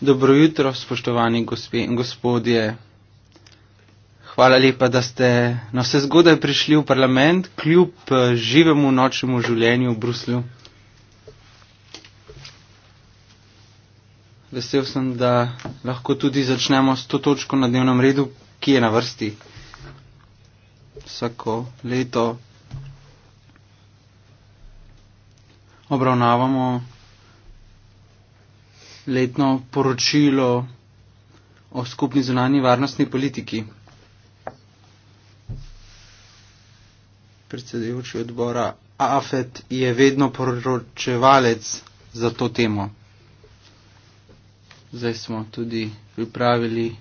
Dobro jutro, spoštovani gospe in gospodje. Hvala lepa, da ste na vse zgodaj prišli v parlament, kljub eh, živemu nočnemu življenju v Bruslju. Vesel sem, da lahko tudi začnemo s to točko na dnevnem redu, ki je na vrsti. Vsako leto obravnavamo letno poročilo o skupni zunanji varnostni politiki. Predsedujoči odbora AFET je vedno poročevalec za to temo. Zdaj smo tudi pripravili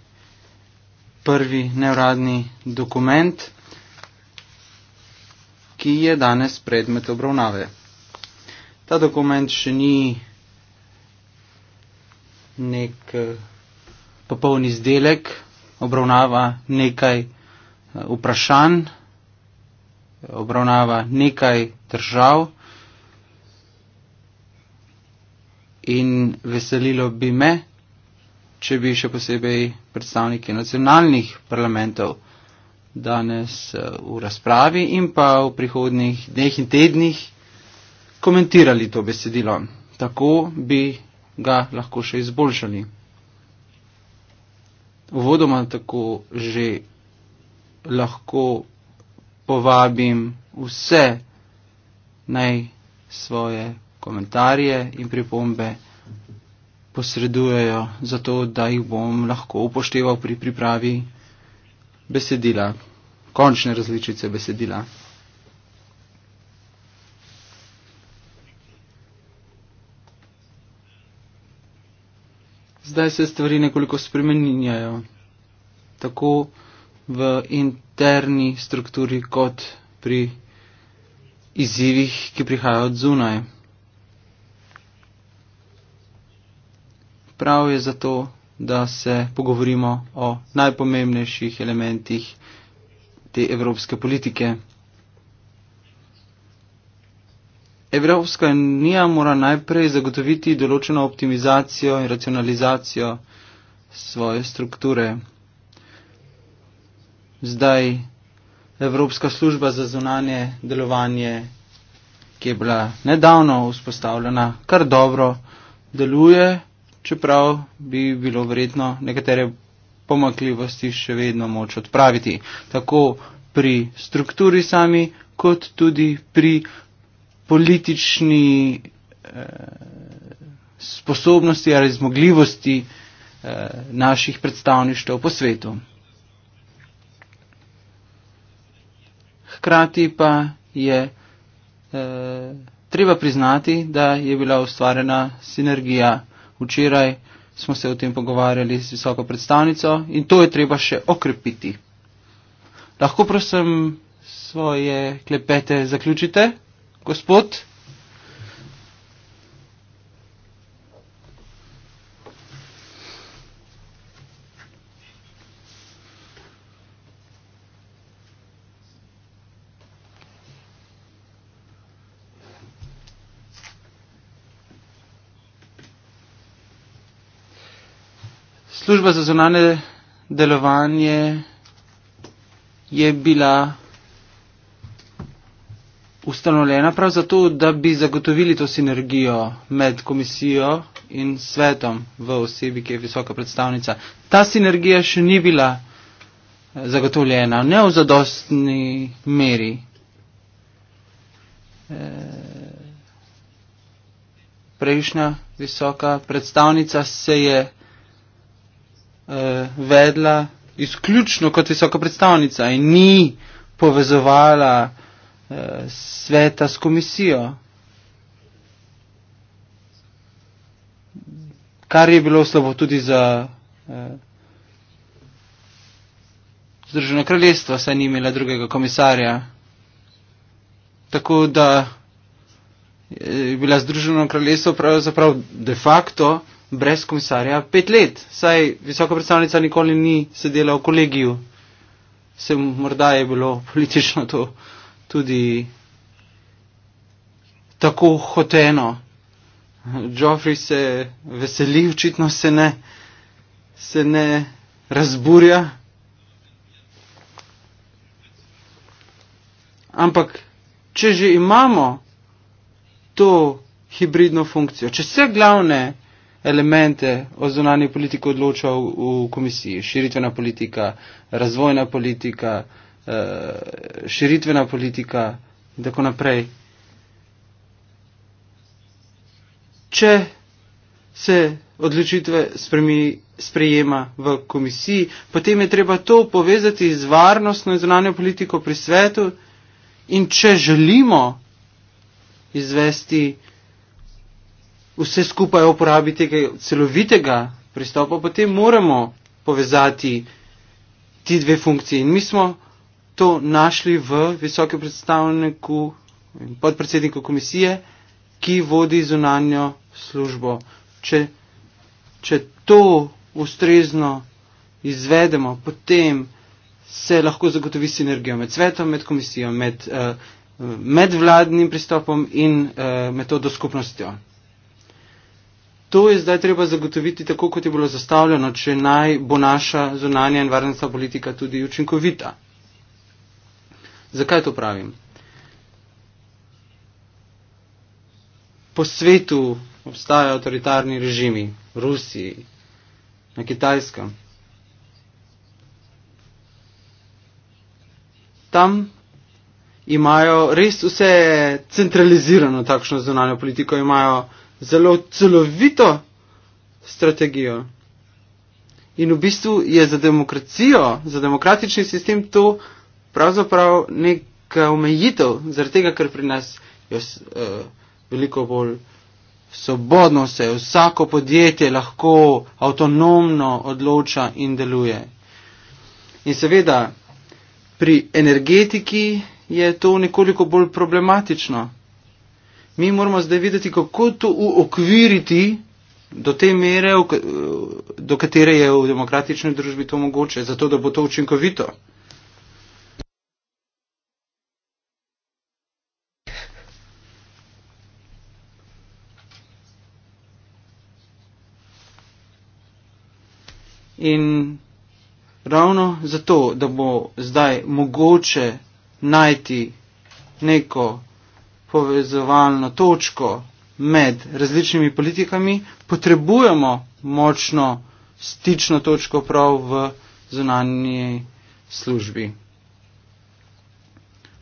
prvi neuradni dokument, ki je danes predmet obravnave ta dokument še ni nek eh, popoln izdelek, obravnava nekaj eh, vprašanj, obravnava nekaj držav in veselilo bi me, če bi še posebej predstavniki nacionalnih parlamentov danes eh, v razpravi in pa v prihodnih dneh in tednih komentirali to besedilo. Tako bi ga lahko še izboljšali. Vodoma tako že lahko povabim vse naj svoje komentarje in pripombe posredujejo, zato da jih bom lahko upošteval pri pripravi besedila, končne različice besedila. zdaj se stvari nekoliko spremenjajo, tako v interni strukturi, kot pri izzivih, ki prihajajo od zunaj. Prav je zato, da se pogovorimo o najpomembnejših elementih te evropske politike. Evropska unija mora najprej zagotoviti določeno optimizacijo in racionalizacijo svoje strukture. Zdaj Evropska služba za zunanje delovanje, ki je bila nedavno vzpostavljena, kar dobro deluje, čeprav bi bilo verjetno nekatere pomakljivosti še vedno moč odpraviti, tako pri strukturi sami, kot tudi pri politični eh, sposobnosti ali zmogljivosti eh, naših predstavništev po svetu. Hkrati pa je eh, treba priznati, da je bila ustvarjena sinergija. Včeraj smo se o tem pogovarjali z visoko predstavnico in to je treba še okrepiti. Lahko prosim svoje klepete zaključite. Gospod, služba za zunanje delovanje je bila ustanovljena prav zato, da bi zagotovili to sinergijo med komisijo in svetom v osebi, ki je visoka predstavnica. Ta sinergija še ni bila eh, zagotovljena, ne v zadostni meri. Eh, prejšnja visoka predstavnica se je eh, vedla izključno kot visoka predstavnica in ni povezovala sveta s komisijo. Kar je bilo slabo tudi za eh, Združeno kraljestvo, saj ni imela drugega komisarja. Tako da eh, je bila Združeno kraljestvo pravzaprav de facto brez komisarja pet let, saj visoka predstavnica nikoli ni sedela v kolegiju. Se morda je bilo politično to eh, tudi tako hoteno. Joffrey se veseli, očitno se ne, se ne razburja. Ampak, če že imamo to hibridno funkcijo, če vse glavne elemente o zunanji politiki odloča v, v komisiji, širitvena politika, razvojna politika, Eh, širitvena politika in tako naprej. Če se odločitve sprejema v komisiji, potem je treba to povezati z varnostno in zunanjo politiko pri svetu in če želimo izvesti vse skupaj uporabi tega celovitega pristopa, potem moramo povezati ti dve funkcije. In mi smo to našli v visokem predstavniku in podpredsedniku komisije, ki vodi zunanjo službo. Če, če to ustrezno izvedemo, potem se lahko zagotovi sinergijo med svetom, med komisijo, med, eh, med vladnim pristopom in eh, metodo skupnostjo. To je zdaj treba zagotoviti tako, kot je bilo zastavljeno, če naj bo naša zunanja in varnostna politika tudi učinkovita. Zakaj to pravim? Po svetu obstajajo avtoritarni režimi, v Rusiji, na Kitajskem. Tam imajo res vse centralizirano takšno zunanjo politiko, imajo zelo celovito strategijo. In v bistvu je za demokracijo, za demokratični sistem to pravzaprav neka omejitev, zaradi tega, ker pri nas je uh, veliko bolj svobodno se, vsako podjetje lahko avtonomno odloča in deluje. In seveda pri energetiki je to nekoliko bolj problematično. Mi moramo zdaj videti, kako to uokviriti do te mere, do katere je v demokratični družbi to mogoče, zato da bo to učinkovito. In ravno zato, da bo zdaj mogoče najti neko povezovalno točko med različnimi politikami, potrebujemo močno stično točko prav v zunanji službi.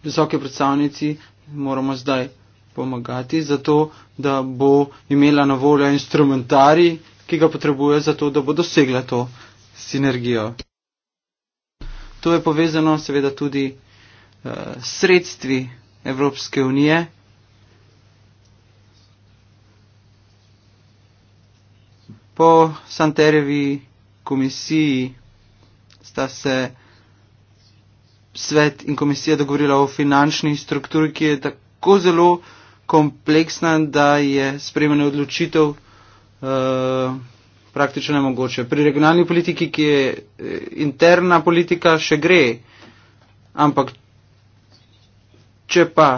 Visoke predstavnici moramo zdaj pomagati zato, da bo imela na voljo instrumentari, ki ga potrebuje zato, da bo dosegla to sinergijo. To je povezano seveda tudi eh, s uh, sredstvi Evropske unije. Po Santerjevi komisiji sta se svet in komisija dogovorila o finančni strukturi, ki je tako zelo kompleksna, da je spremljanje odločitev uh, praktično nemogoče. Pri regionalni politiki, ki je eh, interna politika, še gre, ampak če pa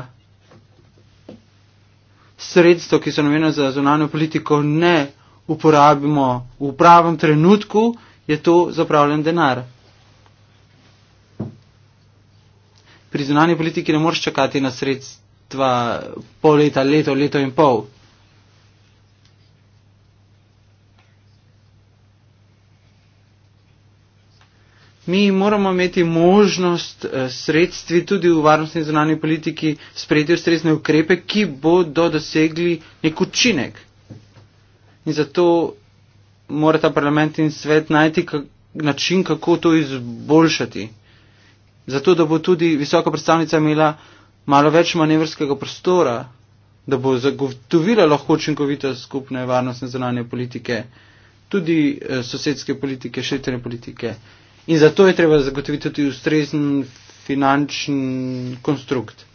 sredstvo, ki so namenjeno za zonalno politiko, ne uporabimo v pravem trenutku, je to zapravljen denar. Pri zonalni politiki ne moreš čakati na sredstva pol leta, leto, leto in pol. Mi moramo imeti možnost eh, sredstvi tudi v varnostni zunanji politiki sprejeti ustrezne ukrepe, ki bodo dosegli nek učinek. In zato mora ta parlament in svet najti način, kako to izboljšati. Zato, da bo tudi visoka predstavnica imela malo več manevrskega prostora, da bo zagotovila lahko učinkovito skupne varnostne zunanje politike, tudi eh, sosedske politike, širitene politike. In zato je treba zagotoviti tudi ustrezen finančen konstrukt.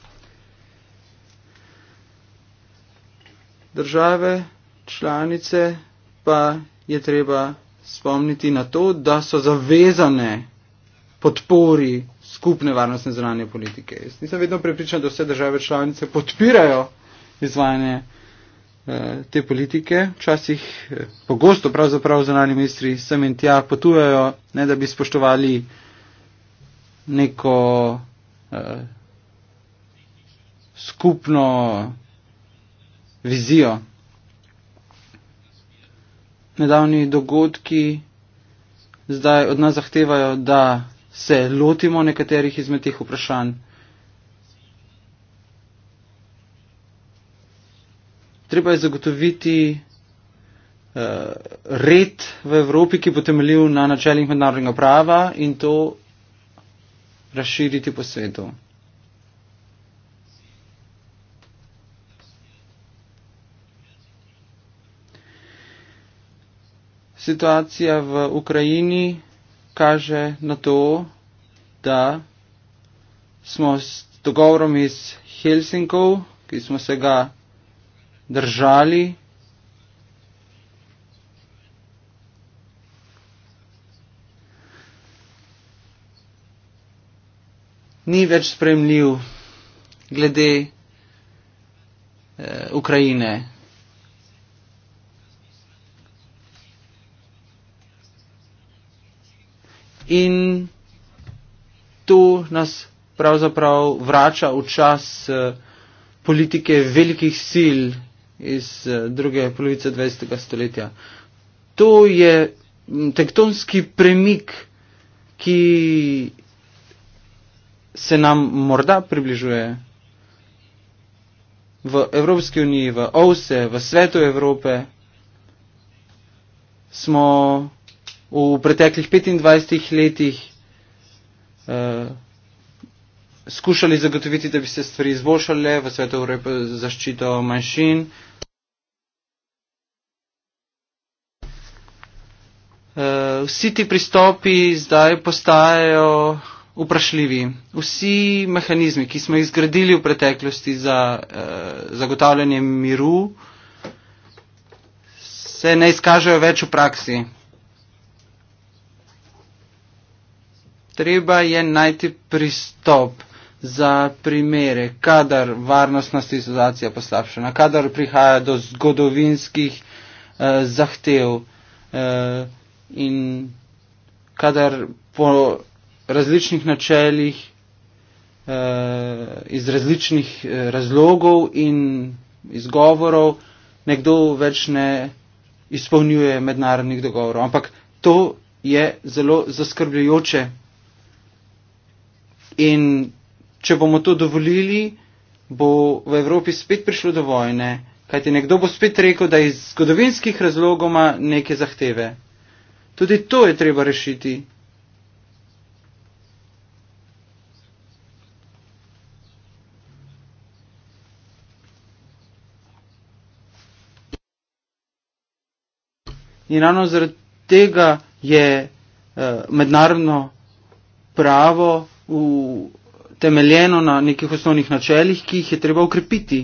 Države, članice pa je treba spomniti na to, da so zavezane podpori skupne varnostne zranje politike. Jaz nisem vedno prepričan, da vse države članice podpirajo izvajanje. Eh, te politike, včasih eh, pogosto pravzaprav zunani ministri sem in tja potujejo, ne da bi spoštovali neko uh, skupno vizijo. Nedavni dogodki zdaj od nas zahtevajo, da se lotimo nekaterih izmed teh vprašanj. treba je zagotoviti uh, red v Evropi, ki bo temeljil na načeljih mednarodnega prava in to razširiti po svetu. Situacija v Ukrajini kaže na to, da smo s dogovorom iz Helsinkov, ki smo se ga držali ni več spremljiv glede eh, Ukrajine. In tu nas pravzaprav vrača v čas eh, politike velikih sil iz eh, druge polovice 20. stoletja. To je tektonski premik, ki se nam morda približuje v Evropski uniji, v OVSE, v svetu Evrope. Smo v preteklih 25 letih eh, skušali zagotoviti, da bi se stvari izboljšale v svetu Evrope zaščito manjšin. Eh, Eh, vsi ti pristopi zdaj postajajo vprašljivi. Vsi mehanizmi, ki smo jih zgradili v preteklosti za uh, zagotavljanje miru, se ne izkažejo več v praksi. Treba je najti pristop za primere, kadar varnostna situacija poslabšena, kadar prihaja do zgodovinskih uh, zahtev. Uh, in kadar po različnih načeljih, eh, iz različnih eh, razlogov in izgovorov nekdo več ne izpolnjuje mednarodnih dogovorov. Ampak to je zelo zaskrbljujoče. In če bomo to dovolili, bo v Evropi spet prišlo do vojne, kajti nekdo bo spet rekel, da iz zgodovinskih razlogov ima neke zahteve. Tudi to je treba rešiti. In ravno zaradi tega je eh, mednarodno pravo v, temeljeno na nekih osnovnih načeljih, ki jih je treba ukrepiti.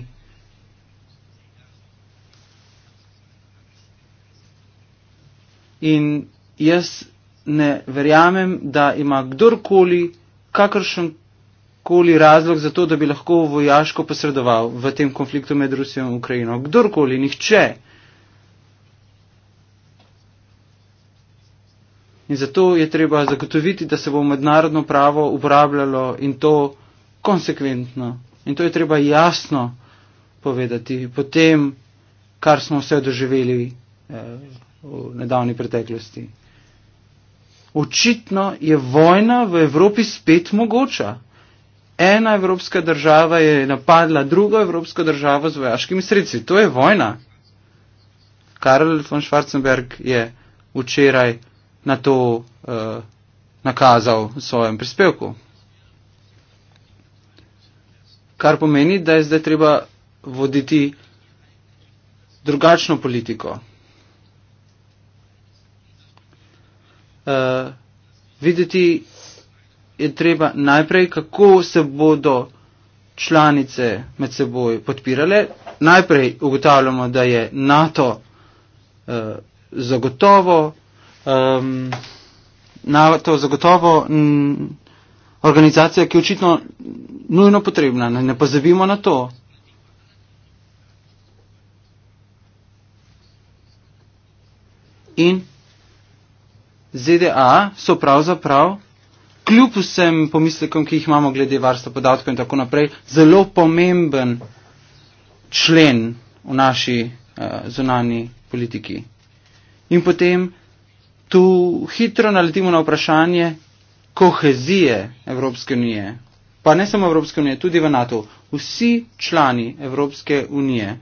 In jaz ne verjamem, da ima kdorkoli kakršen koli razlog za to, da bi lahko vojaško posredoval v tem konfliktu med Rusijo in Ukrajino. Kdorkoli, nihče. In zato je treba zagotoviti, da se bo mednarodno pravo uporabljalo in to konsekventno. In to je treba jasno povedati po tem, kar smo vse doživeli eh, v nedavni preteklosti očitno je vojna v Evropi spet mogoča. Ena evropska država je napadla drugo evropsko državo z vojaškimi sredstvi. To je vojna. Karl von Schwarzenberg je včeraj na to uh, nakazal v svojem prispevku. Kar pomeni, da je zdaj treba voditi drugačno politiko. uh, videti je treba najprej, kako se bodo članice med seboj podpirale. Najprej ugotavljamo, da je NATO uh, zagotovo, um, NATO zagotovo m, mm, organizacija, ki je očitno nujno potrebna. Ne, ne pozabimo na to. In ZDA so pravzaprav, kljub vsem pomislekom, ki jih imamo glede varstva podatkov in tako naprej, zelo pomemben člen v naši uh, eh, zunani politiki. In potem tu hitro naletimo na vprašanje kohezije Evropske unije. Pa ne samo Evropske unije, tudi v NATO. Vsi člani Evropske unije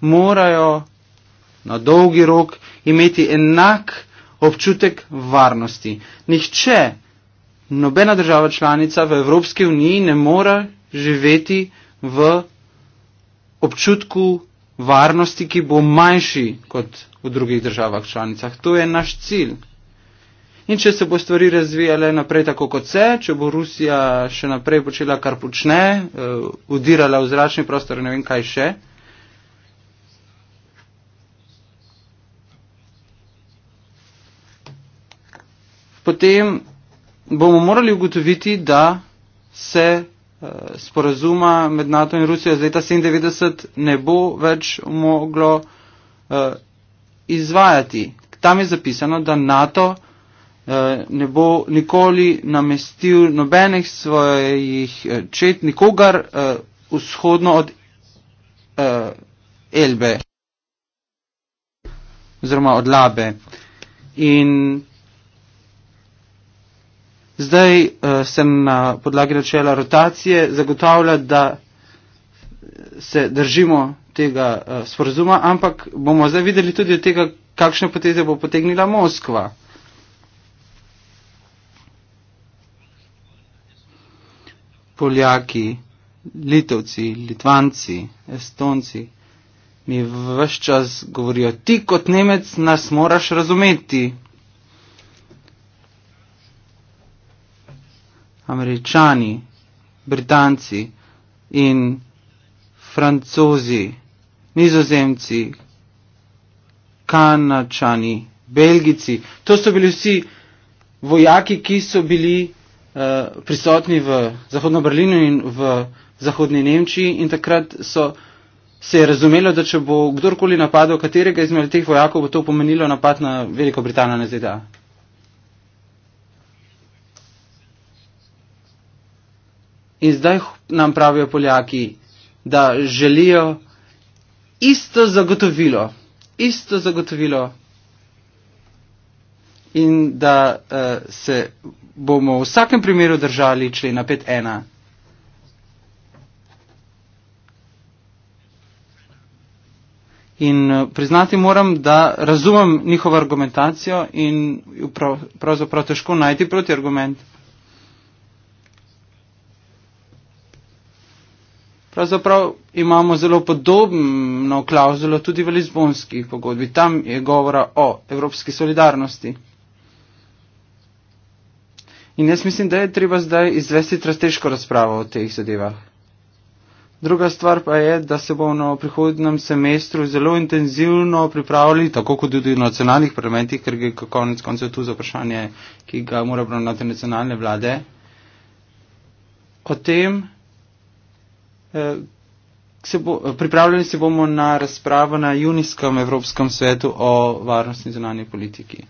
morajo na dolgi rok imeti enak občutek varnosti. Nihče, nobena država članica v Evropski uniji ne mora živeti v občutku varnosti, ki bo manjši kot v drugih državah članicah. To je naš cilj. In če se bo stvari razvijale naprej tako kot se, če bo Rusija še naprej počela, kar počne, eh, udirala v zračni prostor in ne vem kaj še, potem bomo morali ugotoviti, da se eh, sporazuma med NATO in Rusijo iz leta 1997 ne bo več moglo eh, izvajati. Tam je zapisano, da NATO eh, ne bo nikoli namestil nobenih svojih čet, nikogar vzhodno od Elbe oziroma od Labe. In Zdaj uh, eh, se na podlagi načela rotacije zagotavlja, da se držimo tega uh, eh, sporozuma, ampak bomo zdaj videli tudi od tega, kakšne poteze bo potegnila Moskva. Poljaki, Litovci, Litvanci, Estonci mi v vse čas govorijo, ti kot Nemec nas moraš razumeti. američani, britanci in francozi, nizozemci, kanačani, belgici. To so bili vsi vojaki, ki so bili uh, prisotni v Zahodno Berlinu in v Zahodni Nemčiji in takrat so se je razumelo, da če bo kdorkoli napadel katerega izmed teh vojakov, bo to pomenilo napad na Veliko Britanijo na ZDA. In zdaj nam pravijo Poljaki, da želijo isto zagotovilo, isto zagotovilo in da uh, se bomo v vsakem primeru držali člena 5.1. In eh, priznati moram, da razumem njihovo argumentacijo in prav, pravzaprav težko najti protiargument. Pravzaprav imamo zelo podobno klauzulo tudi v Lizbonski pogodbi. Tam je govora o evropski solidarnosti. In jaz mislim, da je treba zdaj izvesti strateško razpravo o teh zadevah. Druga stvar pa je, da se bomo na prihodnem semestru zelo intenzivno pripravili, tako kot tudi v nacionalnih parlamentih, ker je konec koncev tu za vprašanje, ki ga mora obravnavati nacionalne vlade, o tem, Eh, se bo, pripravljeni se bomo na razpravo na junijskem Evropskem svetu o varnostni zunanji politiki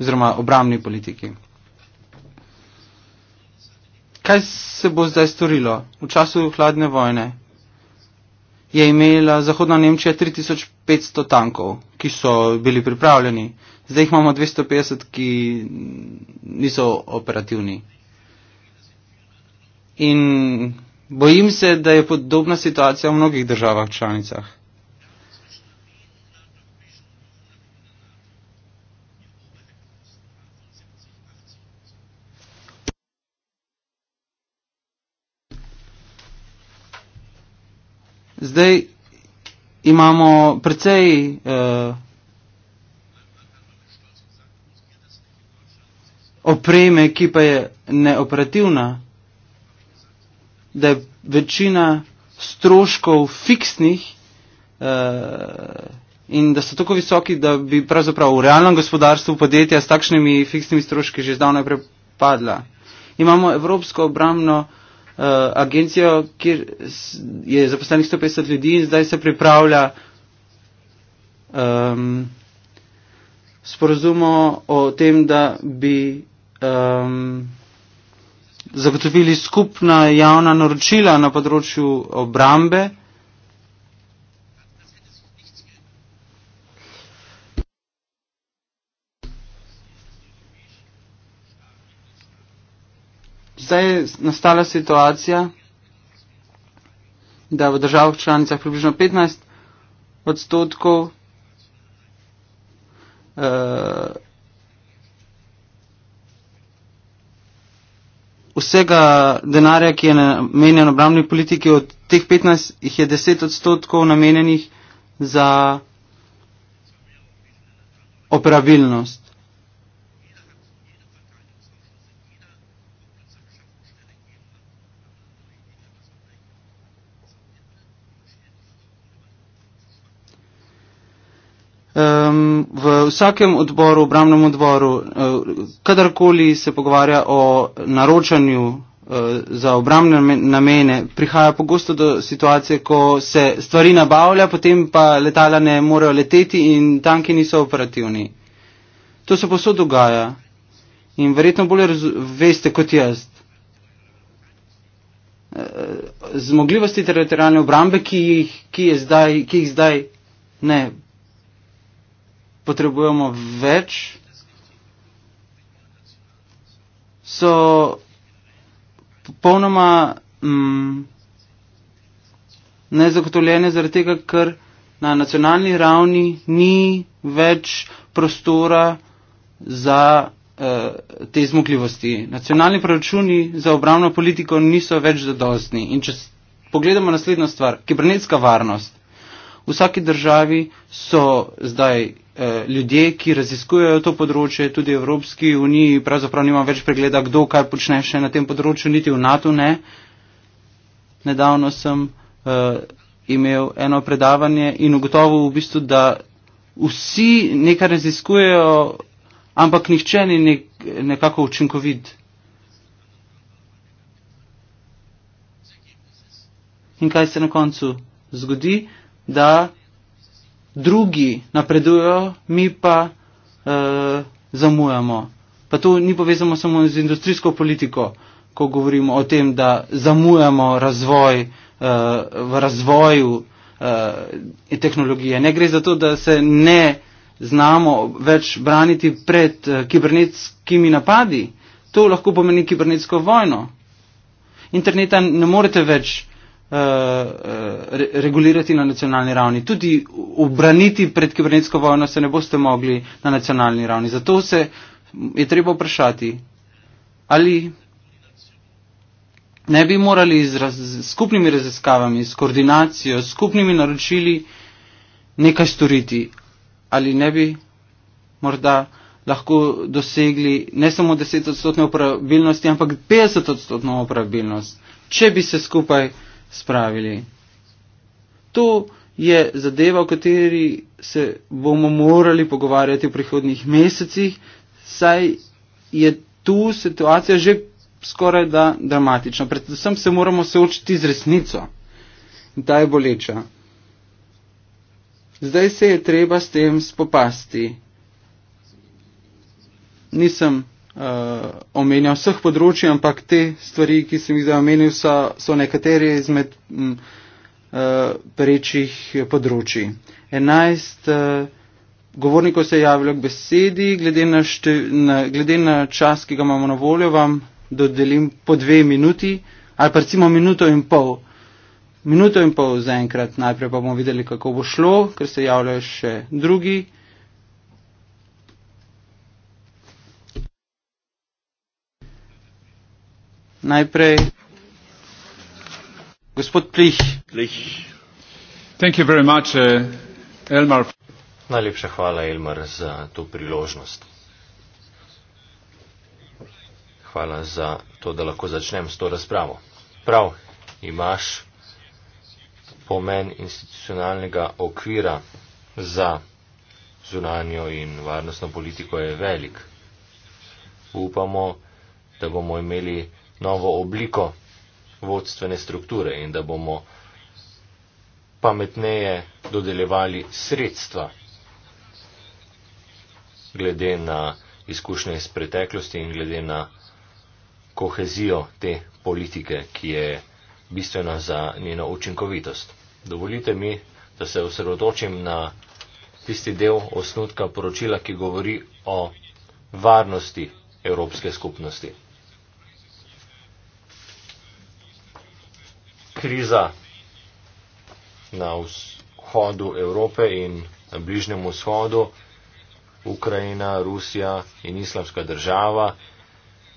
oziroma obramni politiki. Kaj se bo zdaj storilo? V času hladne vojne je imela Zahodna Nemčija 3500 tankov, ki so bili pripravljeni. Zdaj jih imamo 250, ki niso operativni. In Bojim se, da je podobna situacija v mnogih državah članicah. Zdaj imamo precej uh, opreme, ki pa je neoperativna da je večina stroškov fiksnih uh, in da so tako visoki, da bi pravzaprav v realnem gospodarstvu podjetja s takšnimi fiksnimi stroški že zdavno prepadla. Imamo Evropsko obramno uh, eh, agencijo, kjer je zaposlenih 150 ljudi in zdaj se pripravlja um, ehm, sporozumo o tem, da bi. Um, zagotovili skupna javna naročila na področju obrambe. Zdaj je nastala situacija, da v državah članicah približno 15 odstotkov uh, vsega denarja, ki je namenjen obramni politiki, od teh 15 jih je 10 odstotkov namenjenih za operabilnost. um, v vsakem odboru, obramnem odboru, uh, kadarkoli se pogovarja o naročanju eh, za obramne namene. Prihaja pogosto do situacije, ko se stvari nabavlja, potem pa letala ne morejo leteti in tanki niso operativni. To se posod dogaja in verjetno bolje veste kot jaz. Eh, zmogljivosti teritorijalne obrambe, ki jih, ki, zdaj, ki jih zdaj ne potrebujemo več, so popolnoma mm, nezagotovljene zaradi tega, ker na nacionalni ravni ni več prostora za eh, te zmogljivosti. Nacionalni proračuni za obravno politiko niso več zadostni. In če pogledamo naslednjo stvar, kibernetska varnost. V vsaki državi so zdaj eh, ljudje, ki raziskujejo to področje, tudi Evropski uniji, pravzaprav nima več pregleda, kdo kaj počne še na tem področju, niti v NATO ne. Nedavno sem uh, imel eno predavanje in ugotovil v bistvu, da vsi nekaj raziskujejo, ampak nihče ni nek, nekako učinkovit. In kaj se na koncu zgodi? da drugi napredujejo, mi pa uh, zamujamo. Pa to ni povezano samo z industrijsko politiko, ko govorimo o tem, da zamujamo razvoj uh, v razvoju uh, tehnologije. Ne gre za to, da se ne znamo več braniti pred uh, kibernetskimi napadi. To lahko pomeni kibernetsko vojno. Interneta ne morete več uh, re, regulirati na nacionalni ravni. Tudi obraniti pred kibernetsko vojno se ne boste mogli na nacionalni ravni. Zato se je treba vprašati, ali ne bi morali z, raz, z skupnimi raziskavami, s koordinacijo, s skupnimi naročili nekaj storiti. Ali ne bi morda lahko dosegli ne samo 10-odstotno uporabilnost, ampak 50-odstotno uporabilnost, če bi se skupaj spravili. To je zadeva, o kateri se bomo morali pogovarjati v prihodnjih mesecih, saj je tu situacija že skoraj da dramatična. Predvsem se moramo soočiti z resnico in ta je boleča. Zdaj se je treba s tem spopasti. Nisem uh, omenja vseh področji, ampak te stvari, ki sem jih zdaj omenil, so, so nekateri izmed um, mm, uh, eh, prejčih področji. 11 uh, eh, govornikov se je javilo k besedi, glede na, šte, na, glede na čas, ki ga imamo na voljo, vam dodelim po dve minuti ali pa recimo minuto in pol. Minuto in pol zaenkrat, najprej pa bomo videli, kako bo šlo, ker se javljajo še drugi. Najprej gospod Plih. Plih. Thank you very much, uh, Elmar. Najlepša hvala, Elmar, za to priložnost. Hvala za to, da lahko začnem s to razpravo. Prav, imaš pomen institucionalnega okvira za zunanjo in varnostno politiko je velik. Upamo, da bomo imeli novo obliko vodstvene strukture in da bomo pametneje dodeljevali sredstva glede na izkušnje iz preteklosti in glede na kohezijo te politike, ki je bistvena za njeno učinkovitost. Dovolite mi, da se osredotočim na tisti del osnutka poročila, ki govori o varnosti Evropske skupnosti. kriza na vzhodu Evrope in na bližnjem vzhodu, Ukrajina, Rusija in islamska država,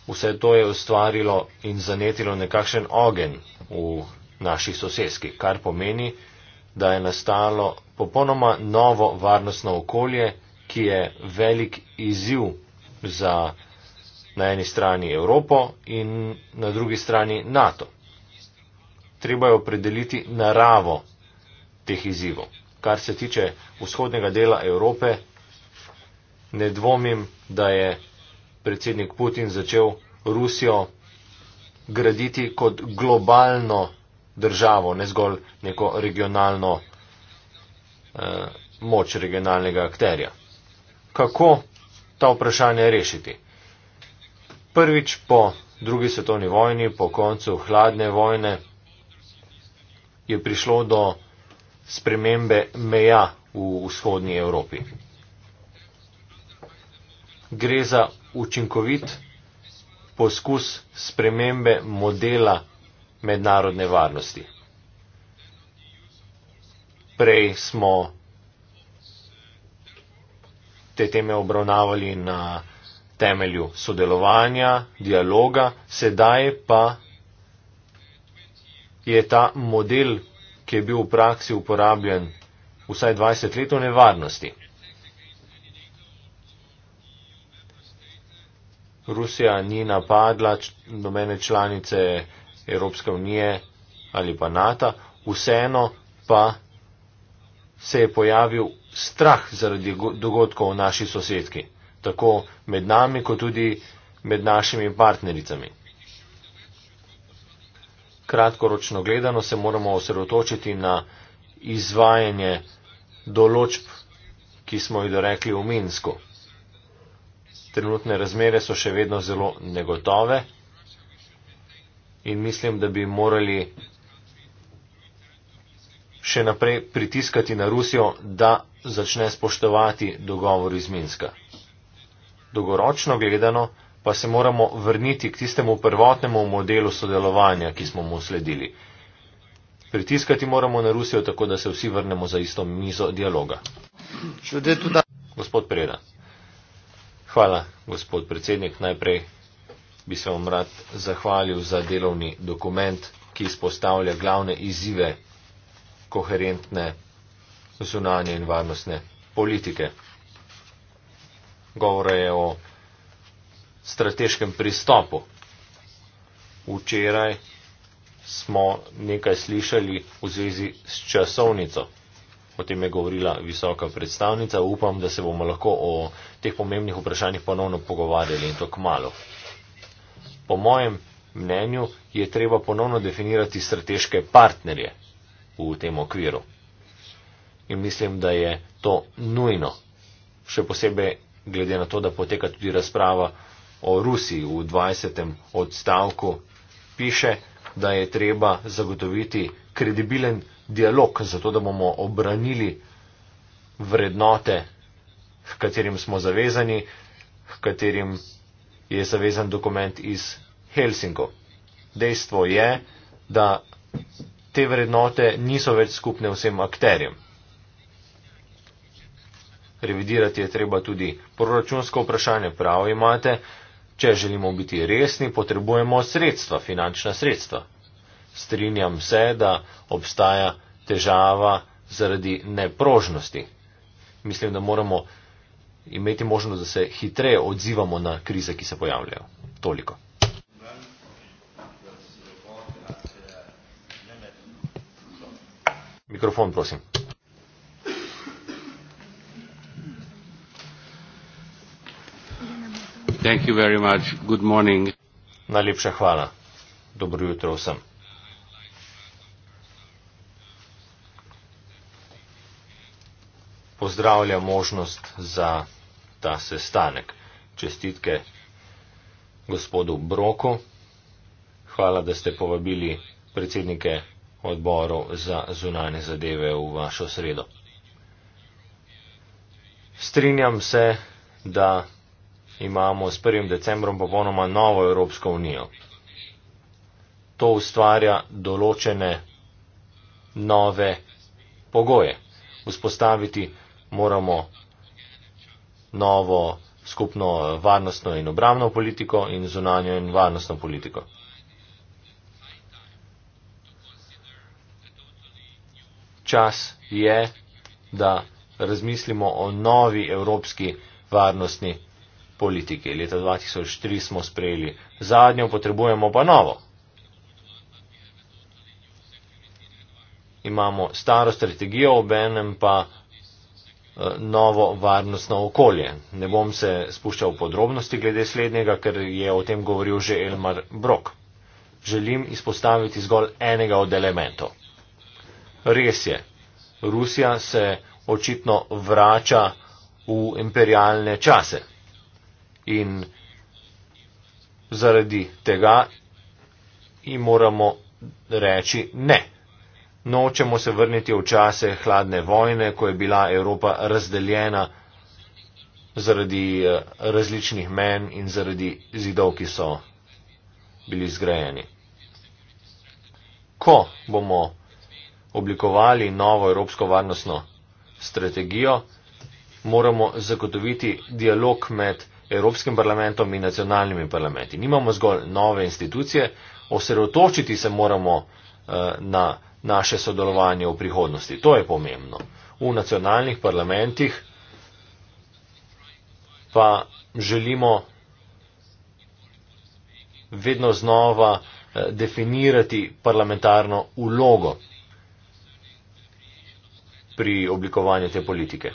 vse to je ustvarilo in zanetilo nekakšen ogen v naših soseskih, kar pomeni, da je nastalo popolnoma novo varnostno okolje, ki je velik izziv za na eni strani Evropo in na drugi strani NATO treba je opredeliti naravo teh izzivov. Kar se tiče vzhodnega dela Evrope, ne dvomim, da je predsednik Putin začel Rusijo graditi kot globalno državo, ne zgolj neko regionalno eh, moč regionalnega akterja. Kako ta vprašanje rešiti? Prvič po drugi svetovni vojni, po koncu hladne vojne, je prišlo do spremembe meja v vzhodnji Evropi. Gre za učinkovit poskus spremembe modela mednarodne varnosti. Prej smo te teme obravnavali na temelju sodelovanja, dialoga, sedaj pa je ta model, ki je bil v praksi uporabljen vsaj 20 let v nevarnosti. Rusija ni napadla domene članice Evropske unije ali pa NATO, vseeno pa se je pojavil strah zaradi dogodkov v naši sosedki, tako med nami, kot tudi med našimi partnericami kratkoročno gledano se moramo osredotočiti na izvajanje določb, ki smo jih dorekli v Minsku. Trenutne razmere so še vedno zelo negotove in mislim, da bi morali še naprej pritiskati na Rusijo, da začne spoštovati dogovor iz Minska. Dolgoročno gledano pa se moramo vrniti k tistemu prvotnemu modelu sodelovanja, ki smo mu sledili. Pritiskati moramo na Rusijo tako, da se vsi vrnemo za isto mizo dialoga. Gospod Preda. Hvala, gospod predsednik. Najprej bi se vam rad zahvalil za delovni dokument, ki izpostavlja glavne izzive koherentne zunanje in varnostne politike. Govore je o strateškem pristopu. Včeraj smo nekaj slišali v zvezi s časovnico. O tem je govorila visoka predstavnica. Upam, da se bomo lahko o teh pomembnih vprašanjih ponovno pogovarjali in to k malu. Po mojem mnenju je treba ponovno definirati strateške partnerje v tem okviru. In mislim, da je to nujno. Še posebej glede na to, da poteka tudi razprava o Rusiji v 20. odstavku piše, da je treba zagotoviti kredibilen dialog, zato da bomo obranili vrednote, v katerim smo zavezani, v katerim je zavezan dokument iz Helsinko. Dejstvo je, da te vrednote niso več skupne vsem akterjem. Revidirati je treba tudi proračunsko vprašanje, prav imate, Če želimo biti resni, potrebujemo sredstva, finančna sredstva. Strinjam se, da obstaja težava zaradi neprožnosti. Mislim, da moramo imeti možnost, da se hitreje odzivamo na krize, ki se pojavljajo. Toliko. Mikrofon, prosim. Thank you very much. Good morning. Najlepša hvala. Dobro jutro vsem. Pozdravlja možnost za ta sestanek. Čestitke gospodu Broku. Hvala, da ste povabili predsednike odborov za zunanje zadeve v vašo sredo. Strinjam se, da imamo s 1. decembrom popolnoma novo Evropsko unijo. To ustvarja določene nove pogoje. Vzpostaviti moramo novo skupno varnostno in obramno politiko in zunanjo in varnostno politiko. Čas je, da razmislimo o novi evropski varnostni politiki politike. Leta 2003 smo sprejeli zadnjo, potrebujemo pa novo. Imamo staro strategijo, obenem pa eh, novo varnostno okolje. Ne bom se spuščal v podrobnosti glede slednjega, ker je o tem govoril že Elmar Brok. Želim izpostaviti zgolj enega od elementov. Res je, Rusija se očitno vrača v imperialne čase in zaradi tega jim moramo reči ne. Nočemo se vrniti v čase hladne vojne, ko je bila Evropa razdeljena zaradi eh, različnih men in zaradi zidov, ki so bili zgrajeni. Ko bomo oblikovali novo evropsko varnostno strategijo, moramo zagotoviti dialog med Evropskim parlamentom in nacionalnimi parlamenti. Nimamo zgolj nove institucije, osredotočiti se moramo eh, na naše sodelovanje v prihodnosti. To je pomembno. V nacionalnih parlamentih pa želimo vedno znova eh, definirati parlamentarno ulogo pri oblikovanju te politike.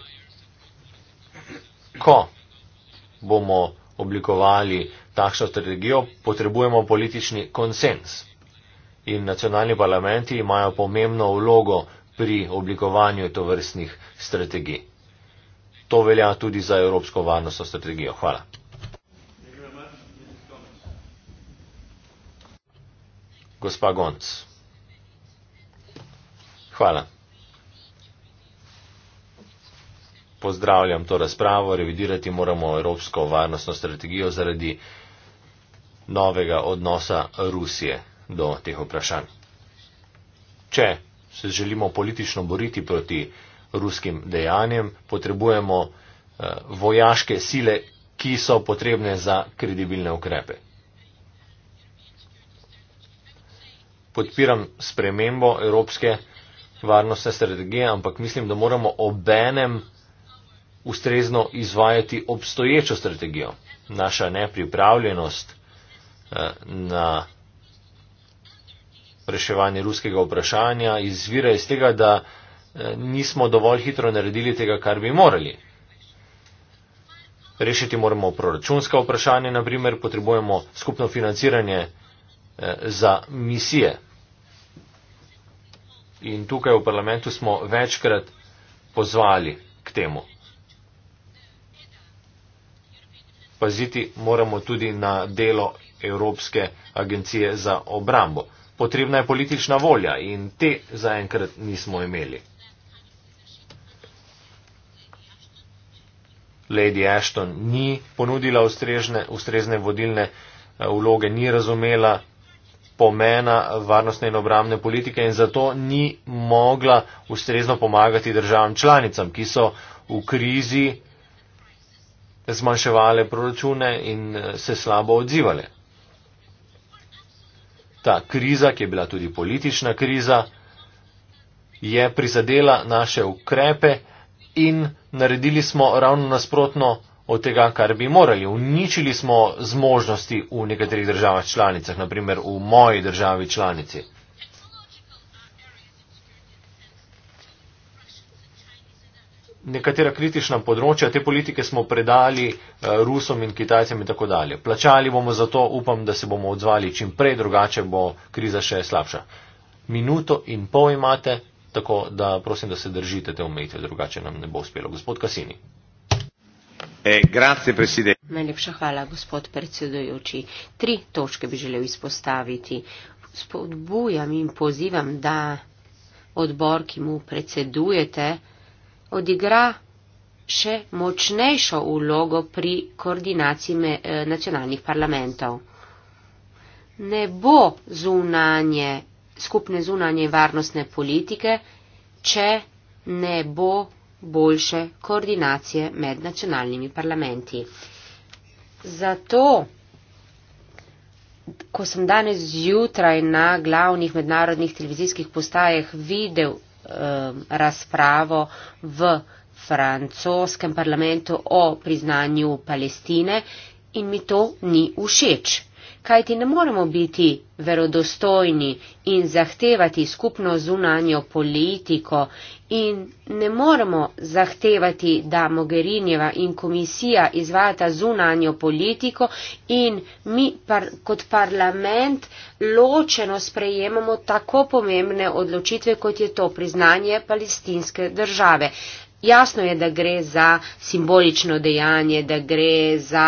Ko bomo oblikovali takšno strategijo, potrebujemo politični konsens. In nacionalni parlamenti imajo pomembno vlogo pri oblikovanju tovrstnih strategij. To velja tudi za Evropsko varnostno strategijo. Hvala. Gospa Gonc. Hvala. pozdravljam to razpravo, revidirati moramo evropsko varnostno strategijo zaradi novega odnosa Rusije do teh vprašanj. Če se želimo politično boriti proti ruskim dejanjem, potrebujemo eh, vojaške sile, ki so potrebne za kredibilne ukrepe. Podpiram spremembo evropske varnostne strategije, ampak mislim, da moramo obenem ustrezno izvajati obstoječo strategijo. Naša nepripravljenost eh, na reševanje ruskega vprašanja izvira iz tega, da eh, nismo dovolj hitro naredili tega, kar bi morali. Rešiti moramo proračunska vprašanja, naprimer potrebujemo skupno financiranje eh, za misije. In tukaj v parlamentu smo večkrat pozvali k temu. paziti moramo tudi na delo Evropske agencije za obrambo. Potrebna je politična volja in te zaenkrat nismo imeli. Lady Ashton ni ponudila ustrežne, ustrezne vodilne eh, vloge, ni razumela pomena varnostne in obramne politike in zato ni mogla ustrezno pomagati državam članicam, ki so v krizi zmanjševale proračune in eh, se slabo odzivale. Ta kriza, ki je bila tudi politična kriza, je prizadela naše ukrepe in naredili smo ravno nasprotno od tega, kar bi morali. Uničili smo zmožnosti v nekaterih državah članicah, naprimer v moji državi članici. nekatera kritična področja, te politike smo predali eh, Rusom in Kitajcem in tako dalje. Plačali bomo za to, upam, da se bomo odzvali čim prej, drugače bo kriza še slabša. Minuto in pol imate, tako da prosim, da se držite te omejitve, drugače nam ne bo uspelo. Gospod Kasini. Eh, Najlepša hvala, gospod predsedujoči. Tri točke bi želel izpostaviti. Spodbujam in pozivam, da odbor, ki mu predsedujete, odigra še močnejšo vlogo pri koordinaciji me, e, nacionalnih parlamentov. Ne bo zunanje, skupne zunanje varnostne politike, če ne bo boljše koordinacije med nacionalnimi parlamenti. Zato, ko sem danes zjutraj na glavnih mednarodnih televizijskih postajah videl Um, razpravo v francoskem parlamentu o priznanju Palestine in mi to ni všeč kajti ne moremo biti verodostojni in zahtevati skupno zunanjo politiko in ne moremo zahtevati, da Mogherinjeva in komisija izvata zunanjo politiko in mi par, kot parlament ločeno sprejemamo tako pomembne odločitve, kot je to priznanje palestinske države. Jasno je, da gre za simbolično dejanje, da gre za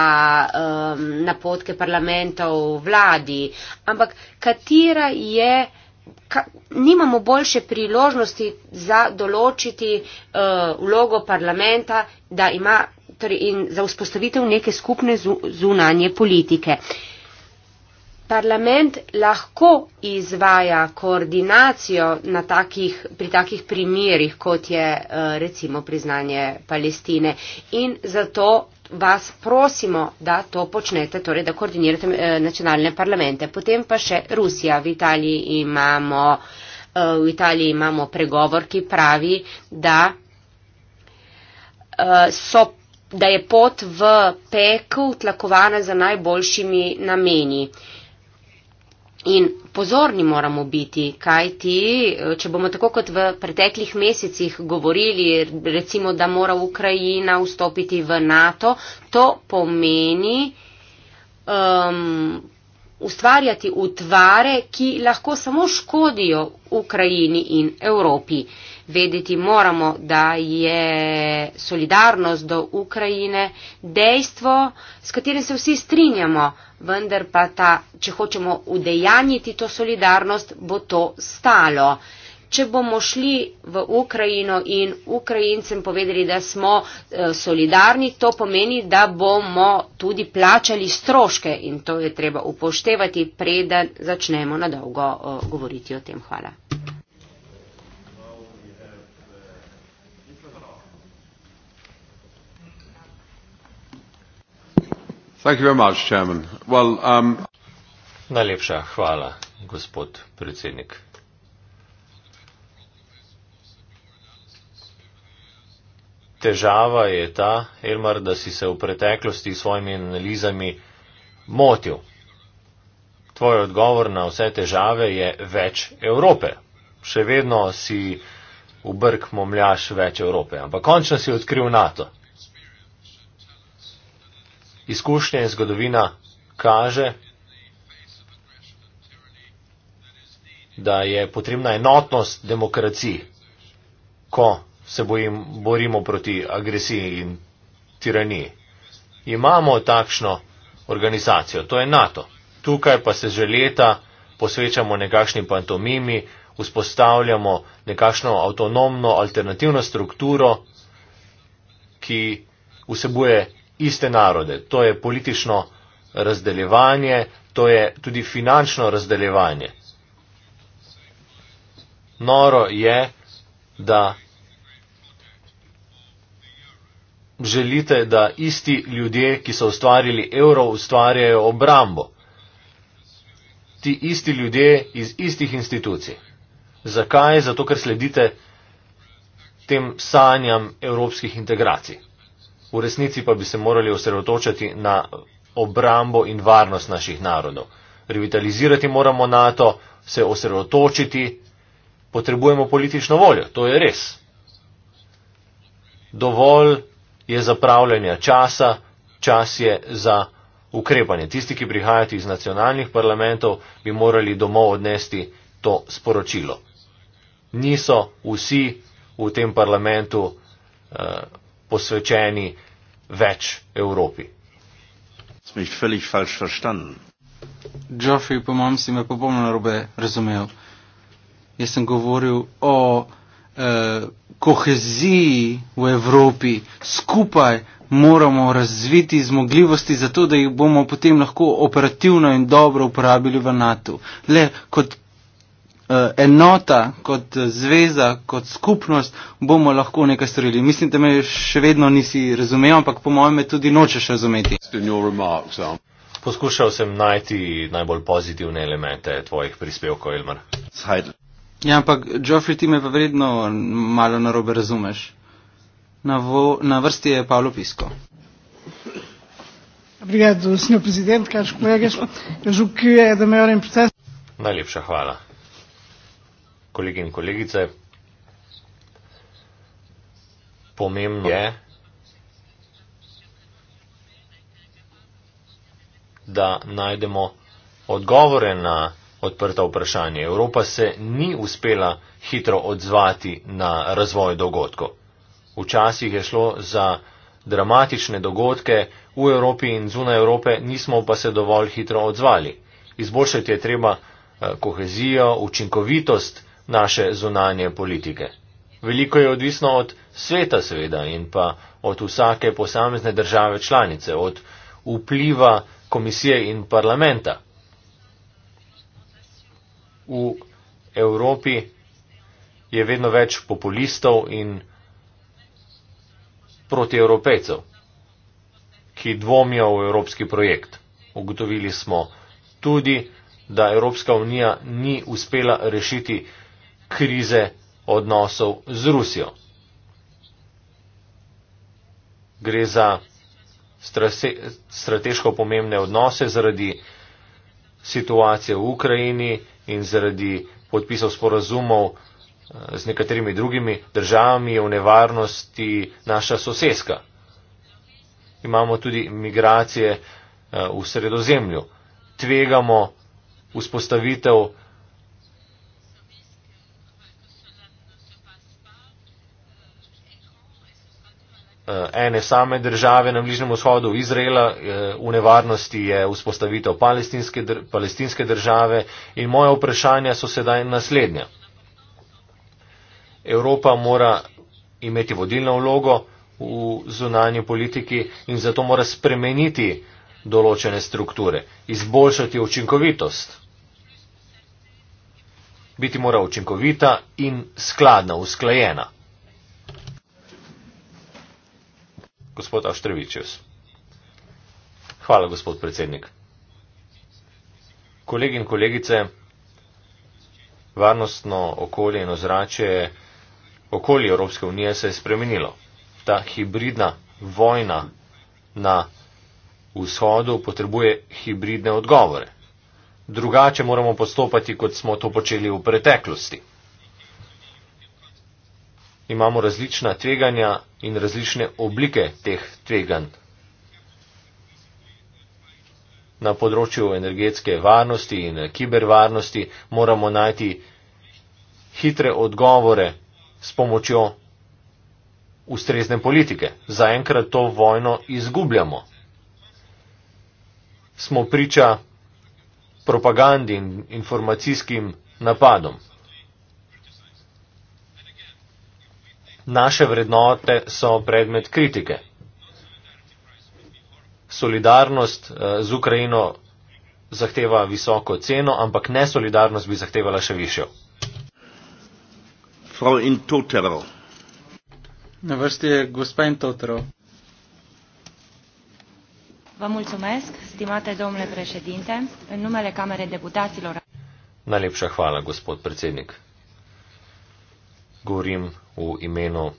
um, napotke parlamentov vladi, ampak katera je, ka, nimamo boljše priložnosti za določiti uh, vlogo parlamenta ima, torej, in za vzpostavitev neke skupne zunanje politike. Uh, parlament lahko izvaja koordinacijo takih, pri takih primerjih, kot je eh, recimo priznanje Palestine. In zato vas prosimo, da to počnete, torej da koordinirate eh, nacionalne parlamente. Potem pa še Rusija. V Italiji imamo, eh, v Italiji imamo pregovor, ki pravi, da so da je pot v pekel tlakovana za najboljšimi nameni. Uh, In pozorni moramo biti, kaj ti, eh, če bomo tako kot v preteklih mesecih govorili, recimo, da mora Ukrajina vstopiti v NATO, to pomeni um, ustvarjati utvare, ki lahko samo škodijo Ukrajini in Evropi. Uh, vedeti moramo, da je solidarnost do Ukrajine dejstvo, s katerim se vsi strinjamo, vendar pa ta, če hočemo udejanjiti to solidarnost, bo to stalo. Če bomo šli v Ukrajino in Ukrajincem povedali, da smo eh, solidarni, to pomeni, da bomo tudi plačali stroške in to je treba upoštevati, preden začnemo na dolgo eh, govoriti o tem. Hvala. Much, well, um... Najlepša hvala, gospod predsednik. Težava je ta, Elmar, da si se v preteklosti s svojimi analizami motil. Tvoj odgovor na vse težave je več Evrope. Še vedno si v brk momljaš več Evrope, ampak končno si odkril NATO izkušnja in zgodovina kaže, da je potrebna enotnost demokracij, ko se bojim, borimo proti agresiji in tiraniji. Imamo takšno organizacijo, to je NATO. Tukaj pa se že leta posvečamo nekakšni pantomimi, vzpostavljamo nekakšno avtonomno alternativno strukturo, ki vsebuje iste narode. To je politično razdeljevanje, to je tudi finančno razdeljevanje. Noro je, da želite, da isti ljudje, ki so ustvarili evro, ustvarjajo obrambo. Ti isti ljudje iz istih institucij. Zakaj? Zato, ker sledite tem sanjam evropskih integracij v resnici pa bi se morali osredotočati na obrambo in varnost naših narodov. Revitalizirati moramo NATO, se osredotočiti, potrebujemo politično voljo, to je res. Dovolj je zapravljanja časa, čas je za ukrepanje. Tisti, ki prihajate iz nacionalnih parlamentov, bi morali domov odnesti to sporočilo. Niso vsi v tem parlamentu eh, posvečeni več Evropi. Geoffrey, po mojem, si me popolnoma narobe razumel. Jaz sem govoril o eh, koheziji v Evropi. Skupaj moramo razviti zmogljivosti, zato da jih bomo potem lahko operativno in dobro uporabili v NATO. Le kot Eh, enota, kot zveza, kot skupnost, bomo lahko nekaj storili. Mislim, da me še vedno nisi razumel, ampak po mojem me tudi nočeš razumeti. Poskušal sem najti najbolj pozitivne elemente tvojih prispevkov, Ilmar. Ja, ampak, Geoffrey, ti me pa vredno malo narobe razumeš. Na, vo, na vrsti je Pavlo Pisko. Obrigado, senhor presidente, caros colegas. Eu julgo que é da maior importância. Najlepša hvala kolegi in kolegice. Pomembno je, da najdemo odgovore na odprta vprašanje. Evropa se ni uspela hitro odzvati na razvoj dogodkov. Včasih je šlo za dramatične dogodke v Evropi in zunaj Evrope, nismo pa se dovolj hitro odzvali. Izboljšati je treba eh, kohezijo, učinkovitost naše zunanje politike. Veliko je odvisno od sveta seveda in pa od vsake posamezne države članice, od vpliva komisije in parlamenta. V Evropi je vedno več populistov in protievropejcev, ki dvomijo v evropski projekt. Ugotovili smo tudi, da Evropska unija ni uspela rešiti krize odnosov z Rusijo. Gre za strateško pomembne odnose zaradi situacije v Ukrajini in zaradi podpisov sporazumov eh, z nekaterimi drugimi državami je v nevarnosti naša soseska. Imamo tudi migracije eh, v sredozemlju. Tvegamo vzpostavitev Eh, ene same države na Bližnjem vzhodu, Izraela, eh, v nevarnosti je vzpostavitev palestinske, palestinske države in moja vprašanja so sedaj naslednja. Evropa mora imeti vodilno vlogo v zunanji politiki in zato mora spremeniti določene strukture, izboljšati učinkovitost. Biti mora učinkovita in skladna, usklajena. gospod Avštrevičius. Hvala, gospod predsednik. Kolegi in kolegice, varnostno okolje in ozračje, okolje Evropske unije se je spremenilo. Ta hibridna vojna na vzhodu potrebuje hibridne odgovore. Drugače moramo postopati, kot smo to počeli v preteklosti imamo različna tveganja in različne oblike teh tveganj. Na področju energetske varnosti in kibervarnosti moramo najti hitre odgovore s pomočjo ustrezne politike. Zaenkrat to vojno izgubljamo. Smo priča propagandi in informacijskim napadom. naše vrednote so predmet kritike. Solidarnost eh, z Ukrajino zahteva visoko ceno, ampak nesolidarnost bi zahtevala še višjo. Frau in Totero. Na vrsti je gospa in Totero. Vam mulțumesc, stimate domnule președinte, în numele Camere Deputaților. Najlepša hvala, gospod predsednik. Govorim v imenu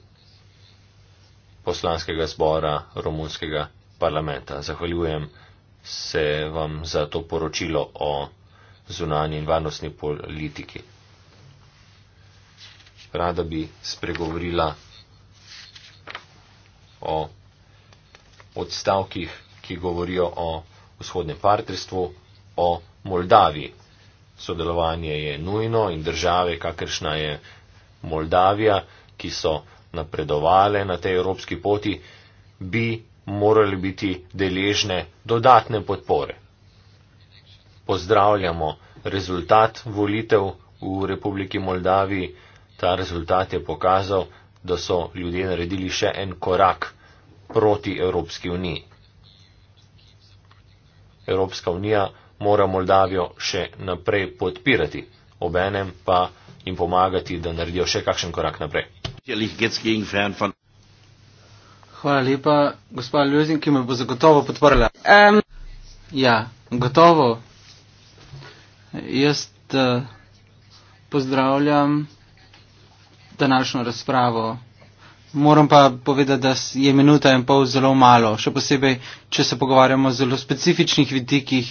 poslanskega zbora romunskega parlamenta. Zahvaljujem se vam za to poročilo o zunanji in varnostni politiki. Rada bi spregovorila o odstavkih, ki govorijo o vzhodnem partnerstvu, o Moldavi. Sodelovanje je nujno in države, kakršna je Moldavija, ki so napredovale na tej evropski poti, bi morali biti deležne dodatne podpore. Pozdravljamo rezultat volitev v Republiki Moldaviji. Ta rezultat je pokazal, da so ljudje naredili še en korak proti Evropski uniji. Evropska unija mora Moldavijo še naprej podpirati obenem pa jim pomagati, da naredijo še kakšen korak naprej. Hvala lepa, gospod Ljuzin, ki me bo zagotovo podprla. Um. Ja, gotovo. Jaz eh, pozdravljam današnjo razpravo. Moram pa povedati, da je minuta in pol zelo malo, še posebej, če se pogovarjamo o zelo specifičnih vidikih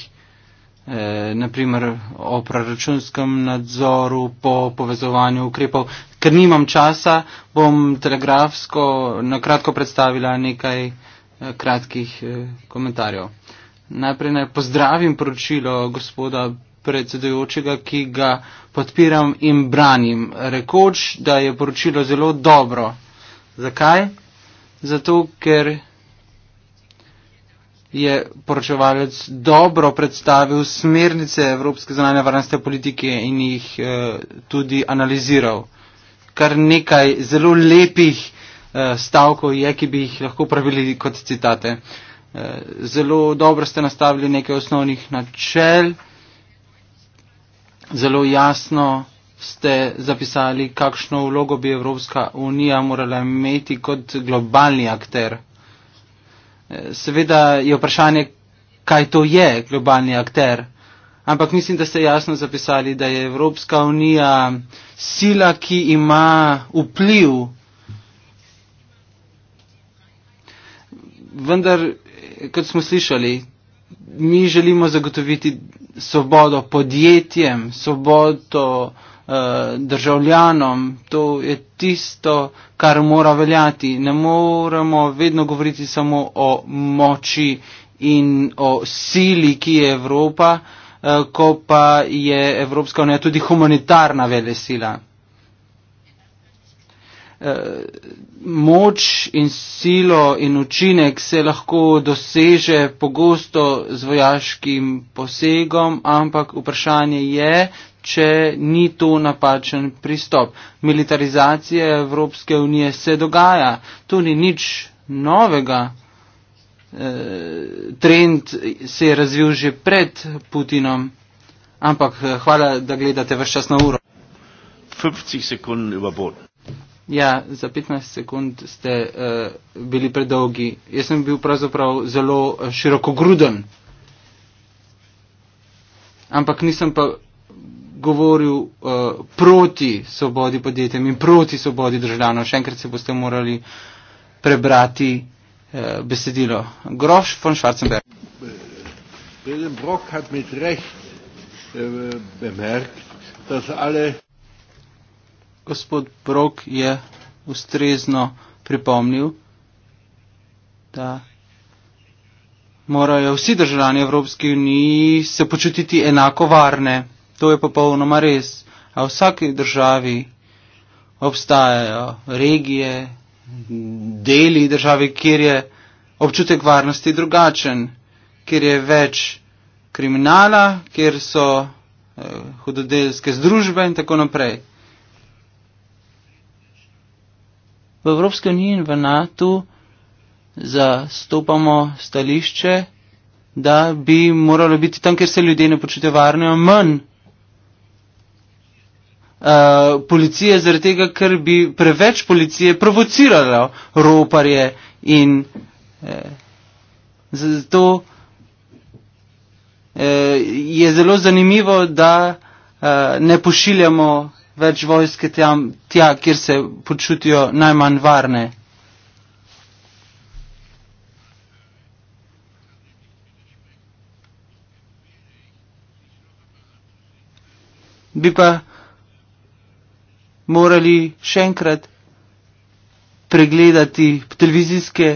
eh, naprimer o proračunskem nadzoru po povezovanju ukrepov. Ker nimam časa, bom telegrafsko na kratko predstavila nekaj eh, kratkih eh, komentarjev. Najprej naj pozdravim poročilo gospoda predsedujočega, ki ga podpiram in branim. Rekoč, da je poročilo zelo dobro. Zakaj? Zato, ker je poročevalec dobro predstavil smernice Evropske zonalne varnostne politike in jih uh, tudi analiziral. Kar nekaj zelo lepih uh, stavkov je, ki bi jih lahko pravili kot citate. Uh, zelo dobro ste nastavili nekaj osnovnih načel, zelo jasno ste zapisali, kakšno vlogo bi Evropska unija morala imeti kot globalni akter. Seveda je vprašanje, kaj to je globalni akter, ampak mislim, da ste jasno zapisali, da je Evropska unija sila, ki ima vpliv. Vendar, kot smo slišali, mi želimo zagotoviti svobodo podjetjem, svobodo. Eh, državljanom. To je tisto, kar mora veljati. Ne moremo vedno govoriti samo o moči in o sili, ki je Evropa, eh, ko pa je Evropska unija tudi humanitarna velesila. Eh, moč in silo in učinek se lahko doseže pogosto z vojaškim posegom, ampak vprašanje je, če ni to napačen pristop. Militarizacija Evropske unije se dogaja, to ni nič novega. E, trend se je razvil že pred Putinom, ampak e, hvala, da gledate vse čas na uro. 50 sekund je bolj. Ja, za 15 sekund ste uh, bili predolgi. Jaz sem bil pravzaprav zelo širokogruden. Ampak nisem pa govoril uh, proti svobodi podjetjem in proti svobodi državljanov. Še enkrat se boste morali prebrati uh, besedilo. Grof von Schwarzenberg. Äh, Gospod Brok je ustrezno pripomnil, da morajo vsi državljani Evropske unije se počutiti enako varne. To je popolnoma res. A v vsaki državi obstajajo regije, deli države, kjer je občutek varnosti drugačen, kjer je več kriminala, kjer so eh, hudodelske združbe in tako naprej. V Evropski uniji in v NATO zastopamo stališče, da bi moralo biti tam, kjer se ljudje ne počutijo varno, manj Eh, policije, zaradi tega, ker bi preveč policije provociralo roparje in eh, zato eh, je zelo zanimivo, da eh, ne pošiljamo več vojske tam, tja, kjer se počutijo najmanj varne. Bi pa morali še enkrat pregledati televizijske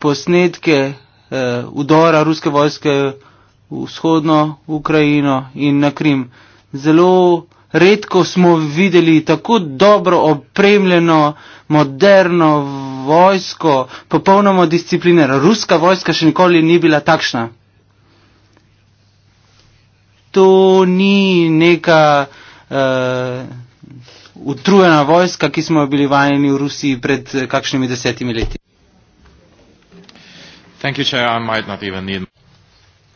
posnetke eh, udora ruske vojske v vzhodno Ukrajino in na Krim. Zelo redko smo videli tako dobro opremljeno, moderno vojsko, popolnoma disciplinirano. Ruska vojska še nikoli ni bila takšna. To ni neka eh, utrujena vojska, ki smo bili vajeni v Rusiji pred eh, kakšnimi desetimi leti. You, chair,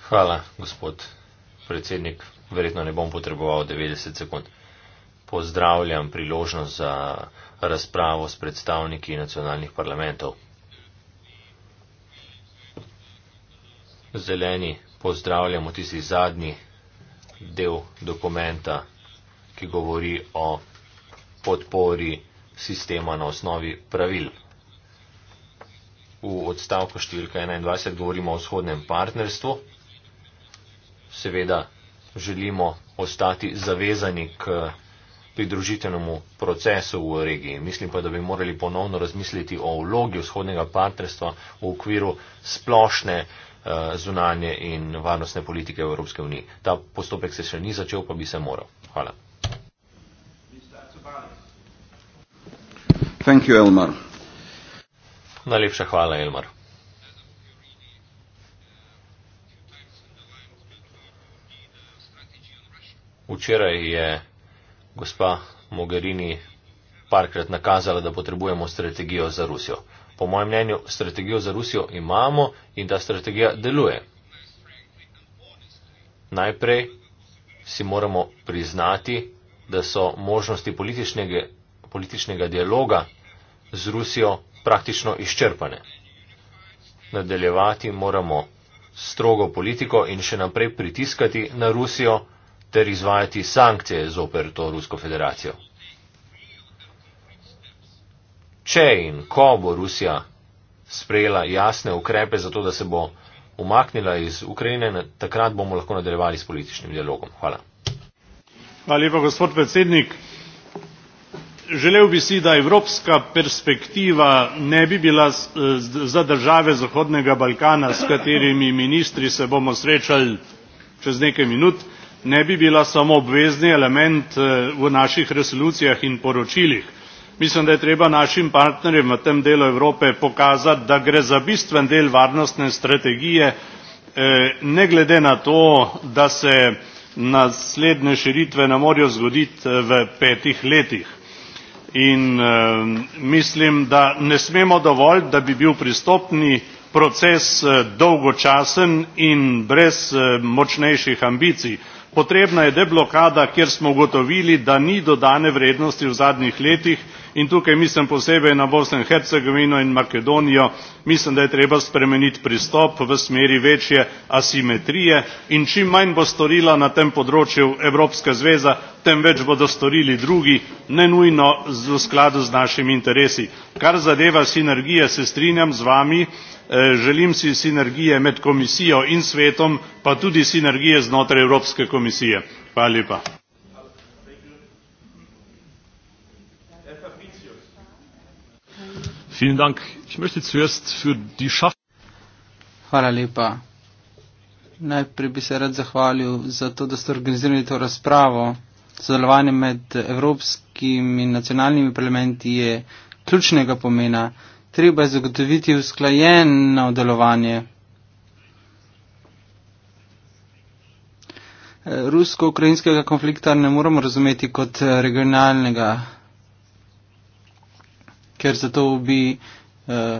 Hvala, gospod predsednik. Verjetno ne bom potreboval 90 sekund. Pozdravljam priložnost za razpravo s predstavniki nacionalnih parlamentov. Zeleni, pozdravljamo tisti zadnji del dokumenta, ki govori o podpori sistema na osnovi pravil. V odstavku številka 21 govorimo o vzhodnem partnerstvu. Seveda želimo ostati zavezani k pridružitvenemu procesu v regiji. Mislim pa, da bi morali ponovno razmisliti o vlogi vzhodnega partnerstva v okviru splošne eh, zunanje in varnostne politike v Evropske unije. Ta postopek se še ni začel, pa bi se moral. Hvala. Thank you, Elmar. Najlepša hvala, Elmar. Včeraj je gospa Mogherini parkrat nakazala, da potrebujemo strategijo za Rusijo. Po mojem mnenju, strategijo za Rusijo imamo in ta strategija deluje. Najprej si moramo priznati, da so možnosti političnega političnega dialoga z Rusijo praktično izčrpane. Nadaljevati moramo strogo politiko in še naprej pritiskati na Rusijo ter izvajati sankcije zoper to Rusko federacijo. Če in ko bo Rusija sprejela jasne ukrepe za to, da se bo umaknila iz Ukrajine, takrat bomo lahko nadaljevali s političnim dialogom. Hvala. Hvala lepa, gospod predsednik želel bi si da evropska perspektiva ne bi bila za države zahodnega balkana s katerimi ministri se bomo srečali čez nekaj minut ne bi bila samo obvezni element eh, v naših resolucijah in poročilih mislim da je treba našim partnerjem v tem delu evrope pokazati da gre za bistven del varnostne strategije eh, ne glede na to da se naslednje širitve ne morejo zgoditi eh, v petih letih in ehm, mislim da ne smemo dovoliti da bi bil pristopni proces eh, dolgočasen in brez eh, močnejših ambicij. potrebna je deblokada kjer smo ugotovili da ni dodane vrednosti v zadnjih letih in tukaj mislim posebej na bosno in hercegovino in makedonijo mislim da je treba spremeniti pristop v smeri večje asimetrije in čim manj bo storila na tem področju evropska zveza tem več bodo storili drugi ne nujno v skladu z našimi interesi. kar zadeva sinergije se strinjam z vami eh, želim si sinergije med komisijo in svetom pa tudi sinergije znotraj evropske komisije. Hvala lepa. Najprej bi se rad zahvalil za to, da ste organizirali to razpravo. Sodelovanje med evropskimi in nacionalnimi parlamenti je ključnega pomena. Treba je zagotoviti usklajeno delovanje. Rusko-ukrajinskega konflikta ne moramo razumeti kot regionalnega ker zato bi uh,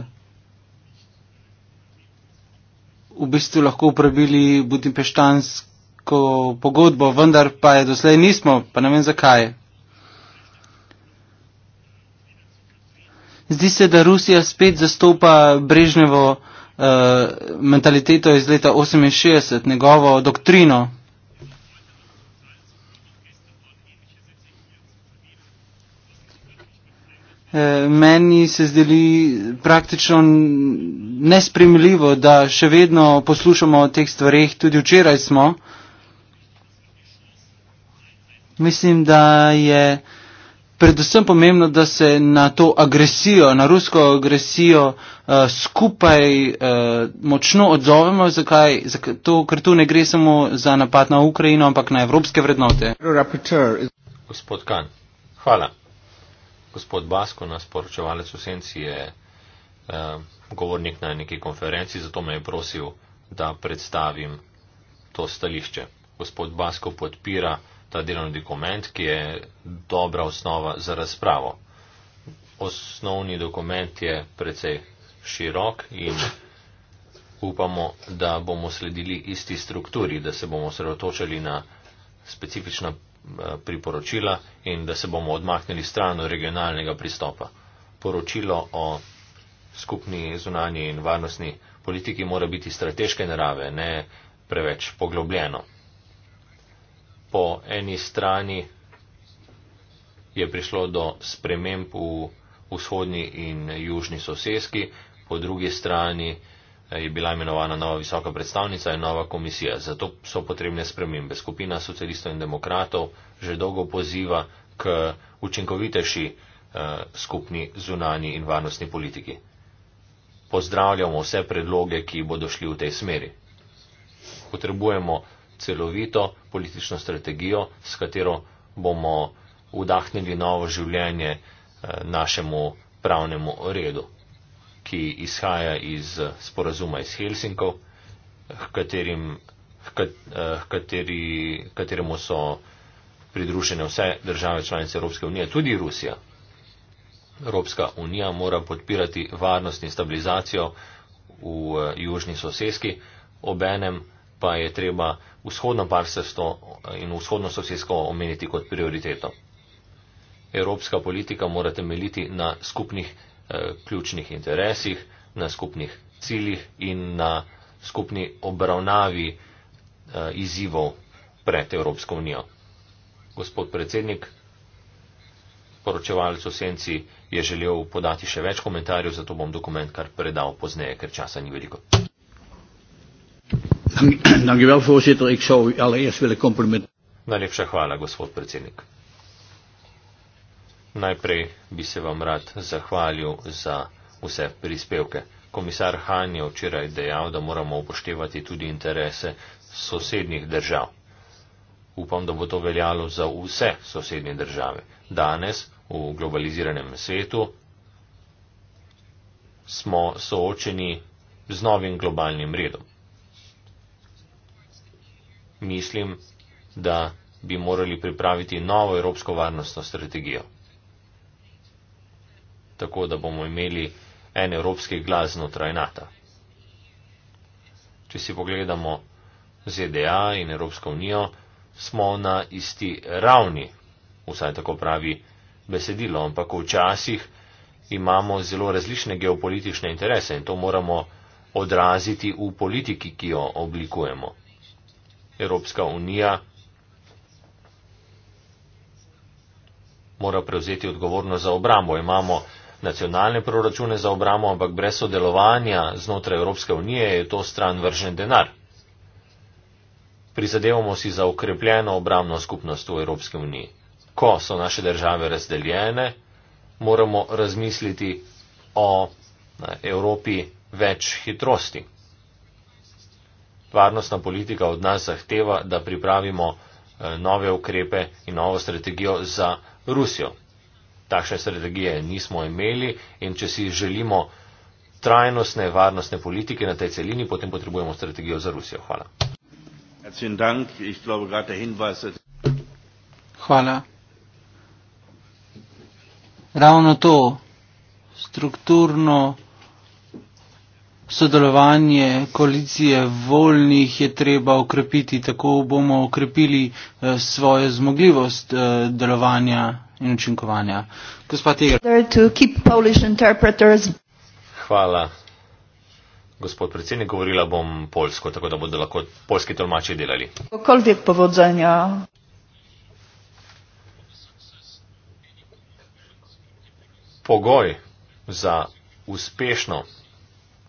v bistvu lahko uporabili budimpeštansko pogodbo, vendar pa je doslej nismo, pa ne vem zakaj. Zdi se, da Rusija spet zastopa Brežnevo uh, mentaliteto iz leta 1968, njegovo doktrino. Eh, meni se zdeli praktično nespremljivo, da še vedno poslušamo o teh stvareh, tudi včeraj smo. Mislim, da je predvsem pomembno, da se na to agresijo, na rusko agresijo eh, skupaj eh, močno odzovemo. Zakaj? Zato, ker tu ne gre samo za napad na Ukrajino, ampak na evropske vrednote. Gospod Kan, hvala gospod Basko, nas poročevalec v senci, je eh, govornik na neki konferenci, zato me je prosil, da predstavim to stališče. Gospod Basko podpira ta delovni dokument, ki je dobra osnova za razpravo. Osnovni dokument je precej širok in upamo, da bomo sledili isti strukturi, da se bomo osredotočali na specifična Eh, priporočila in da se bomo odmaknili stran od regionalnega pristopa. Poročilo o skupni zunanji in varnostni politiki mora biti strateške narave, ne preveč poglobljeno. Po eni strani je prišlo do sprememb v vzhodni in južni soseski, po drugi strani Eh, je bila imenovana nova visoka predstavnica in nova komisija. Zato so potrebne spremembe. Skupina socialistov in demokratov že dolgo poziva k učinkovitejši eh, skupni zunani in varnostni politiki. Pozdravljamo vse predloge, ki bodo šli v tej smeri. Potrebujemo celovito politično strategijo, s katero bomo vdahnili novo življenje eh, našemu pravnemu redu ki izhaja iz sporazuma iz Helsinkov, katerim, eh, kateri, kateremu so pridružene vse države članice Evropske unije, tudi Rusija. Evropska unija mora podpirati varnost in stabilizacijo v eh, južni soseski, obenem pa je treba vzhodno partnerstvo eh, in vzhodno sosesko omeniti kot prioriteto. Evropska politika mora temeljiti na skupnih Eh, ključnih interesih, na skupnih ciljih in na skupni obravnavi eh, izzivov pred Evropsko unijo. Gospod predsednik, poročevalcu Senci je želel podati še več komentarjev, zato bom dokument kar predal pozneje, ker časa ni veliko. Najlepša hvala, gospod predsednik. Najprej bi se vam rad zahvalil za vse prispevke. Komisar Han je včeraj dejal, da moramo upoštevati tudi interese sosednjih držav. Upam, da bo to veljalo za vse sosednje države. Danes v globaliziranem svetu smo soočeni z novim globalnim redom. Mislim, da bi morali pripraviti novo evropsko varnostno strategijo tako da bomo imeli en evropski glas znotraj NATO. Če si pogledamo ZDA in Evropsko unijo, smo na isti ravni, vsaj tako pravi besedilo, ampak včasih imamo zelo različne geopolitične interese in to moramo odraziti v politiki, ki jo oblikujemo. Evropska unija mora prevzeti odgovornost za obrambo. Imamo nacionalne proračune za obramo, ampak brez sodelovanja znotraj Evropske unije je to stran vržen denar. Prizadevamo si za ukrepljeno obramno skupnost v Evropske unije. Ko so naše države razdeljene, moramo razmisliti o Evropi več hitrosti. Varnostna politika od nas zahteva, da pripravimo eh, nove ukrepe in novo strategijo za Rusijo. Takšne strategije nismo imeli in če si želimo trajnostne varnostne politike na tej celini, potem potrebujemo strategijo za Rusijo. Hvala. Hvala. Ravno to strukturno sodelovanje koalicije voljnih je treba okrepiti, tako bomo okrepili eh, svojo zmogljivost eh, delovanja in učinkovanja. Hvala, gospod predsednik. Govorila bom polsko, tako da bodo lahko polski tolmači delali. Pogoj za uspešno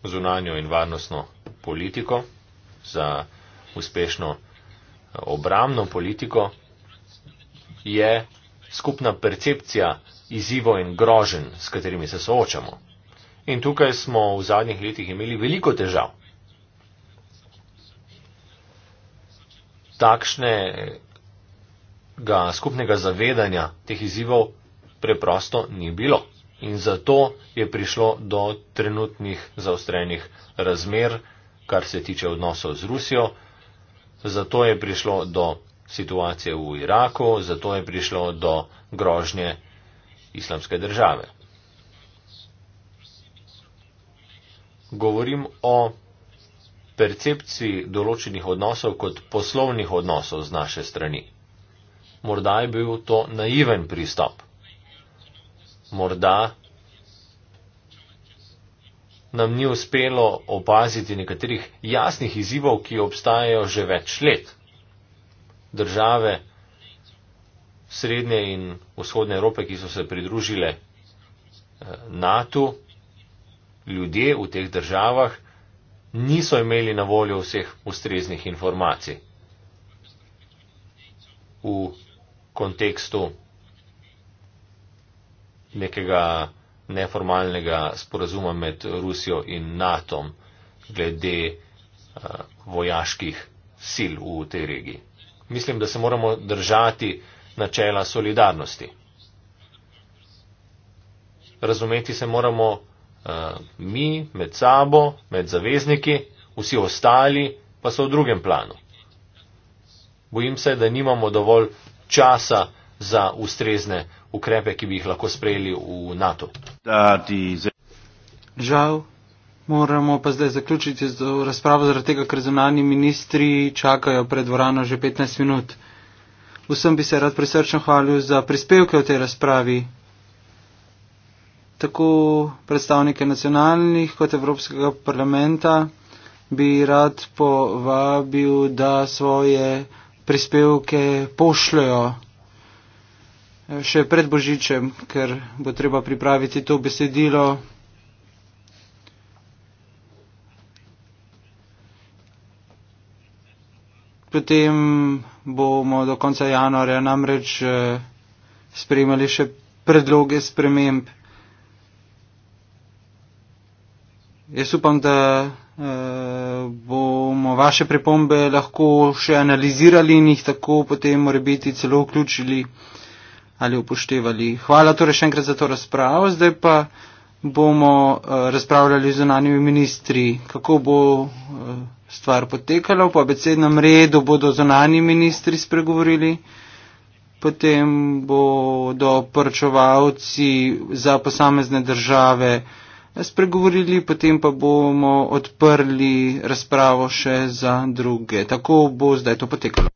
zunanjo in varnostno politiko, za uspešno eh, obramno politiko je skupna percepcija izzivov in grožen, s katerimi se soočamo. In tukaj smo v zadnjih letih imeli veliko težav. Takšnega skupnega zavedanja teh izzivov preprosto ni bilo. In zato je prišlo do trenutnih zaostrenih razmer, kar se tiče odnosov z Rusijo, zato je prišlo do situacije v Iraku, zato je prišlo do grožnje islamske države. Govorim o percepciji določenih odnosov kot poslovnih odnosov z naše strani. Morda je bil to naiven pristop. Morda nam ni uspelo opaziti nekaterih jasnih izzivov, ki obstajajo že več let države Srednje in Vzhodne Evrope, ki so se pridružile eh, NATO, ljudje v teh državah niso imeli na voljo vseh ustreznih informacij. V kontekstu nekega neformalnega sporazuma med Rusijo in NATO glede uh, vojaških sil v tej regiji mislim, da se moramo držati načela solidarnosti. Razumeti se moramo uh, mi med sabo, med zavezniki, vsi ostali pa so v drugem planu. Bojim se, da nimamo dovolj časa za ustrezne ukrepe, ki bi jih lahko sprejeli v NATO. Žal, Moramo pa zdaj zaključiti z razpravo zaradi tega, ker zunani ministri čakajo pred dvorano že 15 minut. Vsem bi se rad prisrčno hvalil za prispevke v tej razpravi. Tako predstavnike nacionalnih kot Evropskega parlamenta bi rad povabil, da svoje prispevke pošljajo eh, še pred božičem, ker bo treba pripraviti to besedilo. Potem bomo do konca januarja namreč eh, spremljali še predloge sprememb. Jaz upam, da eh, bomo vaše pripombe lahko še analizirali in jih tako potem more biti celo vključili ali upoštevali. Hvala torej še enkrat za to razpravo. Zdaj pa bomo eh, razpravljali z zunanimi ministri, kako bo stvar potekala, po abecednem redu bodo zonani ministri spregovorili, potem bodo poročevalci za posamezne države spregovorili, potem pa bomo odprli razpravo še za druge. Tako bo zdaj to potekalo.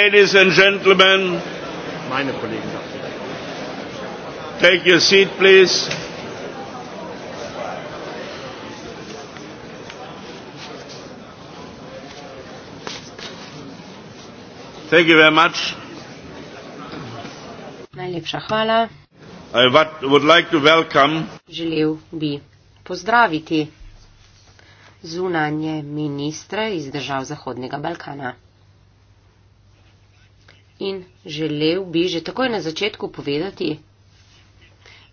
Ladies and gentlemen, meine Kollegen, take your seat, please. Thank you very much. Najlepša hvala. I would like to welcome. Želel bi pozdraviti zunanje ministre iz držav Zahodnega Balkana in želel bi že takoj na začetku povedati,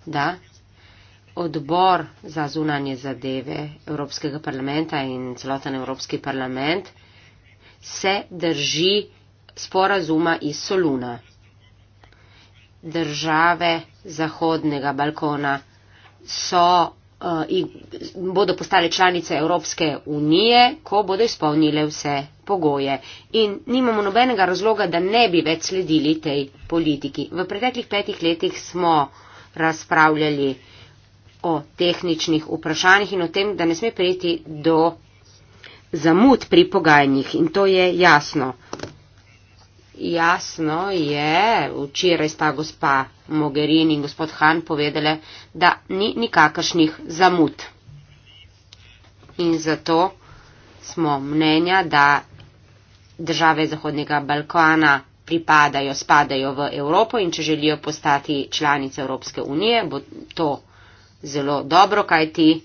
da odbor za zunanje zadeve Evropskega parlamenta in celoten Evropski parlament se drži sporazuma iz Soluna. Države Zahodnega balkona so, uh, bodo postale članice Evropske unije, ko bodo izpolnile vse pogoje in nimamo nobenega razloga, da ne bi več sledili tej politiki. V preteklih petih letih smo razpravljali o tehničnih vprašanjih in o tem, da ne sme priti do zamud pri pogajanjih in to je jasno. Jasno je, včeraj sta gospa Mogherini in gospod Han povedali, da ni nikakršnih zamud. In zato smo mnenja, da države Zahodnega Balkana pripadajo, spadajo v Evropo in če želijo postati članice Evropske unije, bo to zelo dobro, kajti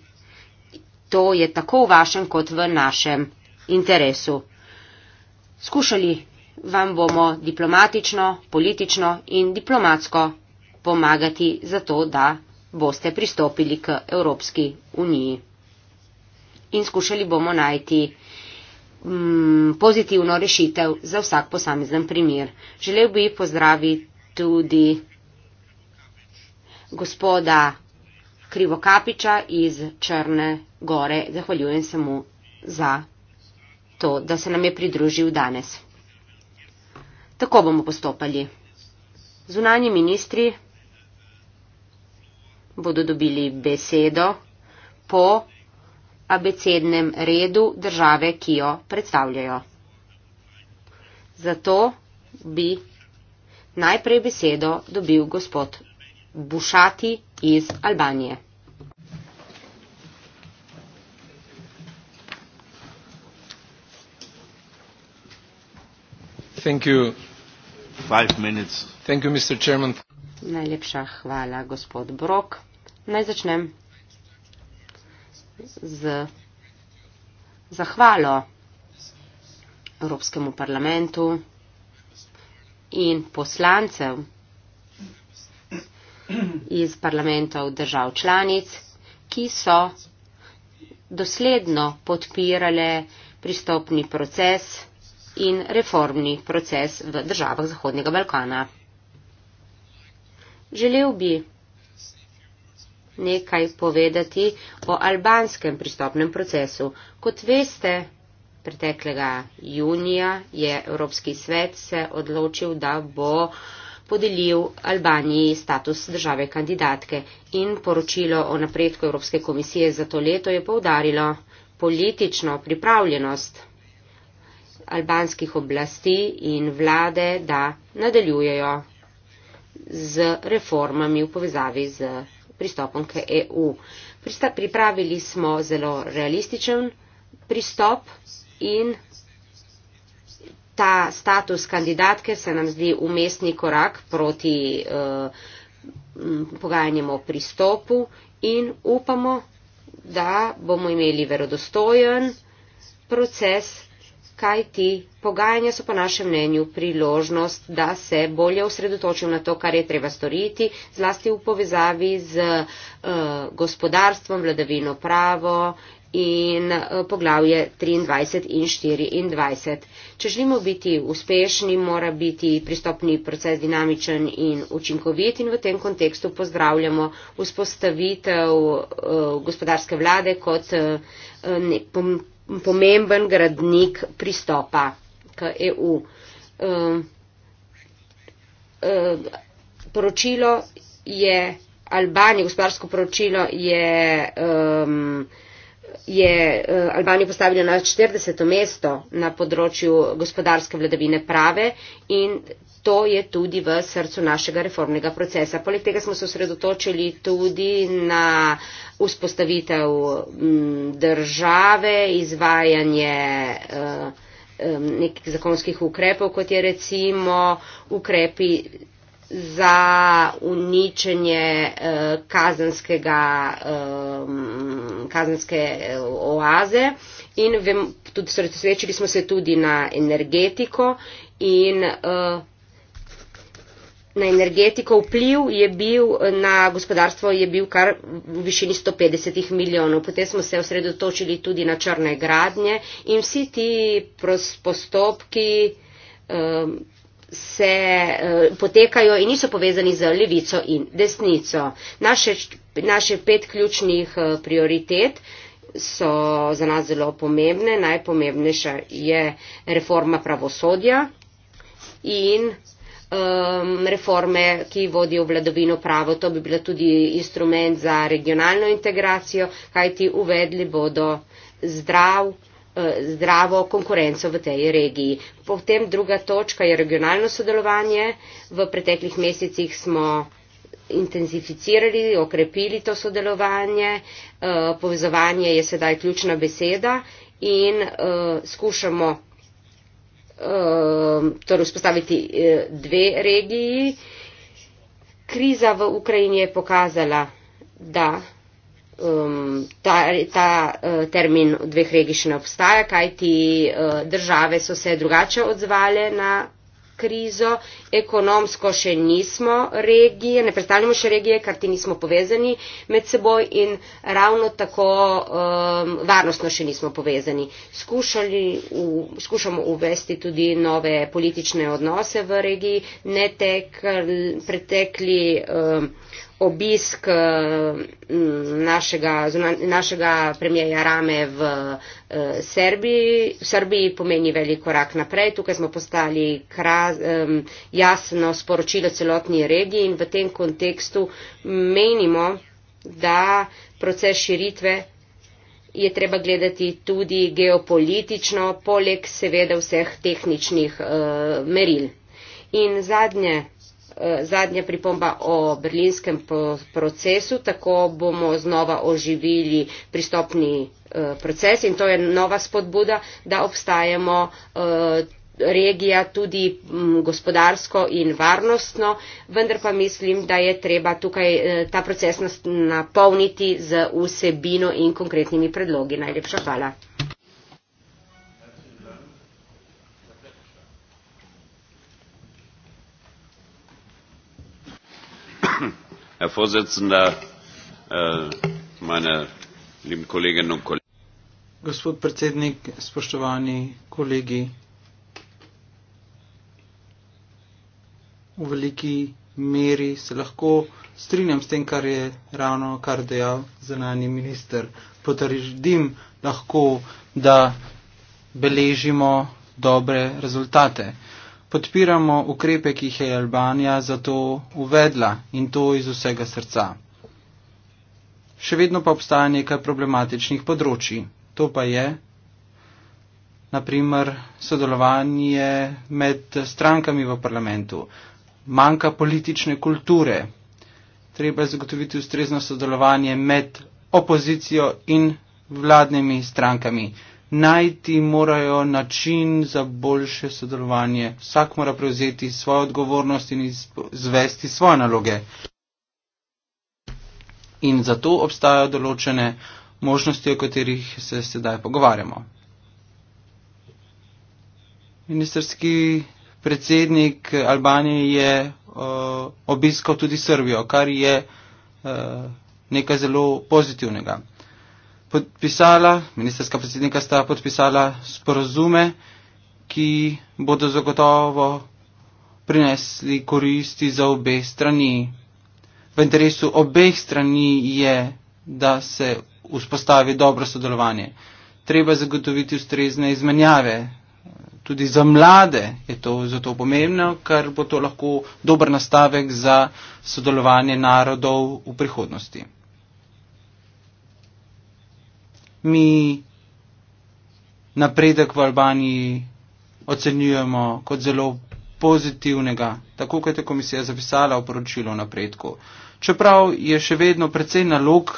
to je tako v vašem kot v našem interesu. Skušali vam bomo diplomatično, politično in diplomatsko pomagati za to, da boste pristopili k Evropski uniji. In skušali bomo najti Mm, pozitivno rešitev za vsak posamezen primer. Želel bi pozdraviti tudi gospoda Krivokapiča iz Črne gore. Zahvaljujem se mu za to, da se nam je pridružil danes. Tako bomo postopali. Zunanji ministri bodo dobili besedo po abecednem redu države, ki jo predstavljajo. Zato bi najprej besedo dobil gospod Bušati iz Albanije. Thank you. Thank you, Mr. Najlepša hvala, gospod Brok. Naj začnem z zahvalo Evropskemu parlamentu in poslancev iz parlamentov držav članic, ki so dosledno podpirale pristopni proces in reformni proces v državah Zahodnega Balkana. Želel bi nekaj povedati o albanskem pristopnem procesu. Kot veste, preteklega junija je Evropski svet se odločil, da bo podelil Albaniji status države kandidatke in poročilo o napredku Evropske komisije za to leto je povdarilo politično pripravljenost albanskih oblasti in vlade, da nadaljujejo z reformami v povezavi z pristopom k EU. Prista pripravili smo zelo realističen pristop in ta status kandidatke se nam zdi umestni korak proti uh, pogajanjem o pristopu in upamo, da bomo imeli verodostojen proces kaj ti pogajanja so po našem mnenju priložnost, da se bolje osredotočim na to, kar je treba storiti, zlasti v povezavi z uh, gospodarstvom, vladavino pravo in eh, poglavje 23 in 24. Če želimo biti uspešni, mora biti pristopni proces dinamičen in učinkovit in v tem kontekstu pozdravljamo vzpostavitev uh, gospodarske vlade kot uh, ne, pom, pomemben gradnik pristopa k EU. Ehm, ehm, poročilo je Albanija, gospodarsko poročilo je, um, je eh, Albanijo postavilo na 40. mesto na področju gospodarske vladavine prave in to je tudi v srcu našega reformnega procesa. Poleg tega smo se osredotočili tudi na uh, vzpostavitev mm, države, izvajanje eh, nekih zakonskih ukrepov, kot je recimo ukrepi za uničenje eh, kazanskega, kazanske eh, oaze in vem, tudi, torej, srečili smo se tudi na energetiko in na energetiko vpliv je bil na gospodarstvo je bil kar v višini 150 milijonov. Potem smo se osredotočili tudi na črne gradnje in vsi ti postopki um, se um, potekajo in niso povezani z levico in desnico. Naše, naše pet ključnih uh, prioritet so za nas zelo pomembne. Najpomembnejša je reforma pravosodja in um, reforme, ki vodijo vladovino pravo. To bi bila tudi instrument za regionalno integracijo, kajti uvedli bodo zdrav eh, zdravo konkurenco v tej regiji. Potem druga točka je regionalno sodelovanje. V preteklih mesecih smo intenzificirali, okrepili to sodelovanje. Eh, povezovanje je sedaj ključna beseda in eh, skušamo Ehm, torej vzpostaviti eh, dve regiji. Kriza v Ukrajini je pokazala, da um, ta, ta uh, termin dveh regij še ne obstaja, kajti uh, države so se drugače odzvale na krizo, ekonomsko še nismo regije, ne predstavljamo še regije, ker ti nismo povezani med seboj in ravno tako um, varnostno še nismo povezani. Skušali, u, skušamo uvesti tudi nove politične odnose v regiji, ne tek, pretekli. Um, obisk eh, našega, našega premijeja Rame v eh, Srbiji. V Srbiji pomeni velik korak naprej. Tukaj smo postali kraz, jasno sporočilo celotni regiji in v tem kontekstu menimo, da proces širitve je treba gledati tudi geopolitično, poleg seveda vseh tehničnih uh, meril. In zadnje Eh, zadnja pripomba o berlinskem procesu, tako bomo znova oživili pristopni eh, proces in to je nova spodbuda, da obstajamo eh, regija tudi mm, gospodarsko in varnostno, vendar pa mislim, da je treba tukaj ta proces napolniti z vsebino in konkretnimi predlogi. Najlepša hvala. Herr Vorsitzender, äh, meine lieben Kolleginnen und Kollegen. Gospod predsednik, spoštovani kolegi, v veliki meri se lahko strinjam s tem, kar je ravno kar dejal zanani minister. Potrdim lahko, da beležimo dobre rezultate podpiramo ukrepe, ki jih je Albanija zato uvedla in to iz vsega srca. Še vedno pa obstaja nekaj problematičnih področji. To pa je naprimer sodelovanje med strankami v parlamentu, manjka politične kulture, treba je zagotoviti ustrezno sodelovanje med opozicijo in vladnimi strankami najti morajo način za boljše sodelovanje. Vsak mora prevzeti svojo odgovornost in izvesti svoje naloge. In zato obstajajo določene možnosti, o katerih se sedaj pogovarjamo. Ministrski predsednik Albanije je uh, obiskal tudi Srbijo, kar je uh, nekaj zelo pozitivnega podpisala, ministerska predsednika sta podpisala sporozume, ki bodo zagotovo prinesli koristi za obe strani. V interesu obeh strani je, da se vzpostavi dobro sodelovanje. Treba zagotoviti ustrezne izmenjave. Tudi za mlade je to zato pomembno, ker bo to lahko dober nastavek za sodelovanje narodov v prihodnosti. mi napredek v Albaniji ocenjujemo kot zelo pozitivnega, tako kot je komisija zapisala v poročilu o napredku. Čeprav je še vedno precej nalog,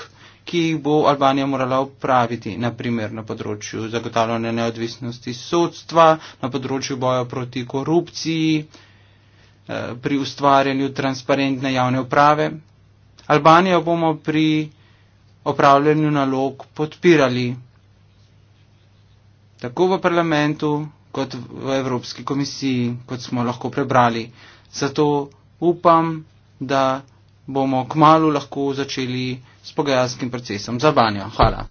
ki jih bo Albanija morala upraviti, naprimer na področju zagotavljanja neodvisnosti sodstva, na področju boja proti korupciji, eh, pri ustvarjanju transparentne javne uprave. Albanijo bomo pri opravljanju nalog podpirali, tako v parlamentu kot v Evropski komisiji, kot smo lahko prebrali. Zato upam, da bomo k malu lahko začeli s pogajalskim procesom za banjo. Hvala.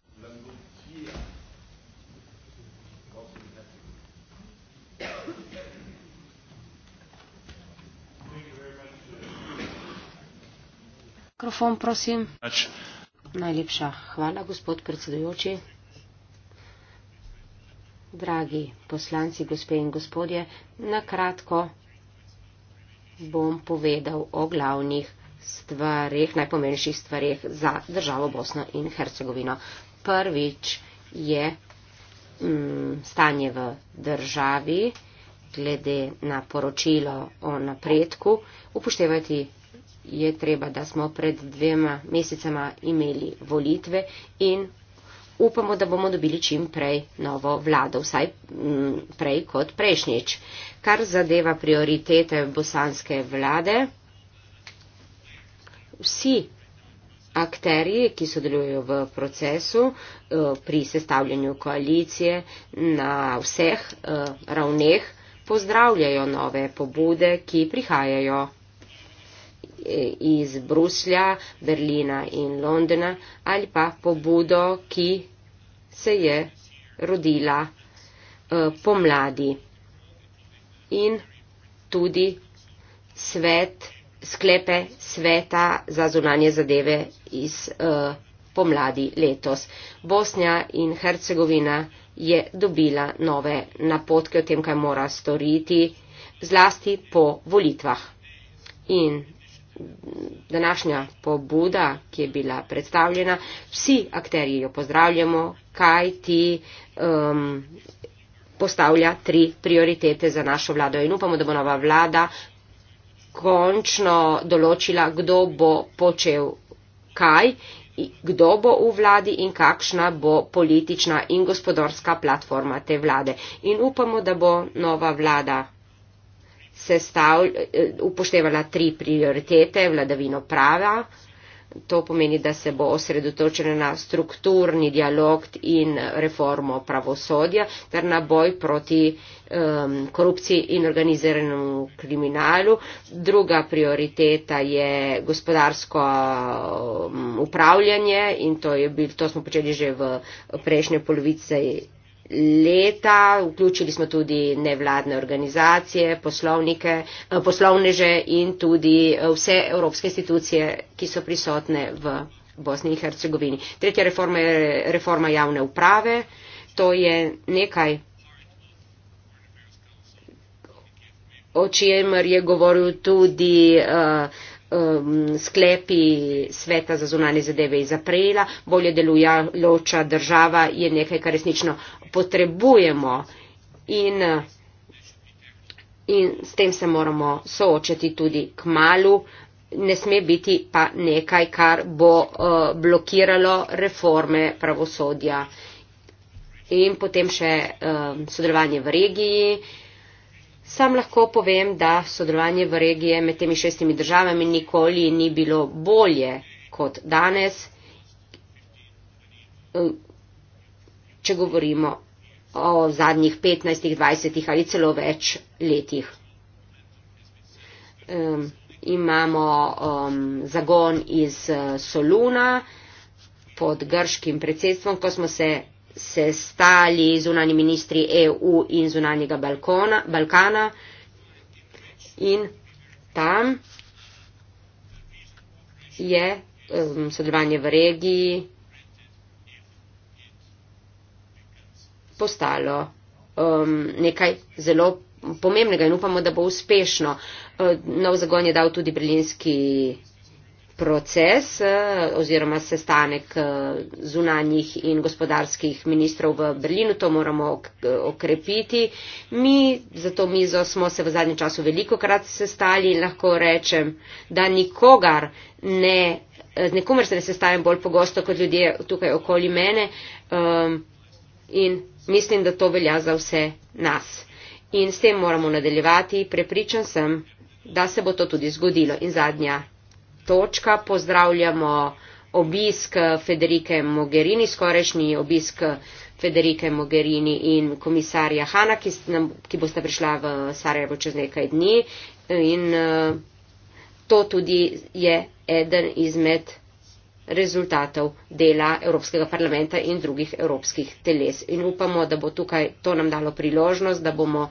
Mikrofon, prosim. Pač, Najlepša hvala, gospod predsedujoči. Dragi poslanci, gospe in gospodje, na kratko bom povedal o glavnih stvarih, najpomembnejših stvarih za državo Bosno in Hercegovino. Prvič je mm, stanje v državi glede na poročilo o napredku upoštevati je treba, da smo pred dvema mesecama imeli volitve in upamo, da bomo dobili čim prej novo vlado, vsaj mm, prej kot prejšnjič. Kar zadeva prioritete bosanske vlade, vsi akterji, ki sodelujo v procesu eh, pri sestavljanju koalicije na vseh eh, ravneh, pozdravljajo nove pobude, ki prihajajo iz Bruslja, Berlina in Londona ali pa pobudo, ki se je rodila eh, pomladi. In tudi svet, sklepe sveta za zunanje zadeve iz eh, pomladi letos. Bosnja in Hercegovina je dobila nove napotke o tem, kaj mora storiti, zlasti po volitvah. In današnja pobuda, ki je bila predstavljena, vsi akterji jo pozdravljamo, kaj ti um, postavlja tri prioritete za našo vlado in upamo, da bo nova vlada končno določila, kdo bo počel kaj, kdo bo v vladi in kakšna bo politična in gospodarska platforma te vlade. In upamo, da bo nova vlada sestav, eh, upoštevala tri prioritete, vladavino prava, to pomeni, da se bo osredotočena na strukturni dialog in reformo pravosodja ter na boj proti um, korupciji in organiziranemu kriminalu. Druga prioriteta je gospodarsko um, upravljanje in to, bil, to smo počeli že v prejšnje polovice leta, vključili smo tudi nevladne organizacije, eh, poslovneže in tudi eh, vse evropske institucije, ki so prisotne v Bosni in Hercegovini. Tretja reforma je reforma javne uprave. To je nekaj, o čemer je govoril tudi uh, um, sklepi sveta za zunanje zadeve iz aprila, bolje deluje loča država, je nekaj, kar resnično potrebujemo in, uh, in s tem se moramo soočati tudi k malu. Ne sme biti pa nekaj, kar bo uh, blokiralo reforme pravosodja. In potem še um, sodelovanje v regiji. Uh, Sam lahko povem, da sodelovanje v regiji med temi šestimi državami nikoli ni bilo bolje kot danes, eh, če govorimo o zadnjih 15, 20 ali celo več letih. Um, imamo um, zagon iz eh, Soluna pod grškim predsedstvom, ko smo se sestali zunani ministri EU in zunanjega Balkona, Balkana in tam je um, sodelovanje v regiji postalo um, nekaj zelo pomembnega in upamo, da bo uspešno. Uh, nov zagon je dal tudi berlinski proces eh, oziroma sestanek eh, zunanjih in gospodarskih ministrov v Berlinu. To moramo okrepiti. Mi za to mizo smo se v zadnjem času veliko krat sestali in lahko rečem, da nikogar ne, z nikomer se ne sestajam bolj pogosto kot ljudje tukaj okoli mene ehm, in mislim, da to velja za vse nas. In s tem moramo nadaljevati. Prepričan sem, da se bo to tudi zgodilo. In zadnja točka, pozdravljamo obisk Federike Mogherini, skorešnji obisk Federike Mogherini in komisarja Hanna, ki, ki boste prišla v Sarajevo čez nekaj dni. In eh, to tudi je eden izmed rezultatov dela Evropskega parlamenta in drugih evropskih teles. In upamo, da bo tukaj to nam dalo priložnost, da bomo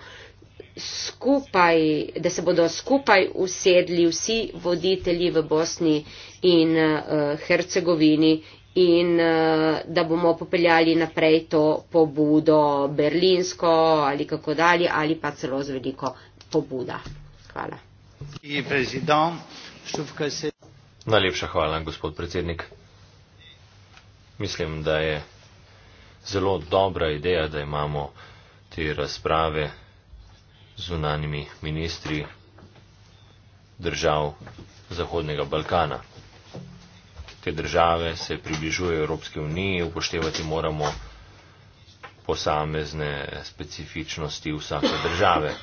skupaj, da se bodo skupaj usedli vsi voditelji v Bosni in uh, Hercegovini in uh, da bomo popeljali naprej to pobudo berlinsko ali kako dalje ali pa celo z veliko pobuda. Hvala. Najlepša hvala, gospod predsednik. Mislim, da je zelo dobra ideja, da imamo te razprave zunanimi ministri držav Zahodnega Balkana. Te države se približujejo Evropske unije, upoštevati moramo posamezne specifičnosti vsake države.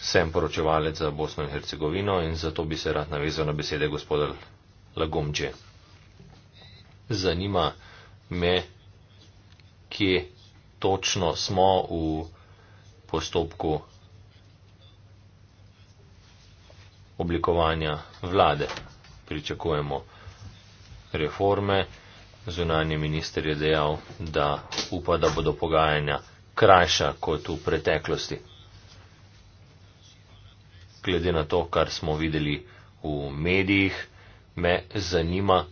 Sem poročevalec za Bosno in Hercegovino in zato bi se rad navezal na besede gospoda Lagomče. Zanima me, kje točno smo v postopku oblikovanja vlade. Pričakujemo reforme. Zunanje minister je dejal, da upa, da bodo pogajanja krajša kot v preteklosti. Glede na to, kar smo videli v medijih, me zanima,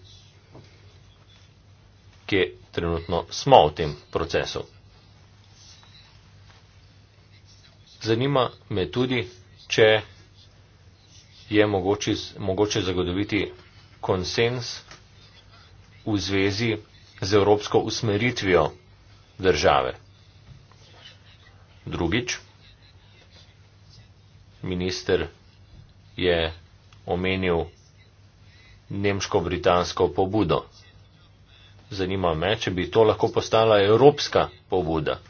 kje trenutno smo v tem procesu. Zanima me tudi, če je mogoče, mogoče zagotoviti konsens v zvezi z evropsko usmeritvijo države. Drugič, minister je omenil nemško-britansko pobudo. Zanima me, če bi to lahko postala evropska pobuda.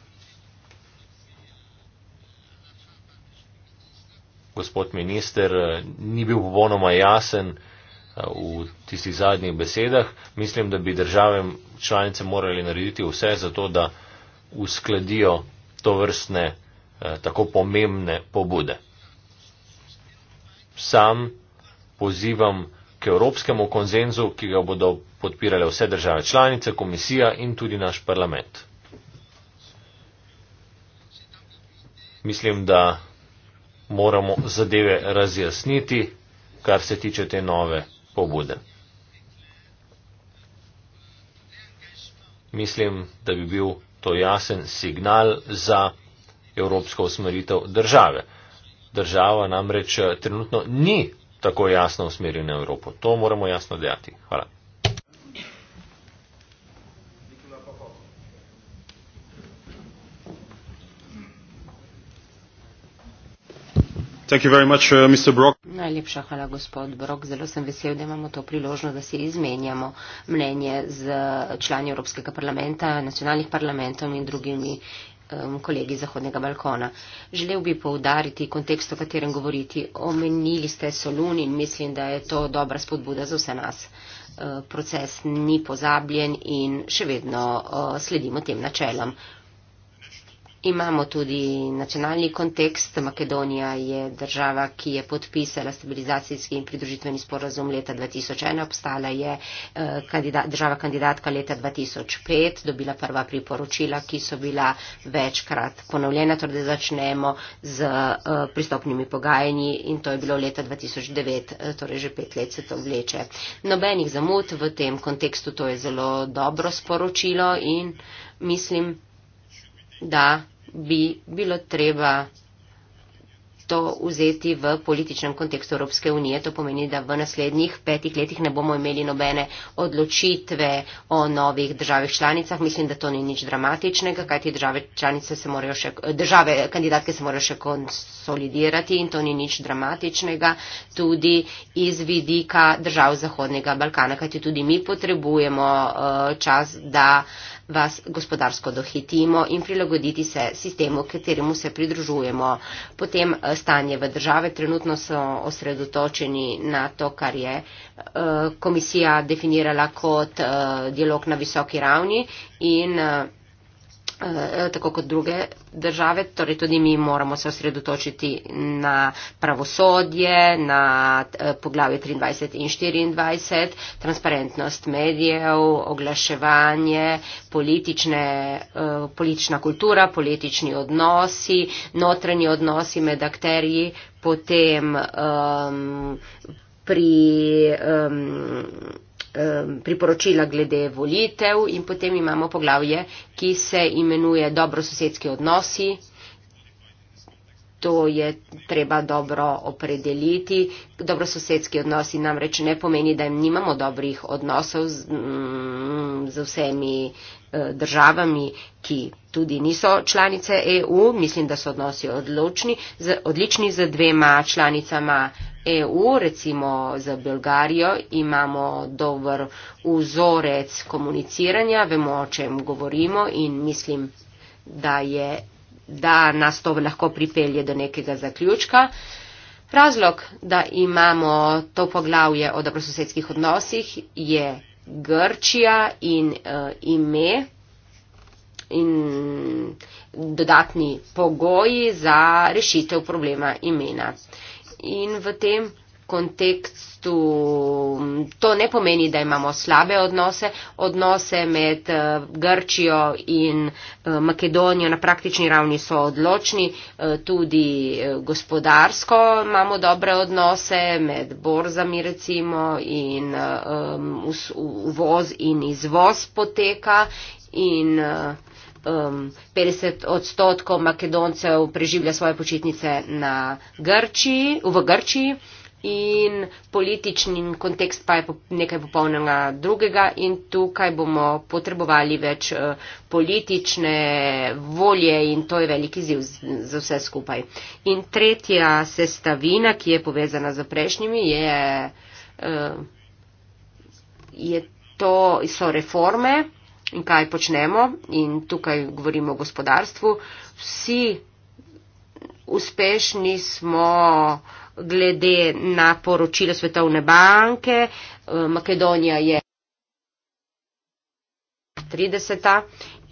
gospod minister eh, ni bil popolnoma jasen eh, v tistih zadnjih besedah. Mislim, da bi države članice morali narediti vse za to, da uskladijo to vrstne eh, tako pomembne pobude. Sam pozivam k evropskemu konzenzu, ki ga bodo podpirale vse države članice, komisija in tudi naš parlament. Mislim, da moramo zadeve razjasniti, kar se tiče te nove pobude. Mislim, da bi bil to jasen signal za evropsko usmeritev države. Država namreč eh, trenutno ni tako jasno usmerjena v Evropo. To moramo jasno dejati. Hvala. Much, uh, Najlepša hvala, gospod Brok. Zelo sem vesel, da imamo to priložnost, da si izmenjamo mnenje z člani Evropskega parlamenta, nacionalnih parlamentov in drugimi um, kolegi Zahodnega balkona. Želel bi poudariti kontekst, o katerem govoriti. Omenili ste Solun in mislim, da je to dobra spodbuda za vse nas. Uh, proces ni pozabljen in še vedno uh, sledimo tem načelam. Imamo tudi nacionalni kontekst. Makedonija je država, ki je podpisala stabilizacijski in pridružitveni sporazum leta 2001, obstala je eh, kandida, država kandidatka leta 2005, dobila prva priporočila, ki so bila večkrat ponovljena, torej začnemo z eh, pristopnimi pogajanji in to je bilo leta 2009, eh, torej že pet let se to vleče. Nobenih zamud v tem kontekstu, to je zelo dobro sporočilo in mislim, da bi bilo treba to vzeti v političnem kontekstu Evropske unije. To pomeni, da v naslednjih petih letih ne bomo imeli nobene odločitve o novih državih članicah. Mislim, da to ni nič dramatičnega, kajti države, se še, države kandidatke se morajo še konsolidirati in to ni nič dramatičnega tudi iz vidika držav Zahodnega Balkana, kajti tudi mi potrebujemo uh, čas, da uh, vas gospodarsko dohitimo in prilagoditi se sistemu, kateremu se pridružujemo. Potem eh, stanje v države trenutno so osredotočeni na to, kar je eh, komisija definirala kot eh, dialog na visoki ravni in Eh, tako kot druge države, torej tudi mi moramo se osredotočiti na pravosodje, na eh, poglavje 23 in 24, transparentnost medijev, oglaševanje, politične, eh, politična kultura, politični odnosi, notranji odnosi med akterji, potem um, pri. Um, priporočila glede volitev in potem imamo poglavje, ki se imenuje dobrososedski odnosi. To je treba dobro opredeliti. Dobrososedski odnosi namreč ne pomeni, da nimamo dobrih odnosov z, mm, z vsemi e, državami, ki tudi niso članice EU. Mislim, da so odnosi odločni, z, odlični z dvema članicama. EU, recimo za Bolgarijo, imamo dober vzorec komuniciranja, vemo, o čem govorimo in mislim, da, je, da nas to lahko pripelje do nekega zaključka. Razlog, da imamo to poglavje o dobrososedskih odnosih, je Grčija in uh, ime in dodatni pogoji za rešitev problema imena in v tem kontekstu to ne pomeni, da imamo slabe odnose. Odnose med eh, Grčijo in eh, Makedonijo na praktični ravni so odločni, eh, tudi gospodarsko imamo dobre odnose med borzami recimo in uvoz in izvoz poteka. In, uh, um, 50 odstotkov Makedoncev preživlja svoje počitnice Grči, v Grčiji in politični kontekst pa je nekaj popolnega drugega in tukaj bomo potrebovali več uh, politične volje in to je veliki ziv za vse skupaj. In tretja sestavina, ki je povezana z prejšnjimi, je, uh, je to, so reforme in kaj počnemo, in tukaj govorimo o gospodarstvu, vsi uspešni smo glede na poročilo Svetovne banke. Eh, Makedonija je 30.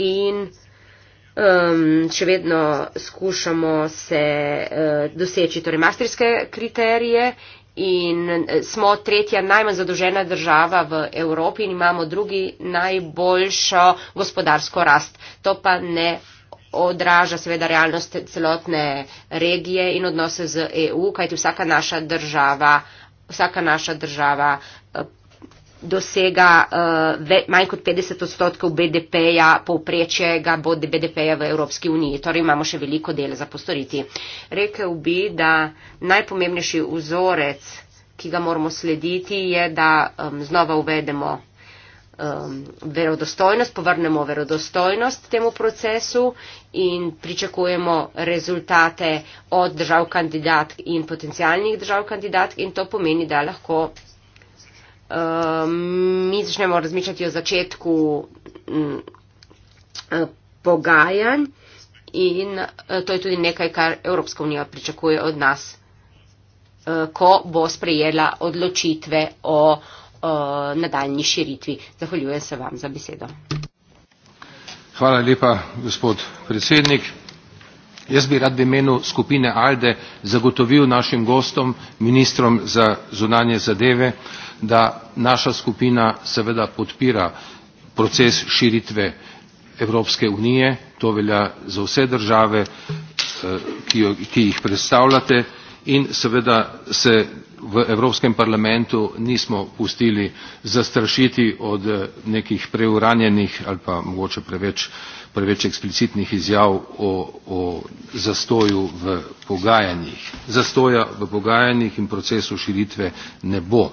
in um, še vedno skušamo se uh, doseči torej masterske kriterije in eh, smo tretja najmanj zadolžena država v Evropi in imamo drugi najboljšo gospodarsko rast. To pa ne odraža seveda realnost celotne regije in odnose z EU, kajti vsaka naša država, vsaka naša država dosega uh, ve, manj kot 50 odstotkov BDP-ja, povprečje ga bo BDP-ja v Evropski uniji. Torej imamo še veliko dela za postoriti. Rekel bi, da najpomembnejši vzorec, ki ga moramo slediti, je, da um, znova uvedemo um, verodostojnost, povrnemo verodostojnost temu procesu in pričakujemo rezultate od držav kandidatk in potencijalnih držav kandidatk in to pomeni, da lahko Um, mi začnemo razmišljati o začetku mm, eh, pogajanj in eh, to je tudi nekaj, kar Evropska unija pričakuje od nas, eh, ko bo sprejela odločitve o nadaljni širitvi. Zahvaljujem se vam za besedo. Hvala lepa, gospod predsednik. Jaz bi rad v imenu skupine ALDE zagotovil našim gostom, ministrom za zunanje zadeve, da naša skupina seveda podpira proces širitve Evropske unije, to velja za vse države, eh, ki, jo, ki jih predstavljate in seveda se v Evropskem parlamentu nismo pustili zastrašiti od eh, nekih preuranjenih ali pa mogoče preveč, preveč eksplicitnih izjav o, o zastoju v pogajanjih. Zastoja v pogajanjih in procesu širitve ne bo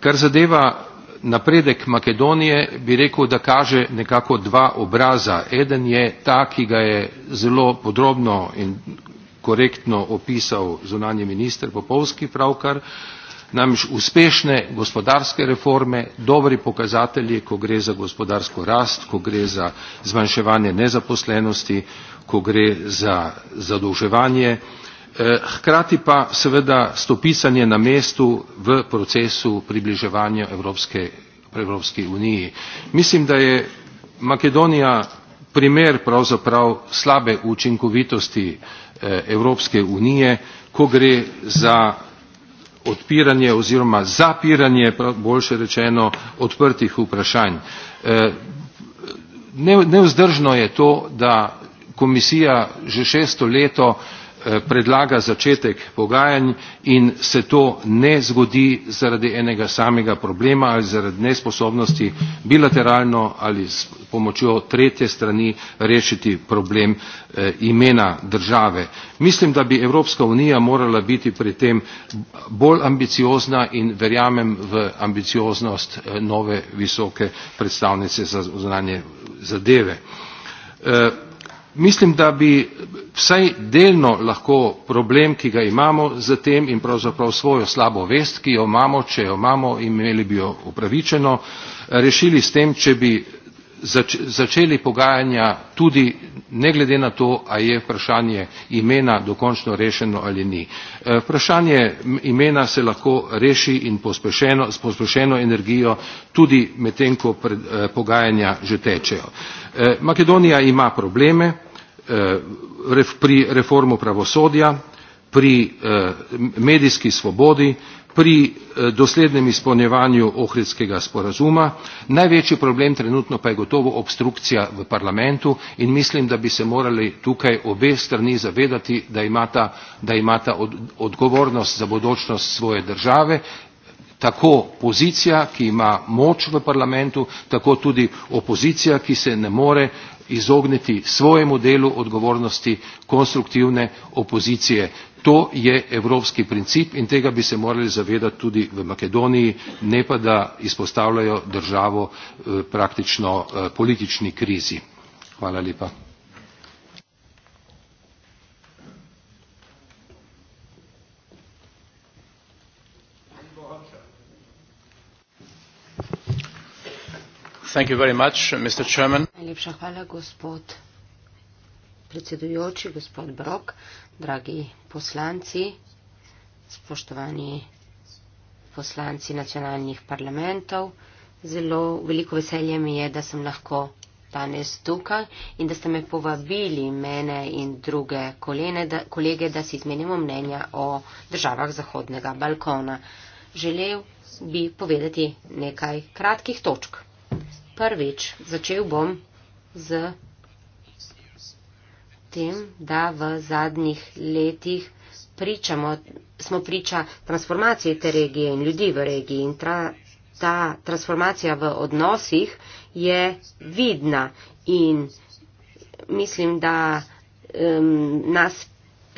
kar zadeva napredek makedonije bi rekel da kaže nekako dva obraza eden je ta ki ga je zelo podrobno in korektno opisal zunanji minister popovski pravkar namreč uspešne gospodarske reforme dobri pokazatelji ko gre za gospodarsko rast ko gre za zmanjševanje nezaposlenosti ko gre za zadolževanje Eh, hkrati pa seveda stopicanje na mestu v procesu približevanja evropski uniji. mislim da je makedonija primer pravzaprav slabe učinkovitosti eh, evropske unije ko gre za odpiranje oziroma zapiranje boljše rečeno odprtih vprašanj. Eh, nevzdržno je to da komisija že šesto leto Eh, predlaga začetek pogajanj in se to ne zgodi zaradi enega samega problema ali zaradi nesposobnosti bilateralno ali s pomočjo tretje strani rešiti problem eh, imena države. Mislim, da bi Evropska unija morala biti pri tem bolj ambiciozna in verjamem v ambicioznost eh, nove visoke predstavnice za zunanje zadeve. Mislim, da bi vsaj delno lahko problem, ki ga imamo z tem in pravzaprav svojo slabo vest, ki jo imamo, če jo imamo, imeli bi jo upravičeno, rešili s tem, če bi začeli pogajanja tudi ne glede na to, a je vprašanje imena dokončno rešeno ali ni. E, vprašanje imena se lahko reši in pospešeno, s pospešeno energijo tudi medtem, ko e, pogajanja že tečejo. E, Makedonija ima probleme, Eh, pri reformu pravosodja, pri eh, medijski svobodi, pri eh, doslednem izpolnjevanju ohridskega sporazuma. Največji problem trenutno pa je gotovo obstrukcija v parlamentu in mislim, da bi se morali tukaj obe strani zavedati, da imata, da imata od, odgovornost za bodočnost svoje države, tako pozicija, ki ima moč v parlamentu, tako tudi opozicija, ki se ne more izogniti svojemu delu odgovornosti konstruktivne opozicije. To je evropski princip in tega bi se morali zavedati tudi v Makedoniji, ne pa da izpostavljajo državo eh, praktično eh, politični krizi. Hvala lepa. Najlepša hvala, gospod predsedujoči, gospod Brok, dragi poslanci, spoštovani poslanci nacionalnih parlamentov. Zelo veliko veselje mi je, da sem lahko danes tukaj in da ste me povabili, mene in druge kolene, da, kolege, da si izmenimo mnenja o državah Zahodnega Balkona. Želel bi povedati nekaj kratkih točk. Prvič, začel bom z tem, da v zadnjih letih pričamo, smo priča transformaciji te regije in ljudi v regiji. In tra, ta transformacija v odnosih je vidna in mislim, da um, nas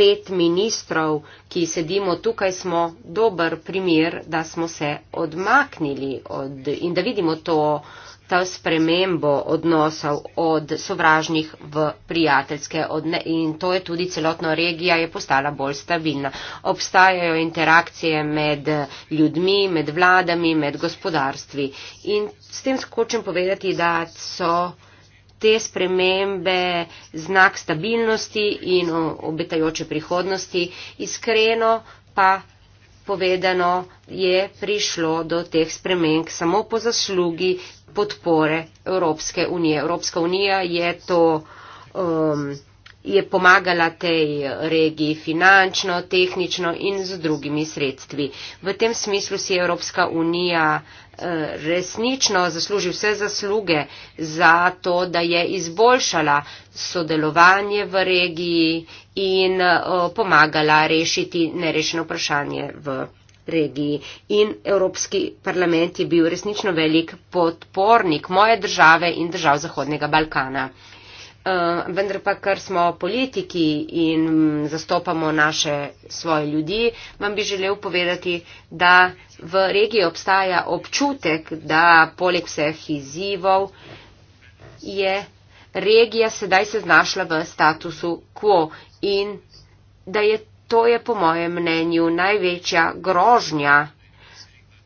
pet ministrov, ki sedimo tukaj, smo dober primer, da smo se odmaknili od, in da vidimo to, to spremembo odnosov od sovražnih v prijateljske. Od ne, in to je tudi celotna regija je postala bolj stabilna. Obstajajo interakcije med ljudmi, med vladami, med gospodarstvi. In s tem skočem povedati, da so te spremembe znak stabilnosti in obetajoče prihodnosti. Iskreno pa povedano je prišlo do teh sprememb samo po zaslugi podpore Evropske unije. Evropska unija je to um, je pomagala tej regiji finančno, tehnično in z drugimi sredstvi. V tem smislu si Evropska unija eh, resnično zasluži vse zasluge za to, da je izboljšala sodelovanje v regiji in eh, pomagala rešiti nerešeno vprašanje v regiji. In Evropski parlament je bil resnično velik podpornik moje države in držav Zahodnega Balkana. Eh, vendar pa, ker smo politiki in zastopamo naše svoje ljudi, vam bi želel povedati, da v regiji obstaja občutek, da poleg vseh izzivov je regija sedaj se znašla v statusu quo in da je to je po mojem mnenju največja grožnja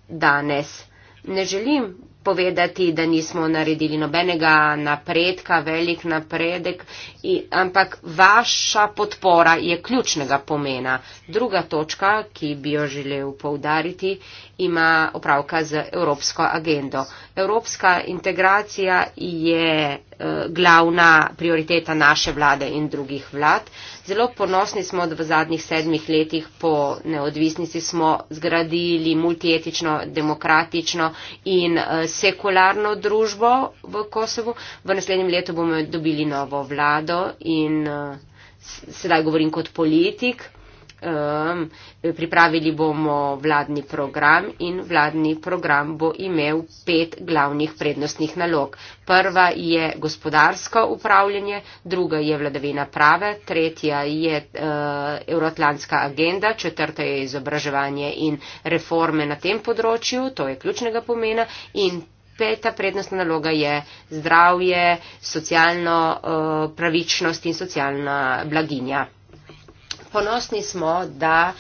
danes. Ne želim povedati, da nismo naredili nobenega napredka, velik napredek, in, ampak vaša podpora je ključnega pomena. Druga točka, ki bi jo želel poudariti, ima opravka z evropsko agendo. Evropska integracija je eh, glavna prioriteta naše vlade in drugih vlad. Zelo ponosni smo, da v zadnjih sedmih letih po neodvisnici smo zgradili multietično, demokratično in eh, sekularno družbo v Kosovu. V naslednjem letu bomo dobili novo vlado in eh, sedaj govorim kot politik um, pripravili bomo vladni program in vladni program bo imel pet glavnih prednostnih nalog. Prva je gospodarsko upravljanje, druga je vladavina prave, tretja je uh, euroatlantska agenda, četrta je izobraževanje in reforme na tem področju, to je ključnega pomena in Peta prednostna naloga je zdravje, socialno uh, pravičnost in socialna blaginja ponosni smo, da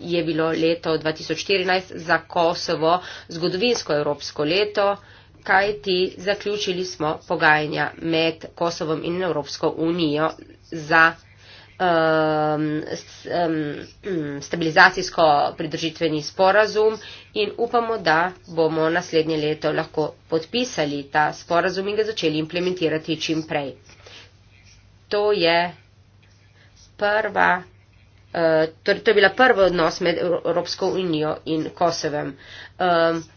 je bilo leto 2014 za Kosovo zgodovinsko evropsko leto, kajti zaključili smo pogajanja med Kosovom in Evropsko unijo za um, um, um, stabilizacijsko pridržitveni sporazum in upamo, da bomo naslednje leto lahko podpisali ta sporazum in ga začeli implementirati čim prej. To je prva Eh, torej to je bila prva odnos med Evropsko unijo in Kosovem.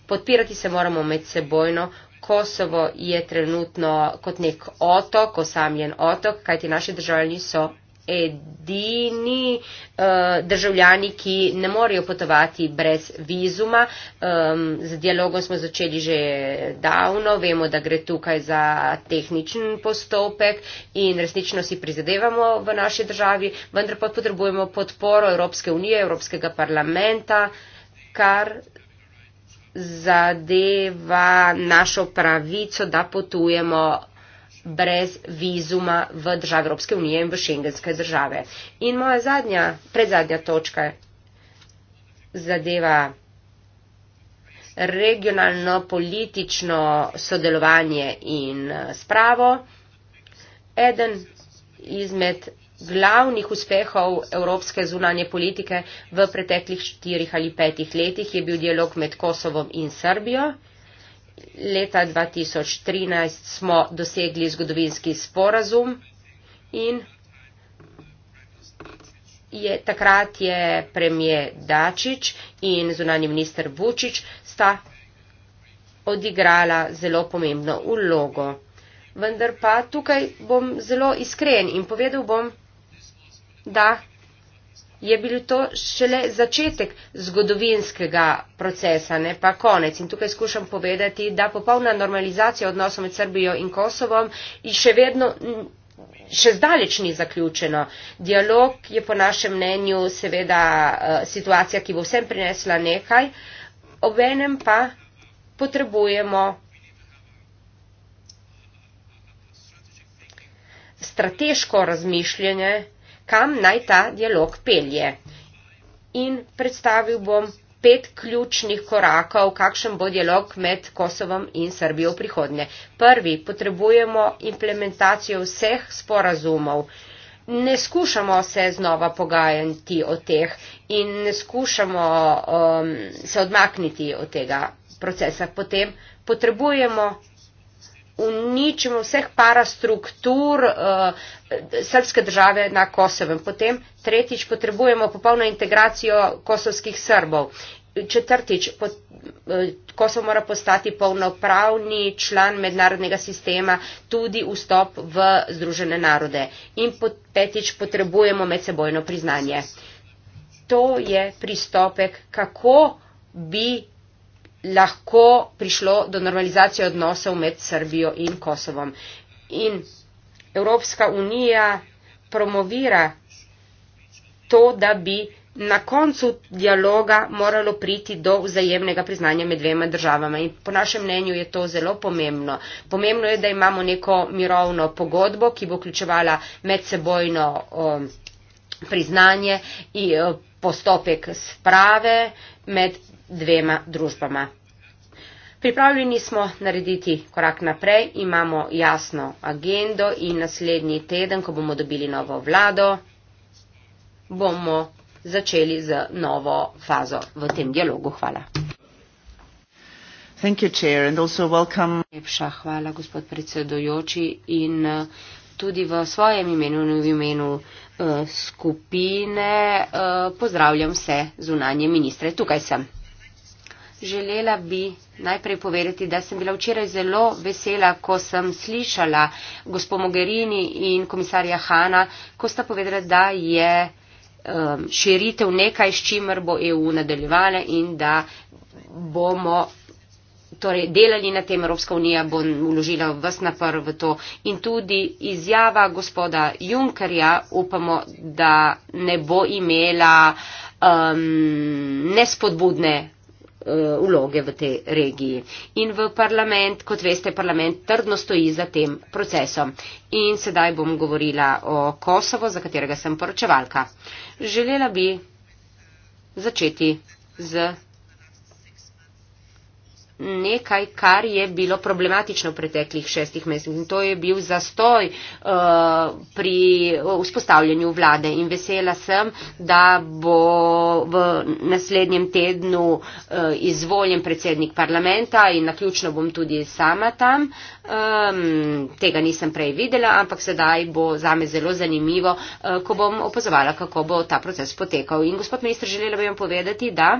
Podpirati se moramo med sebojno. Kosovo je trenutno kot nek otok, osamljen otok, kajti naše državljani so edini eh, državljani, ki ne morejo potovati brez vizuma. Z dialogom smo začeli že davno, vemo, da gre tukaj za tehničen postopek in resnično si prizadevamo v naši državi, vendar pa potrebujemo podporo Evropske unije, Evropskega parlamenta, kar zadeva našo pravico, da potujemo brez vizuma v države Evropske unije in v šengenske države. In moja zadnja, predzadnja točka zadeva regionalno politično sodelovanje in eh, spravo. Eden izmed glavnih uspehov evropske zunanje politike v preteklih štirih ali petih letih je bil dialog med Kosovom in Srbijo leta 2013 smo dosegli zgodovinski sporazum in je, takrat je premije Dačić in zunani minister Vučić sta odigrala zelo pomembno ulogo. Vendar pa tukaj bom zelo iskren in povedal bom, da je bil to šele začetek zgodovinskega procesa, ne pa konec. In tukaj skušam povedati, da popolna normalizacija odnosov med Srbijo in Kosovom je še vedno. Še zdaleč ni zaključeno. Dialog je po našem mnenju seveda eh, situacija, ki bo vsem prinesla nekaj, obenem pa potrebujemo strateško razmišljanje kam naj ta dialog pelje. In predstavil bom pet ključnih korakov, kakšen bo dialog med Kosovom in Srbijo v prihodnje. Prvi, potrebujemo implementacijo vseh sporazumov. Ne skušamo se znova pogajati o teh in ne skušamo um, se odmakniti od tega procesa. Potem potrebujemo uničimo vseh parastruktur uh, srpske države na Kosovem. Potem tretjič potrebujemo popolno integracijo kosovskih srbov. Četrtič, eh, Kosovo mora postati polnopravni član mednarodnega sistema, tudi vstop v Združene narode. In petič, potrebujemo medsebojno priznanje. To je pristopek, kako bi lahko prišlo do normalizacije odnosov med Srbijo in Kosovom. In Evropska unija promovira to, da bi na koncu dialoga moralo priti do vzajemnega priznanja med dvema državama. In po našem mnenju je to zelo pomembno. Pomembno je, da imamo neko mirovno pogodbo, ki bo vključevala medsebojno um, priznanje in um, postopek sprave, med dvema družbama. Pripravljeni smo narediti korak naprej, imamo jasno agendo in naslednji teden, ko bomo dobili novo vlado, bomo začeli z novo fazo v tem dialogu. Hvala. Lepša hvala, gospod predsedujoči, in eh, tudi v svojem imenu in v imenu. Eh, skupine. Eh, pozdravljam vse zunanje ministre. Tukaj sem. Želela bi najprej povedati, da sem bila včeraj zelo vesela, ko sem slišala gospo Mogherini in komisarja Hanna, ko sta povedala, da je eh, širitev nekaj, s čimer bo EU nadaljevala in da bomo torej delali na tem, Evropska unija bo uložila vas napr v to in tudi izjava gospoda Junkerja upamo, da ne bo imela um, nespodbudne uloge uh, v tej regiji. In v parlament, kot veste, parlament trdno stoji za tem procesom. In sedaj bom govorila o Kosovo, za katerega sem poročevalka. Želela bi začeti z nekaj, kar je bilo problematično v preteklih šestih mesecih. To je bil zastoj uh, pri vzpostavljanju vlade in vesela sem, da bo v naslednjem tednu uh, izvoljen predsednik parlamenta in naključno bom tudi sama tam. Um, tega nisem prej videla, ampak sedaj bo zame zelo zanimivo, uh, ko bom opozovala, kako bo ta proces potekal. In gospod minister, želela bi vam povedati, da.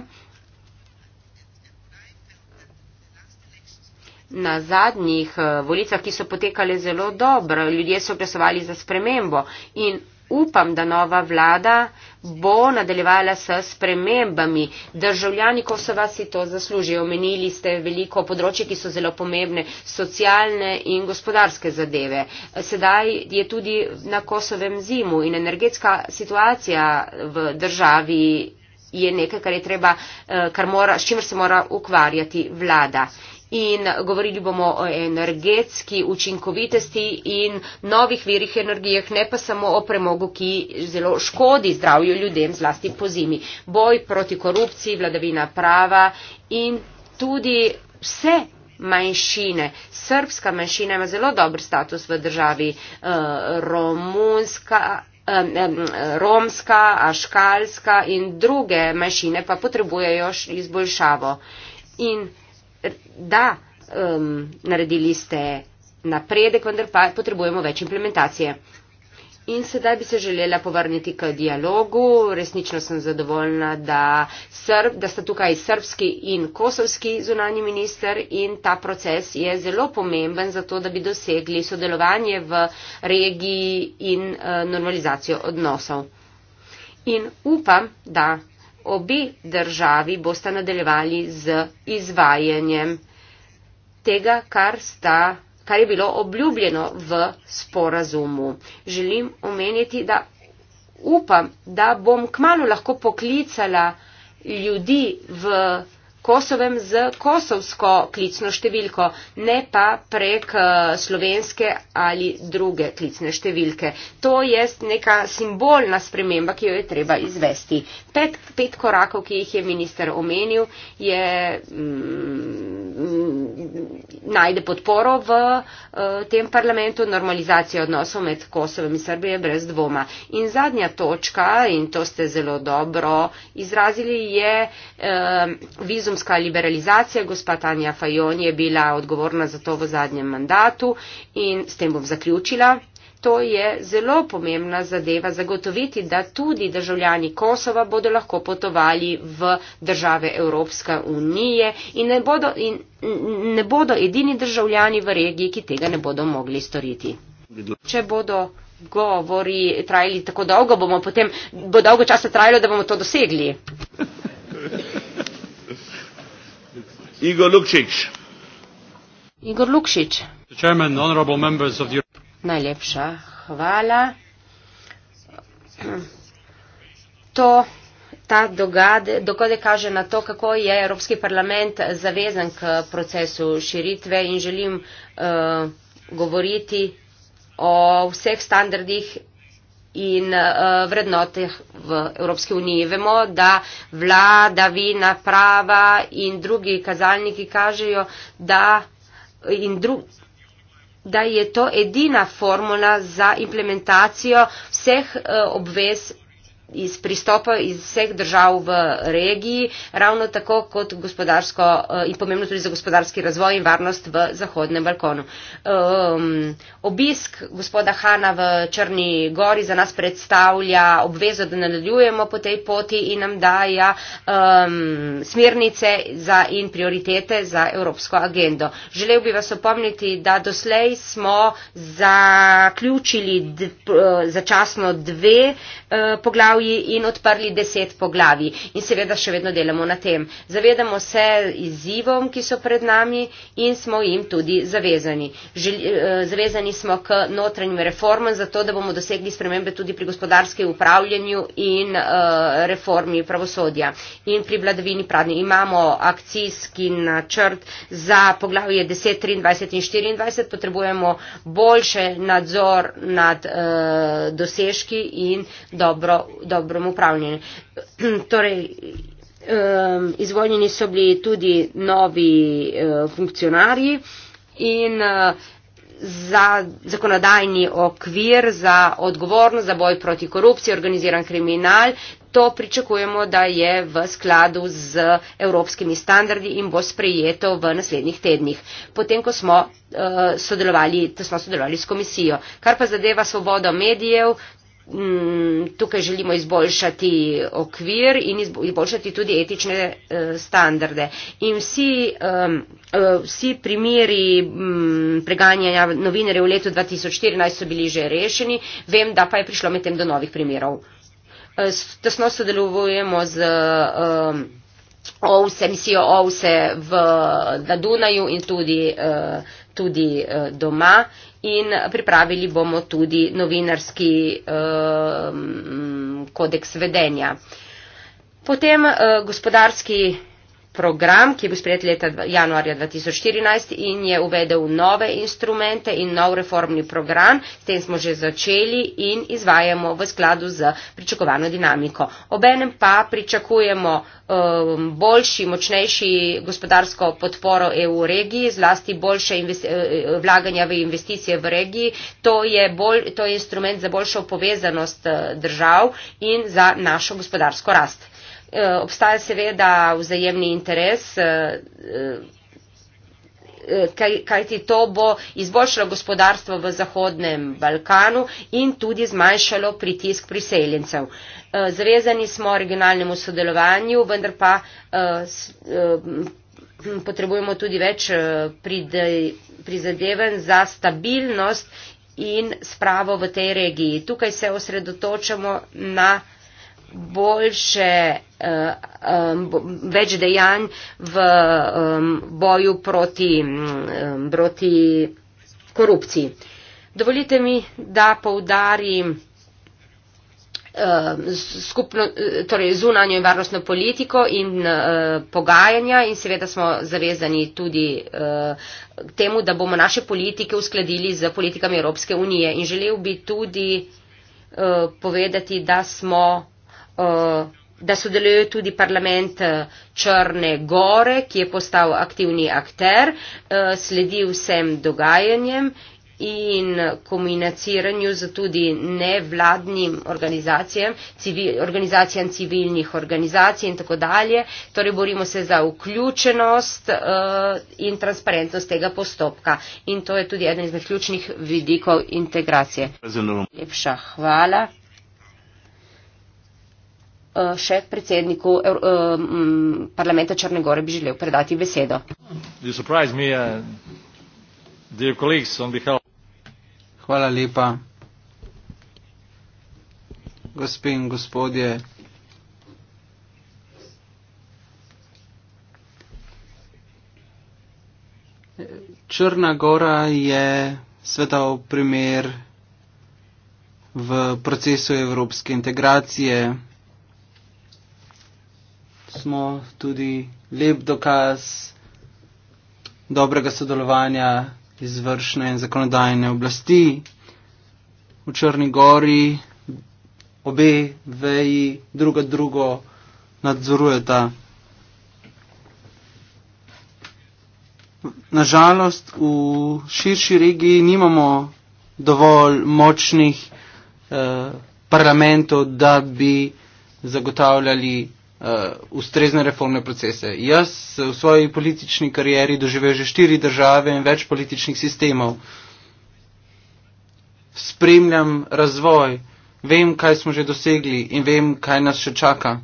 na zadnjih eh, volitvah, ki so potekale zelo dobro. Ljudje so glasovali za spremembo in upam, da nova vlada bo nadaljevala s spremembami. Državljani Kosova si to zaslužijo. Omenili ste veliko področje, ki so zelo pomembne, socialne in gospodarske zadeve. Sedaj je tudi na Kosovem zimu in energetska situacija v državi je nekaj, kar je treba, eh, kar mora, s čimer se mora ukvarjati vlada in govorili bomo o energetski učinkovitosti in novih virih energijah, ne pa samo o premogu, ki zelo škodi zdravju ljudem, zlasti po zimi. Boj proti korupciji, vladavina prava in tudi vse manjšine. Srbska manjšina ima zelo dober status v državi, eh, romunska. Eh, romska, aškalska in druge manjšine pa potrebujejo izboljšavo. In da, um, naredili ste napredek, vendar pa potrebujemo več implementacije. In sedaj bi se želela povrniti k dialogu. Resnično sem zadovoljna, da, srb, da sta tukaj srbski in kosovski zunani minister in ta proces je zelo pomemben za to, da bi dosegli sodelovanje v regiji in uh, normalizacijo odnosov. In upam, da obi državi bosta nadaljevali z izvajanjem tega, kar, sta, kar je bilo obljubljeno v sporazumu. Želim omeniti, da upam, da bom kmalo lahko poklicala ljudi v Kosovem z kosovsko klicno številko, ne pa prek eh, slovenske ali druge klicne številke. To je neka simbolna sprememba, ki jo je treba izvesti. Pet, pet korakov, ki jih je minister omenil, je, mm, najde podporo v uh, tem parlamentu, normalizacija odnosov med Kosovem in Srbijo je brez dvoma. In zadnja točka, in to ste zelo dobro izrazili, je um, vizum ekonomska liberalizacija, gospa Tanja Fajon je bila odgovorna za to v zadnjem mandatu in s tem bom zaključila. To je zelo pomembna zadeva zagotoviti, da tudi državljani Kosova bodo lahko potovali v države Evropske unije in ne bodo, in, ne bodo edini državljani v regiji, ki tega ne bodo mogli storiti. Če bodo govori trajali tako dolgo, bomo potem, bo dolgo časa trajalo, da bomo to dosegli. Igor Lukšič. Igor Lukšič. Chairman, honorable members of the Najlepša hvala. To, ta dogodek kaže na to, kako je Evropski parlament zavezan k procesu širitve in želim uh, govoriti o vseh standardih in uh, eh, vrednotah v Evropski uniji. Vemo, da vlada, vina, prava in drugi kazalniki kažejo, da, dru, da je to edina formula za implementacijo vseh uh, obvez iz pristopa iz vseh držav v regiji, ravno tako kot gospodarsko eh, in pomembno tudi za gospodarski razvoj in varnost v Zahodnem Balkonu. Um, obisk gospoda Hana v Črni gori za nas predstavlja obvezo, da nadaljujemo po tej poti in nam daja um, ehm, smernice za in prioritete za evropsko agendo. Želel bi vas opomniti, da doslej smo zaključili eh, začasno dve uh, Eh, poglavji in odprli deset poglavji. In seveda še vedno delamo na tem. Zavedamo se izzivom, ki so pred nami in smo jim tudi zavezani. Želi, eh, zavezani smo k notranjim reformam, zato da bomo dosegli spremembe tudi pri gospodarskem upravljanju in uh, reformi pravosodja. In pri vladavini pravni imamo akcijski načrt za poglavje 10, 23 in 24. Potrebujemo boljše nadzor nad uh, dosežki in dobro, dobrom upravljanju. Torej, izvoljeni so bili tudi novi eh, funkcionarji in eh, za zakonodajni okvir, za odgovornost, za boj proti korupciji, organiziran kriminal. To pričakujemo, da je v skladu z evropskimi standardi in bo sprejeto v naslednjih tednih, potem, ko smo, uh, sodelovali, smo sodelovali s komisijo. Kar pa zadeva svobodo medijev, Mm, tukaj želimo izboljšati okvir in izboljšati tudi etične eh, standarde. In vsi, eh, vsi primeri mm, preganjanja novinarjev v letu 2014 so bili že rešeni, vem, da pa je prišlo medtem do novih primerov. Eh, tesno sodelujemo z OVSE, misijo OVSE v, na Dunaju in tudi, tudi doma in pripravili bomo tudi novinarski um, kodeks vedenja. Potem uh, gospodarski program, ki je bil sprejet leta januarja 2014 in je uvedel nove instrumente in nov reformni program. S tem smo že začeli in izvajamo v skladu z pričakovano dinamiko. Obenem pa pričakujemo um, boljši, močnejši gospodarsko podporo EU regiji, zlasti boljše eh, eh, vlaganja v investicije v regiji. To je, bolj, to je instrument za boljšo povezanost eh, držav in za našo gospodarsko rast. Eh, obstaja seveda vzajemni interes, eh, eh, kaj, kaj ti to bo izboljšalo gospodarstvo v Zahodnem Balkanu in tudi zmanjšalo pritisk priseljencev. Zavezani smo regionalnemu sodelovanju, vendar pa potrebujemo tudi več prizadeven za stabilnost in spravo v tej regiji. Tukaj se osredotočamo na boljše, eh, več dejanj v boju proti, proti korupciji. Dovolite mi, da povdarim skupno, torej zunanjo in varnostno politiko in uh, pogajanja in seveda smo zavezani tudi uh, temu, da bomo naše politike uskladili z politikami Evropske unije. In želel bi tudi uh, povedati, da smo uh, Eh, da sodelujejo tudi parlament eh, Črne Gore, ki je postal aktivni akter, eh, sledi vsem dogajanjem in komuniciranju z tudi nevladnim organizacijam, civil, organizacijam civilnih organizacij in tako dalje. Torej borimo se za vključenost uh, in transparentnost tega postopka in to je tudi eden izmed ključnih vidikov integracije. Lepša hvala. Eh, še predsedniku eh, mm, parlamenta Črne Gore bi želel predati besedo. Eh, Hvala lepa. Gospe in gospodje, Črna Gora je svetov primer v procesu evropske integracije smo tudi lep dokaz dobrega sodelovanja izvršne in zakonodajne oblasti. V Črni gori obe veji druga drugo nadzorujeta. Nažalost, v širši regiji nimamo dovolj močnih eh, parlamentov, da bi zagotavljali uh, ustrezne reformne procese. Jaz v svoji politični karieri doživel že štiri države in več političnih sistemov. Spremljam razvoj, vem, kaj smo že dosegli in vem, kaj nas še čaka.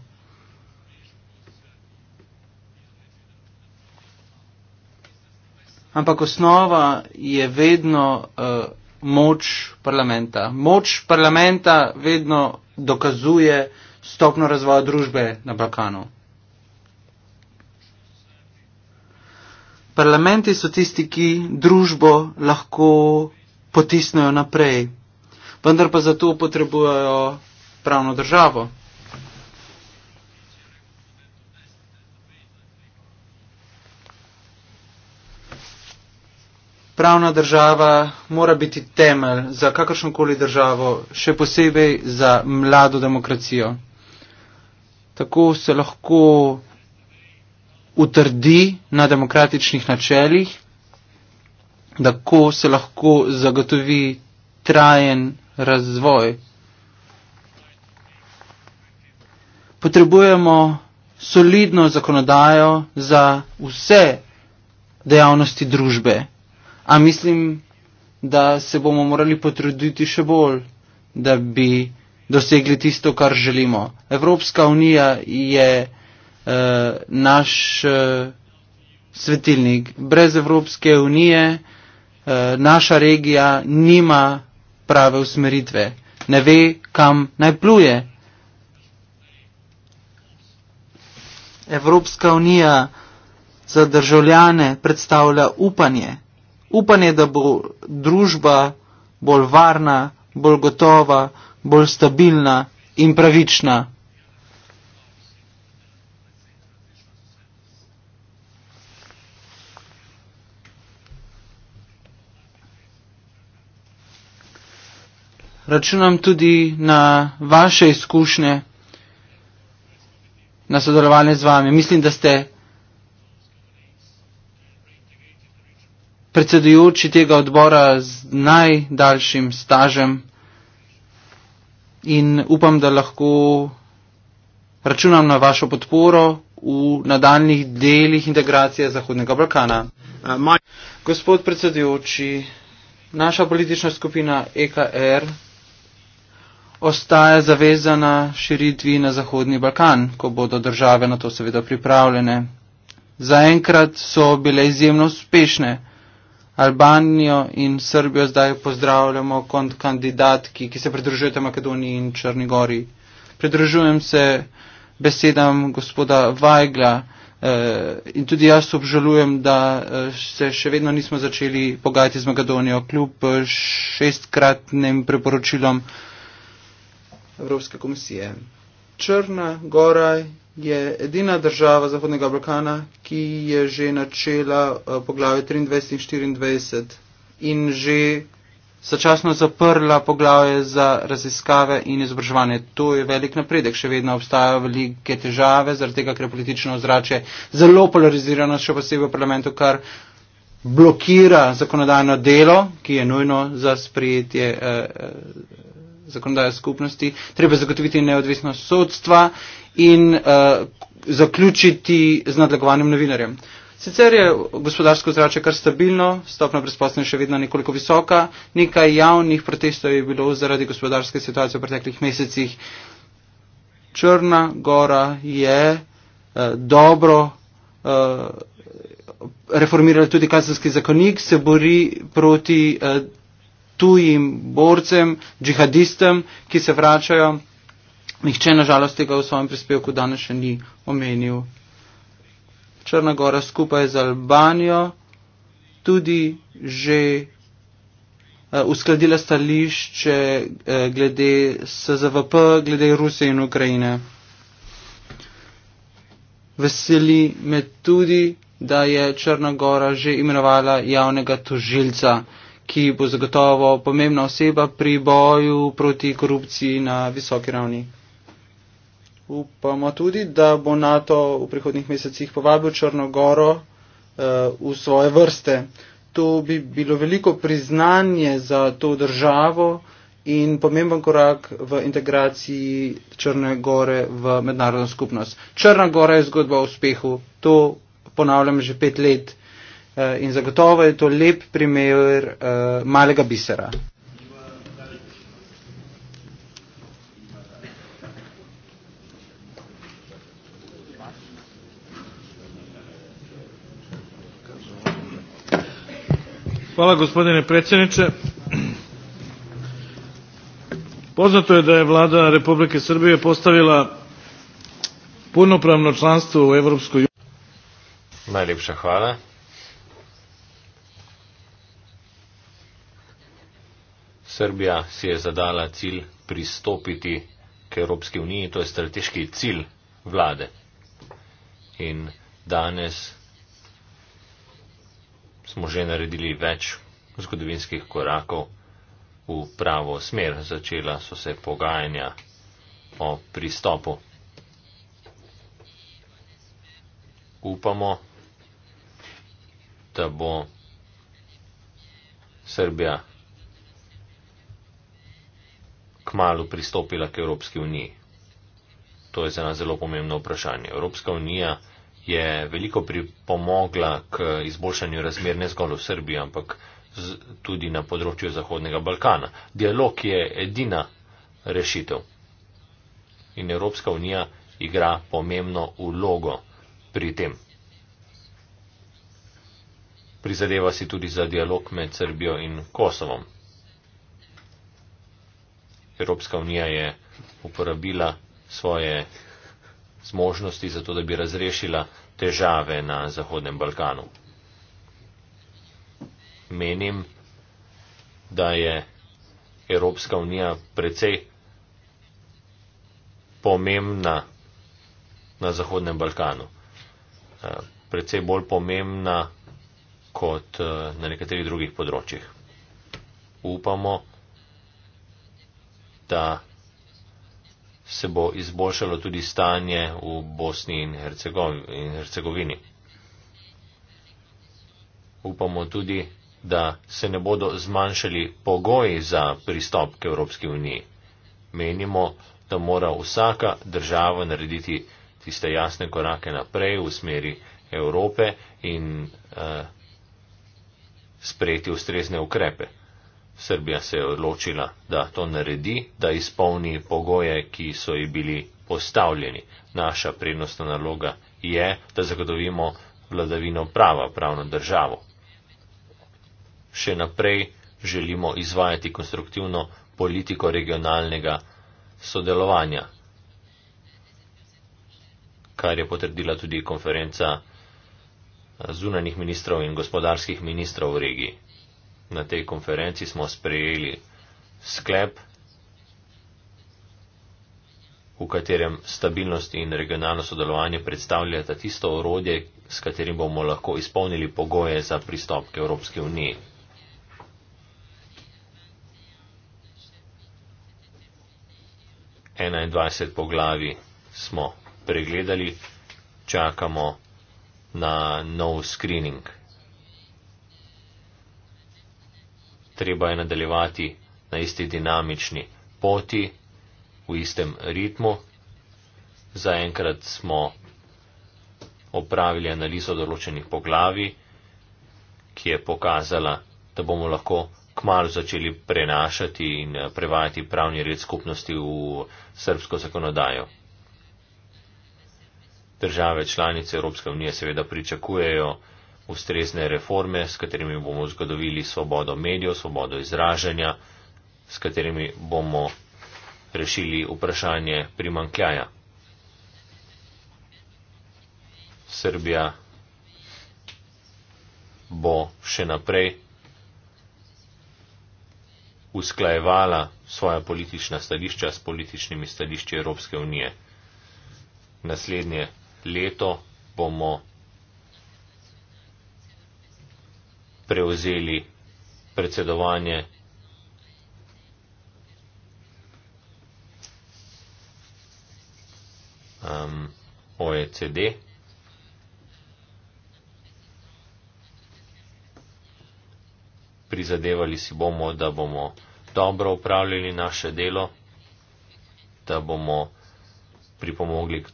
Ampak osnova je vedno uh, moč parlamenta. Moč parlamenta vedno dokazuje, uh, stopno razvoja družbe na Balkanu. Parlamenti so tisti, ki družbo lahko potisnejo naprej, vendar pa zato potrebujejo pravno državo. Pravna država mora biti temelj za kakršnokoli državo, še posebej za mlado demokracijo tako se lahko utrdi na demokratičnih načeljih, tako se lahko zagotovi trajen razvoj. Potrebujemo solidno zakonodajo za vse dejavnosti družbe, a mislim, da se bomo morali potruditi še bolj, da bi dosegli tisto, kar želimo. Evropska unija je eh, naš eh, svetilnik. Brez Evropske unije eh, naša regija nima prave usmeritve, ne ve, kam naj pluje. Evropska unija za državljane predstavlja upanje. Upanje, da bo družba bolj varna, bolj gotova, bolj stabilna in pravična. Računam tudi na vaše izkušnje, na sodelovanje z vami. Mislim, da ste predsedujoči tega odbora z najdaljšim stažem in upam, da lahko računam na vašo podporo v nadaljnih delih integracije Zahodnega Balkana. Uh, Gospod predsedujoči, naša politična skupina EKR ostaja zavezana širitvi na Zahodni Balkan, ko bodo države na to seveda pripravljene. Zaenkrat so bile izjemno uspešne. Albanijo in Srbijo zdaj pozdravljamo kont kandidatki, ki se pridružujete Makedoniji in Črnigori. Pridružujem se besedam gospoda Vajgla eh, in tudi jaz obžalujem, da eh, se še vedno nismo začeli pogajati z Makedonijo, kljub eh, šestkratnim priporočilom Evropske komisije. Črna gora je edina država Zahodnega Balkana, ki je že načela eh, poglavje 23 in 24 in že začasno zaprla poglavje za raziskave in izobraževanje. To je velik napredek. Še vedno obstajajo velike težave, zaradi tega, ker je politično ozračje zelo polarizirano, še posebej v parlamentu, kar blokira zakonodajno delo, ki je nujno za sprejetje eh, eh zakonodaje skupnosti. Treba zagotoviti neodvisnost sodstva in uh, zaključiti z nadlegovanjem novinarjem. Sicer je gospodarsko zrače kar stabilno, stopna brezposlenosti še vedno nekoliko visoka, nekaj javnih protestov je bilo zaradi gospodarske situacije v preteklih mesecih. Črna gora je uh, dobro uh, reformirala tudi kazenski zakonik, se bori proti uh, tujim borcem, džihadistem, ki se vračajo. Nihče nažalost tega v svojem prispevku danes še ni omenil. Črnagora skupaj z Albanijo tudi že uh, uskladila stališče uh, glede SZVP, glede Rusije in Ukrajine. Veseli me tudi, da je Črnagora že imenovala javnega tožilca, ki bo zagotovo pomembna oseba pri boju proti korupciji na visoki ravni. Upamo tudi, da bo NATO v prihodnih mesecih povabil Črnogoro eh, v svoje vrste. To bi bilo veliko priznanje za to državo in pomemben korak v integraciji Črne gore v mednarodno skupnost. Črna gora je zgodba o uspehu, to ponavljam že pet let eh, in zagotovo je to lep primer eh, malega bisera. Hvala gospodine predsjedniče. Poznato je da je vlada Republike Srbije postavila punopravno članstvo u Evropskoj Najljepša hvala. Srbija si je zadala cilj pristopiti k Evropski uniji, to je strateški cilj vlade. In danes smo že naredili več zgodovinskih korakov v pravo smer. Začela so se pogajanja o pristopu. Upamo, da bo Srbija kmalo pristopila k Evropski uniji. To je za nas zelo pomembno vprašanje. Evropska unija je veliko pripomogla k izboljšanju razmer ne zgolj v Srbiji, ampak z, tudi na področju Zahodnega Balkana. Dialog je edina rešitev in Evropska unija igra pomembno ulogo pri tem. Prizadeva si tudi za dialog med Srbijo in Kosovom. Evropska unija je uporabila svoje zmožnosti za to, da bi razrešila težave na Zahodnem Balkanu. Menim, da je Evropska unija precej pomembna na Zahodnem Balkanu. Eh, precej bolj pomembna kot eh, na nekaterih drugih področjih. Upamo, da se bo izboljšalo tudi stanje v Bosni in Hercegovini. Upamo tudi, da se ne bodo zmanjšali pogoji za pristop k Evropski uniji. Menimo, da mora vsaka država narediti tiste jasne korake naprej v smeri Evrope in uh, sprejeti ustrezne ukrepe. Srbija se je odločila, da to naredi, da izpolni pogoje, ki so ji bili postavljeni. Naša prednostna naloga je, da zagotovimo vladavino prava, pravno državo. Še naprej želimo izvajati konstruktivno politiko regionalnega sodelovanja, kar je potrdila tudi konferenca zunanih ministrov in gospodarskih ministrov v regiji na tej konferenci smo sprejeli sklep, v katerem stabilnost in regionalno sodelovanje predstavljata tisto orodje, s katerim bomo lahko izpolnili pogoje za pristop k Evropski uniji. enaindvajset poglavi smo pregledali, čakamo na nov screening. treba je nadaljevati na isti dinamični poti, v istem ritmu. Zaenkrat smo opravili analizo določenih poglavi, ki je pokazala, da bomo lahko kmalo začeli prenašati in eh, prevajati pravni red skupnosti v srpsko zakonodajo. Države članice Evropske unije seveda pričakujejo, ustrezne reforme, s katerimi bomo zgodovili svobodo medijev, svobodo izražanja, s katerimi bomo rešili vprašanje primankljaja. Srbija bo še naprej usklajevala svoja politična stališča s političnimi stališči Evropske unije. Naslednje leto bomo prevzeli predsedovanje. Um, OECD. Prizadevali si bomo, da bomo dobro upravljali naše delo, da bomo pripomogli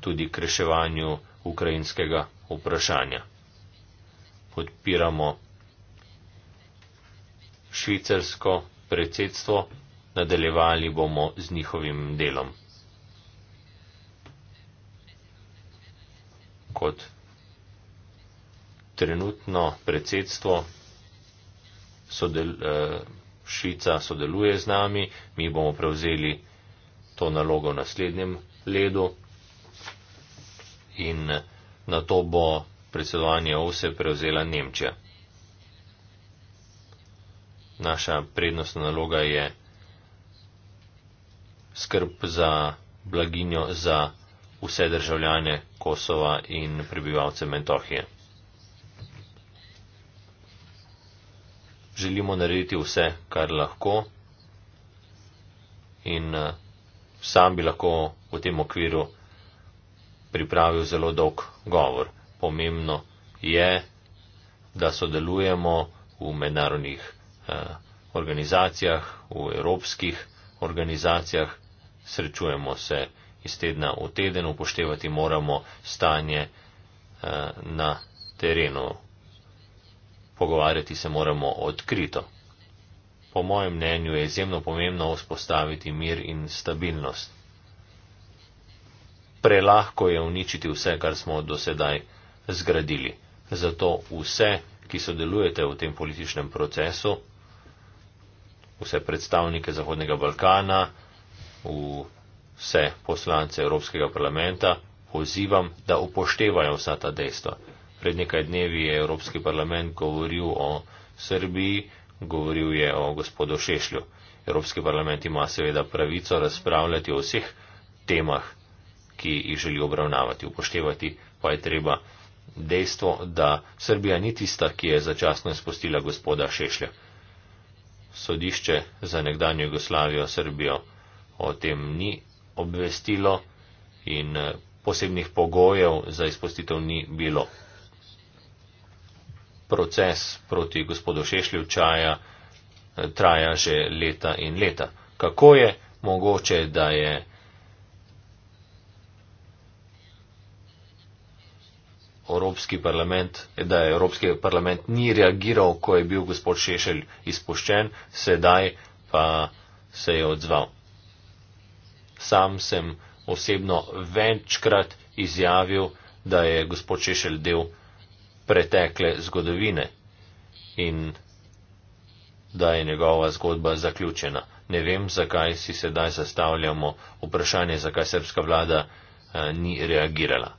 tudi k reševanju ukrajinskega vprašanja. Podpiramo švicarsko predsedstvo, nadaljevali bomo z njihovim delom. Kot trenutno predsedstvo sodel, eh, Švica sodeluje z nami, mi bomo prevzeli to nalogo v naslednjem ledu in na to bo predsedovanje OSE prevzela Nemčija naša prednostna naloga je skrb za blaginjo za vse državljane Kosova in prebivalce Mentohije. Želimo narediti vse, kar lahko in eh, sam bi lahko v tem okviru pripravil zelo dolg govor. Pomembno je, da sodelujemo v mednarodnih Eh, organizacijah, v evropskih organizacijah. Srečujemo se iz tedna v teden, upoštevati moramo stanje eh, na terenu. Pogovarjati se moramo odkrito. Po mojem mnenju je izjemno pomembno vzpostaviti mir in stabilnost. Prelahko je uničiti vse, kar smo dosedaj zgradili. Zato vse, ki sodelujete v tem političnem procesu, vse predstavnike Zahodnega Balkana, vse poslance Evropskega parlamenta pozivam, da upoštevajo vsa ta dejstva. Pred nekaj dnevi je Evropski parlament govoril o Srbiji, govoril je o gospodu Šešlju. Evropski parlament ima seveda pravico razpravljati o vseh temah, ki jih želi obravnavati. Upoštevati pa je treba dejstvo, da Srbija ni tista, ki je začasno izpustila gospoda Šešlja sodišče za nekdanjo Jugoslavijo Srbijo o tem ni obvestilo in eh, posebnih pogojev za izpustitev ni bilo. Proces proti gospodu Šešlju čaja eh, traja že leta in leta. Kako je mogoče, da je Evropski parlament, da je Evropski parlament ni reagiral, ko je bil gospod Šešelj izpuščen, sedaj pa se je odzval. Sam sem osebno večkrat izjavil, da je gospod Šešelj del pretekle zgodovine in da je njegova zgodba zaključena. Ne vem, zakaj si sedaj zastavljamo vprašanje, zakaj srpska vlada eh, ni reagirala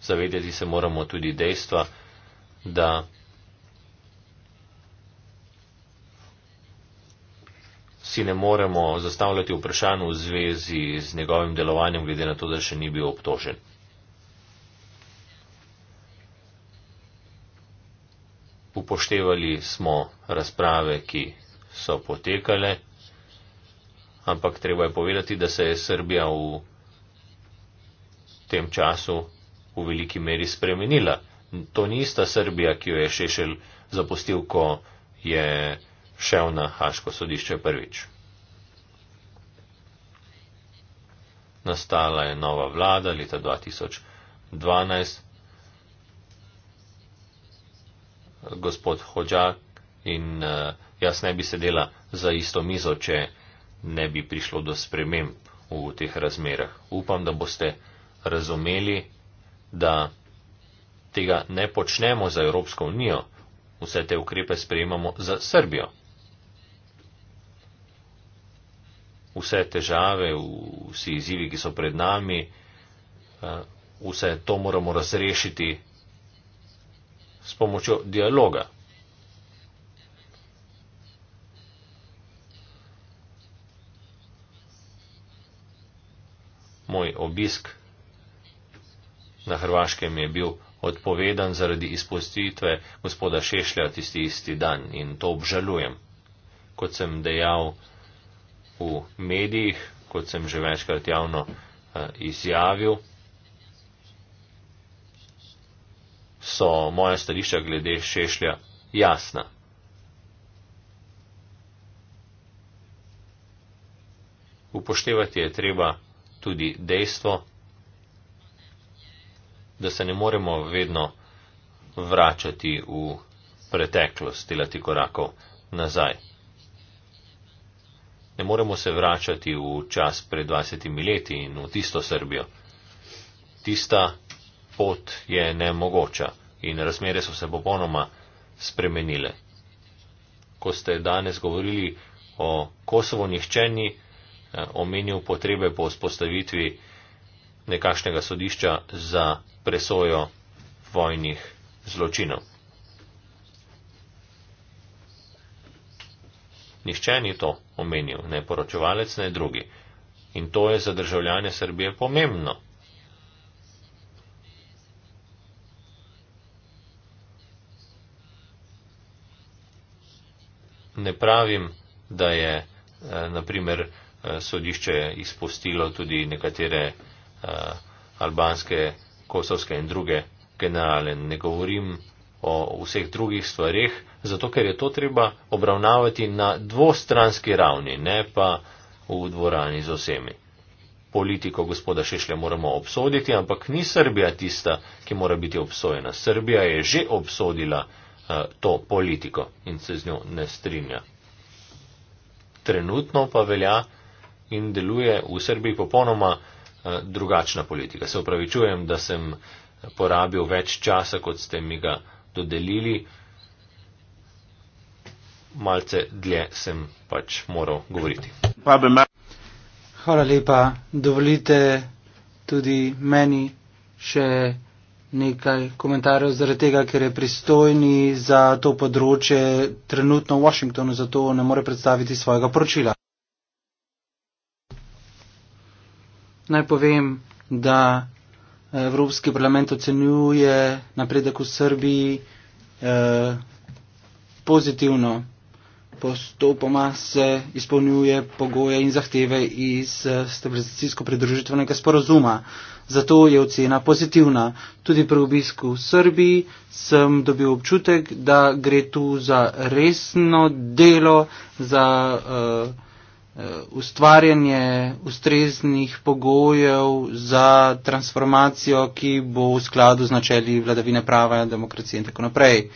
zavedati se moramo tudi dejstva, da si ne moremo zastavljati vprašanj v zvezi z njegovim delovanjem, glede na to, da še ni bil obtožen. Upoštevali smo razprave, ki so potekale, ampak treba je povedati, da se je Srbija v tem času v veliki meri spremenila. To ni ista Srbija, ki jo je Šešelj zapustil, ko je šel na Haško sodišče prvič. Nastala je nova vlada leta 2012. Gospod Hočak in eh, jaz ne bi sedela za isto mizo, če ne bi prišlo do sprememb v teh razmerah. Upam, da boste razumeli da tega ne počnemo za Evropsko unijo, vse te ukrepe sprejemamo za Srbijo. Vse težave, vsi izzivi, ki so pred nami, eh, vse to moramo razrešiti s pomočjo dialoga. Moj obisk na Hrvaškem je bil odpovedan zaradi izpustitve gospoda Šešlja tisti isti dan in to obžalujem. Kot sem dejal v medijih, kot sem že večkrat javno eh, izjavil, so moja stališča glede Šešlja jasna. Upoštevati je treba tudi dejstvo, da se ne moremo vedno vračati v preteklost, delati korakov nazaj. Ne moremo se vračati v čas pred 20 leti in v tisto Srbijo. Tista pot je nemogoča in razmere so se popolnoma spremenile. Ko ste danes govorili o Kosovo nihčeni, eh, omenil potrebe po vzpostavitvi nekakšnega sodišča za presojo vojnih zločinov. Nihče ni to omenil, ne poročevalec, ne drugi. In to je za državljane Srbije pomembno. Ne pravim, da je, eh, naprimer, eh, sodišče izpustilo tudi nekatere eh, albanske kosovske in druge generale. Ne govorim o vseh drugih stvarih, zato ker je to treba obravnavati na dvostranski ravni, ne pa v dvorani z vsemi. Politiko gospoda Šešlja moramo obsoditi, ampak ni Srbija tista, ki mora biti obsojena. Srbija je že obsodila uh, to politiko in se z njo ne strinja. Trenutno pa velja in deluje v Srbiji popolnoma uh, Eh, drugačna politika. Se upravičujem, da sem porabil več časa, kot ste mi ga dodelili. Malce dlje sem pač moral govoriti. Hvala lepa. Dovolite tudi meni še nekaj komentarjev zaradi tega, ker je pristojni za to področje trenutno v Washingtonu, zato ne more predstaviti svojega poročila. naj povem, da Evropski parlament ocenjuje napredek v Srbiji eh, pozitivno. Postopoma se izpolnjuje pogoje in zahteve iz eh, stabilizacijsko-pridružitvenega sporozuma. Zato je ocena pozitivna. Tudi pri obisku v Srbiji sem dobil občutek, da gre tu za resno delo, za. Eh, Eh, ustvarjanje ustreznih pogojev za transformacijo, ki bo v skladu z načeli vladavine prava, demokracije in tako naprej.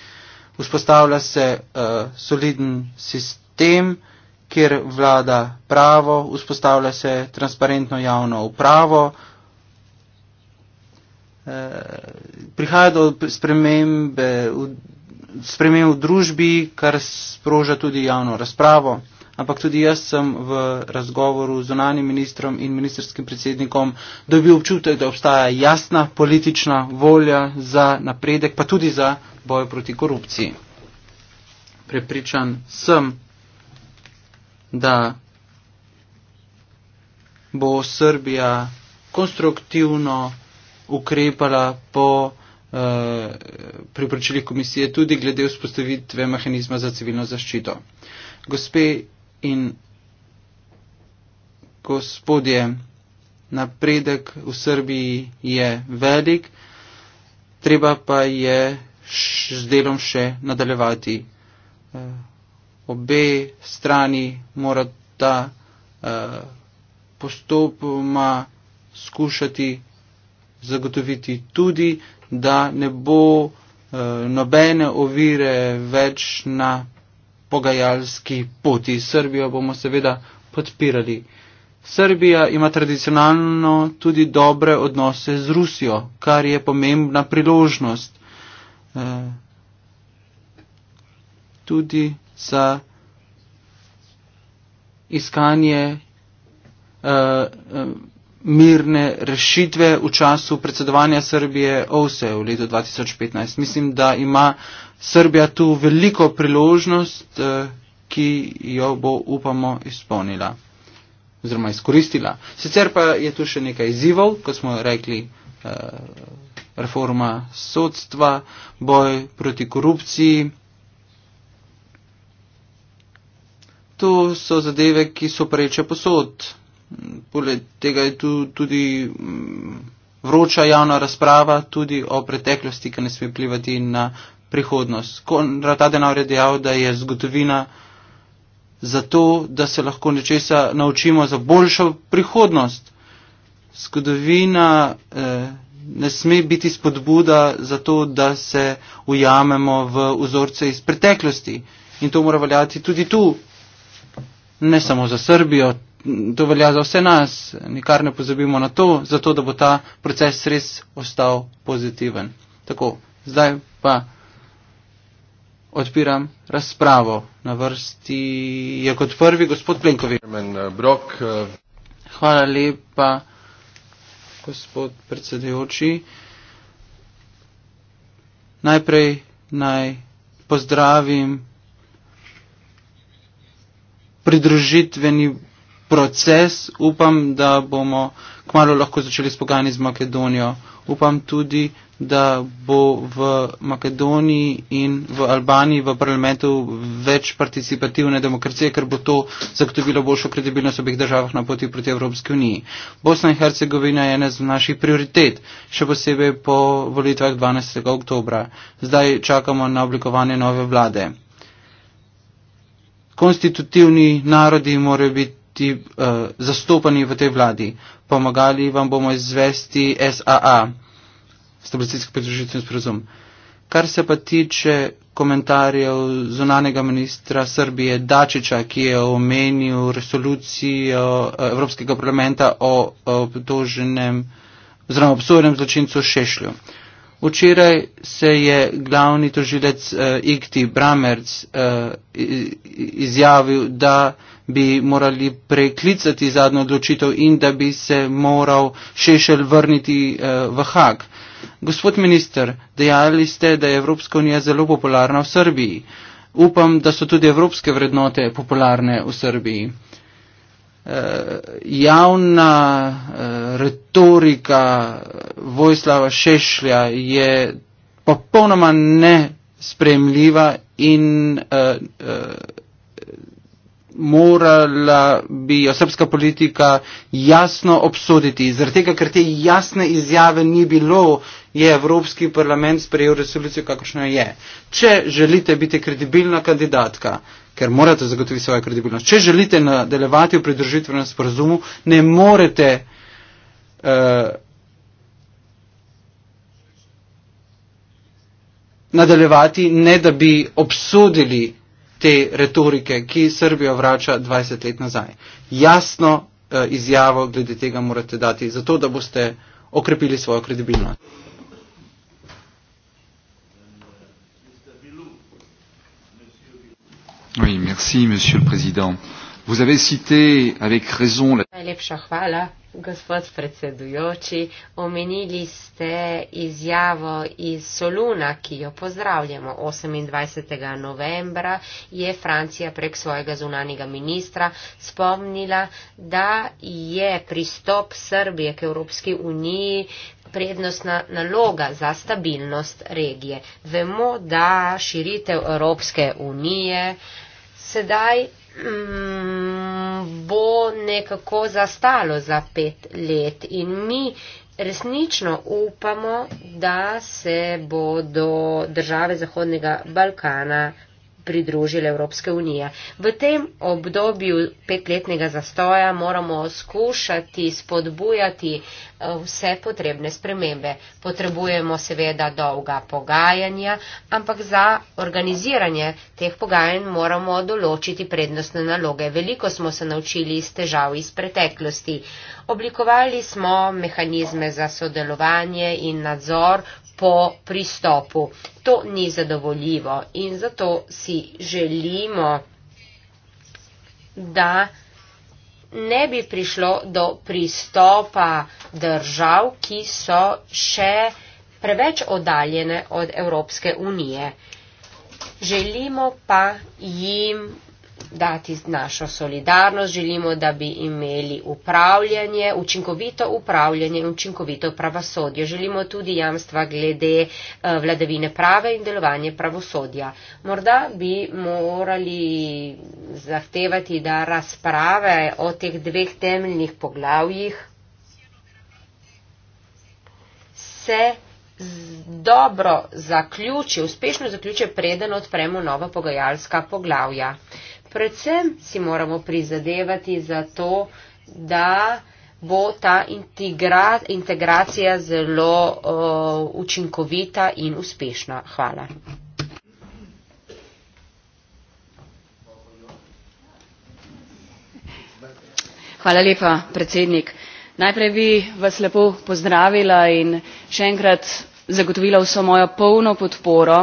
Vzpostavlja se uh, soliden sistem, kjer vlada pravo, vzpostavlja se transparentno javno upravo, uh, prihaja do spremembe v, spremembe v družbi, kar sproža tudi javno razpravo ampak tudi jaz sem v razgovoru z zonanim ministrom in ministerskim predsednikom dobil občutek, da obstaja jasna politična volja za napredek, pa tudi za bojo proti korupciji. Prepričan sem, da bo Srbija konstruktivno ukrepala po uh, eh, pripričali komisije tudi glede vzpostavitve mehanizma za civilno zaščito. Gospe in gospodje, napredek v Srbiji je velik, treba pa je z delom še nadaljevati. Eh, obe strani morata eh, postopoma skušati zagotoviti tudi, da ne bo eh, nobene ovire več na pogajalski poti s Srbijo bomo seveda podpirali. Srbija ima tradicionalno tudi dobre odnose z Rusijo, kar je pomembna priložnost eh, tudi za iskanje eh, eh, mirne rešitve v času predsedovanja Srbije OSE v letu 2015. Mislim, da ima Srbija tu veliko priložnost, eh, ki jo bo, upamo, izpolnila oziroma izkoristila. Sicer pa je tu še nekaj izzivov, kot smo rekli, eh, reforma sodstva, boj proti korupciji. To so zadeve, ki so preče posod. Poleg tega je tu tudi mm, vroča javna razprava tudi o preteklosti, ki ne sme plivati na prihodnost. Konrad Adenauer je dejal, da je zgodovina zato, da se lahko nečesa naučimo za boljšo prihodnost. Zgodovina eh, ne sme biti spodbuda za to, da se ujamemo v vzorce iz preteklosti. In to mora veljati tudi tu. Ne samo za Srbijo, to velja za vse nas. Nikar ne pozabimo na to, zato da bo ta proces res ostal pozitiven. Tako, zdaj pa odpiram razpravo. Na vrsti je kot prvi gospod Plenkovič. Uh, uh, Hvala lepa, gospod predsedujoči. Najprej naj pozdravim pridružitveni proces. Upam, da bomo kmalo lahko začeli s pogajanji z Makedonijo. Upam tudi, da bo v Makedoniji in v Albaniji v parlamentu več participativne demokracije, ker bo to zagotovilo boljšo kredibilnost obih državah na poti proti Evropski uniji. Bosna in Hercegovina je ena z naših prioritet, še posebej po volitvah 12. oktobra. Zdaj čakamo na oblikovanje nove vlade. Konstitutivni narodi morajo biti uh, zastopani v tej vladi. Pomagali vam bomo izvesti SAA stabilizacijske pridružitve sporozum. Kar se pa tiče komentarjev zunanega ministra Srbije Dačiča, ki je omenil resolucijo eh, Evropskega parlamenta o obtoženem oziroma obsojenem zločincu Šešlju. Včeraj se je glavni tožilec eh, Ikti Bramerc eh, izjavil, da bi morali preklicati zadnjo odločitev in da bi se moral Šešelj vrniti eh, v Hague. Gospod minister, dejali ste, da je Evropska unija zelo popularna v Srbiji. Upam, da so tudi evropske vrednote popularne v Srbiji. E, javna e, retorika Vojslava Šešlja je popolnoma nespremljiva in e, e, morala bi jo srpska politika jasno obsoditi. Zaradi tega, ker te jasne izjave ni bilo, je Evropski parlament sprejel resolucijo, kakršno je. Če želite biti kredibilna kandidatka, ker morate zagotoviti svojo kredibilnost, če želite nadaljevati v pridružitvenem sporazumu, ne morete uh, nadaljevati, ne da bi obsodili te retorike, ki Srbijo vrača 20 let nazaj. Jasno eh, izjavo glede tega morate dati, zato da boste okrepili svojo kredibilnost. Oui, merci, monsieur le président. Vous avez cité avec raison la... Gospod predsedujoči, omenili ste izjavo iz Soluna, ki jo pozdravljamo. 28. novembra je Francija prek svojega zunanjega ministra spomnila, da je pristop Srbije k Evropski uniji prednostna naloga za stabilnost regije. Vemo, da širitev Evropske unije sedaj Mm, bo nekako zastalo za pet let in mi resnično upamo, da se bodo države Zahodnega Balkana pridružile Evropske unije. V tem obdobju petletnega zastoja moramo skušati spodbujati eh, vse potrebne spremembe. Potrebujemo seveda dolga pogajanja, ampak za organiziranje teh pogajanj moramo določiti prednostne naloge. Veliko smo se naučili iz težav iz preteklosti. Oblikovali smo mehanizme za sodelovanje in nadzor, po pristopu. To ni zadovoljivo in zato si želimo, da ne bi prišlo do pristopa držav, ki so še preveč oddaljene od Evropske unije. Želimo pa jim dati našo solidarnost, želimo, da bi imeli upravljanje, učinkovito upravljanje in učinkovito pravosodje. Želimo tudi jamstva glede eh, vladavine prave in delovanje pravosodja. Morda bi morali zahtevati, da razprave o teh dveh temeljnih poglavjih se dobro zaključi, uspešno zaključi, preden odpremo nova pogajalska poglavja predvsem si moramo prizadevati za to, da bo ta integra, integracija zelo uh, učinkovita in uspešna. Hvala. Hvala lepa, predsednik. Najprej bi vas lepo pozdravila in še enkrat zagotovila vso mojo polno podporo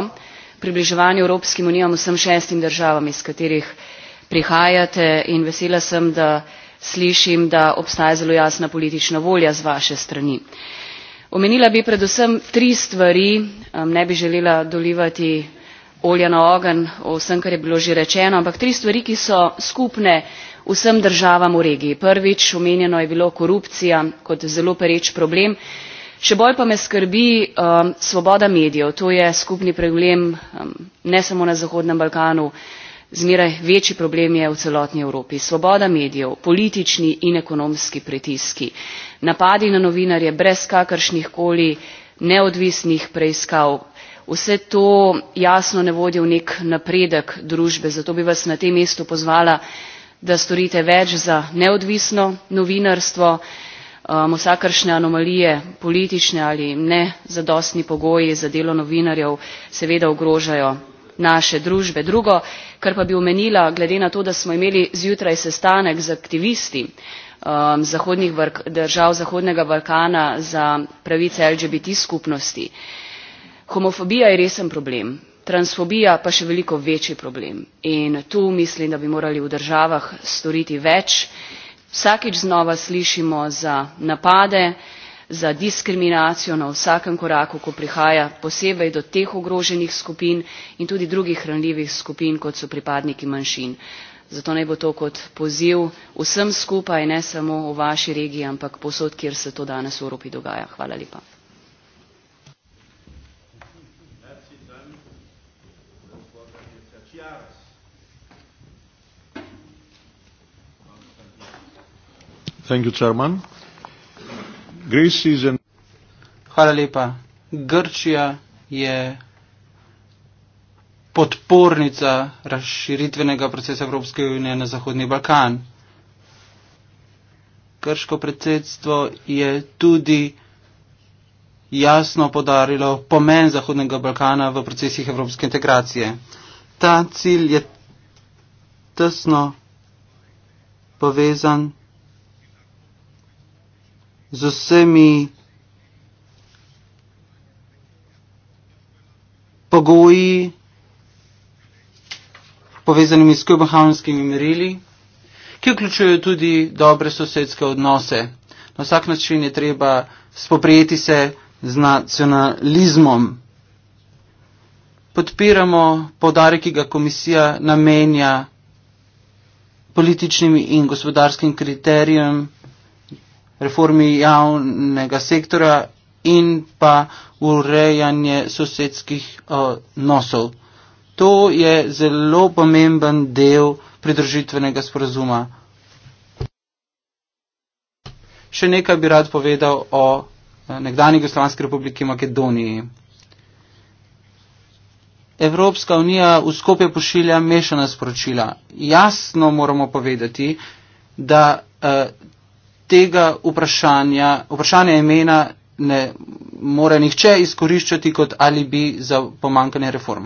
približevanju Evropskim unijam vsem šestim državam, iz katerih prihajate in vesela sem da slišim da obstaja zelo jasna politična volja z vaše strani. omenila bi predvsem tri stvari ne bi želela dolivati olja na ogenj o vsem kar je bilo že rečeno ampak tri stvari ki so skupne vsem državam v regiji. prvič omenjeno je bilo korupcija kot zelo pereč problem še bolj pa me skrbi um, svoboda medijev to je skupni problem um, ne samo na zahodnem balkanu zmeraj večji problem je v celotni evropi svoboda medijev politični in ekonomski pritiski napadi na novinarje brez kakršnih koli neodvisnih preiskav vse to jasno ne vodi v nek napredek družbe zato bi vas na tem mestu pozvala da storite več za neodvisno novinarstvo um, vsakršne anomalije politične ali ne zadostni pogoji za delo novinarjev seveda ogrožajo naše družbe. drugo kar pa bi omenila glede na to da smo imeli zjutraj sestanek z aktivisti um, držav zahodnega balkana za pravice lgbt skupnosti homofobija je resen problem transfobija pa še veliko večji problem in tu mislim da bi morali v državah storiti več. vsakič znova slišimo za napade za diskriminacijo na vsakem koraku ko prihaja posebej do teh ogroženih skupin in tudi drugih ranljivih skupin kot so pripadniki manjšin. zato naj bo to kot poziv vsem skupaj ne samo v vaši regiji ampak povsod kjer se to danes v evropi dogaja. hvala lepa grace season. Hvala lepa. Grčija je podpornica razširitvenega procesa Evropske unije na Zahodni Balkan. Krško predsedstvo je tudi jasno podarilo pomen Zahodnega Balkana v procesih evropske integracije. Ta cilj je tesno povezan z vsemi pogoji povezanimi s kubahavnskimi merili, ki vključujejo tudi dobre sosedske odnose. Na vsak način je treba spoprijeti se z nacionalizmom. Podpiramo podarek, ki ga komisija namenja političnim in gospodarskim kriterijem reformi javnega sektora in pa urejanje sosedskih odnosov. Eh, to je zelo pomemben del pridružitvenega sporazuma. Še nekaj bi rad povedal o eh, nekdani Jugoslavijski republiki Makedoniji. Evropska unija v skopje pošilja mešana sporočila. Jasno moramo povedati, da eh, tega vprašanja, vprašanja imena ne more nihče izkoriščati kot ali bi za pomankanje reform.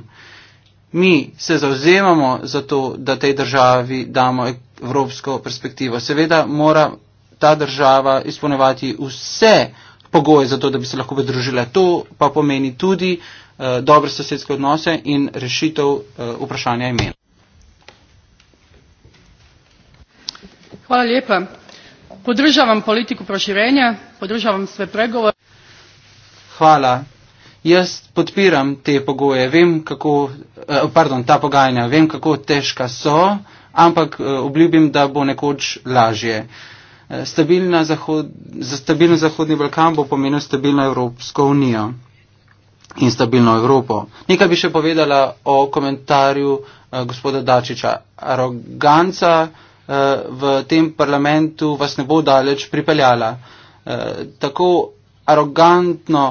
Mi se zauzemamo za to, da tej državi damo evropsko perspektivo. Seveda mora ta država izpolnevati vse pogoje za to, da bi se lahko pridružila. To pa pomeni tudi uh, dobre sosedske odnose in rešitev uh, vprašanja imena. Hvala lepa podržavam politiko proširenja, podržavam sve pregovore. Hvala. Jaz podpiram te pogoje, vem kako, eh, pardon, ta pogajanja, vem kako težka so, ampak eh, obljubim, da bo nekoč lažje. Eh, Zahod, za stabilno Zahodni Balkan bo pomenil stabilno Evropsko unijo in stabilno Evropo. Nekaj bi še povedala o komentarju gospoda Dačiča. Aroganca v tem parlamentu vas ne bo daleč pripeljala. Eh, tako arogantno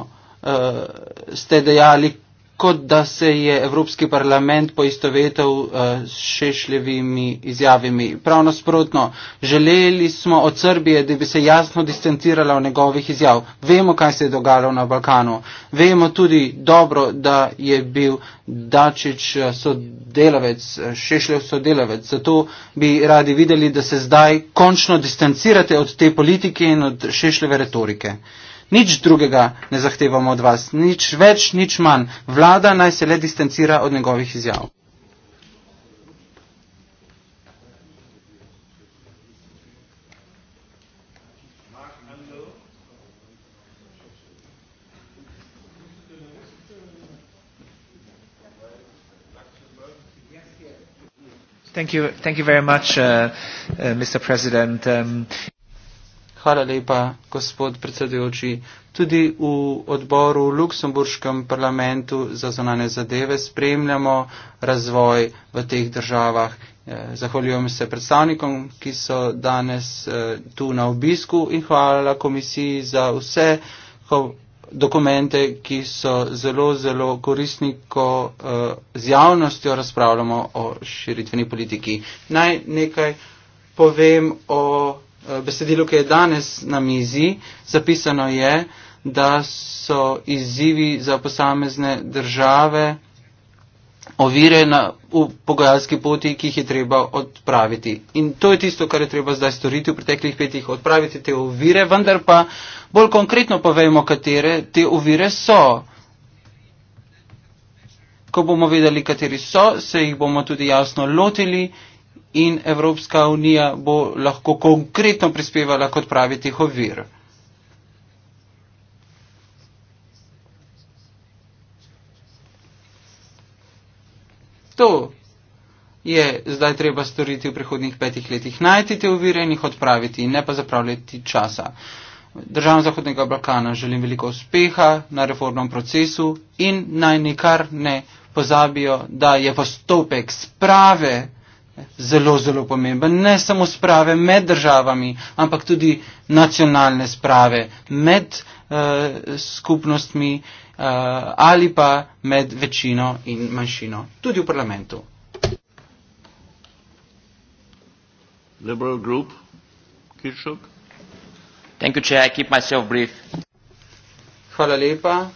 eh, ste dejali, kot da se je Evropski parlament poistovetil eh, s uh, šešljevimi izjavimi. Prav nasprotno, želeli smo od Srbije, da bi se jasno distancirala v njegovih izjav. Vemo, kaj se je dogajalo na Balkanu. Vemo tudi dobro, da je bil Dačić eh, sodelavec, eh, šešljev sodelavec. Zato bi radi videli, da se zdaj končno distancirate od te politike in od šešljeve retorike. Nič drugega ne zahtevamo od vas, nič več, nič manj. Vlada naj se le distancira od njegovih izjav. Thank you, thank you very much, uh, uh, Mr. President. Um Hvala lepa, gospod predsedujoči. Tudi v odboru v Luksemburškem parlamentu za zonane zadeve spremljamo razvoj v teh državah. Eh, zahvaljujem se predstavnikom, ki so danes eh, tu na obisku in hvala komisiji za vse dokumente, ki so zelo, zelo koristni, ko eh, z javnostjo razpravljamo o širitveni politiki. Naj nekaj povem o Eh, besedilo, ki je danes na mizi, zapisano je, da so izzivi za posamezne države ovire na, v pogajalski poti, ki jih je treba odpraviti. In to je tisto, kar je treba zdaj storiti v preteklih petih, odpraviti te ovire, vendar pa bolj konkretno povejmo, katere te ovire so. Ko bomo vedeli, kateri so, se jih bomo tudi jasno lotili in Evropska unija bo lahko konkretno prispevala k odpravi teh ovir. To je zdaj treba storiti v prihodnih petih letih. Najti te ovire in jih odpraviti, ne pa zapravljati časa. Državam Zahodnega Balkana želim veliko uspeha na reformnem procesu in naj nikar ne pozabijo, da je postopek sprave zelo, zelo pomemben. Ne samo sprave med državami, ampak tudi nacionalne sprave med eh, skupnostmi eh, ali pa med večino in manjšino, tudi v parlamentu. Hvala lepa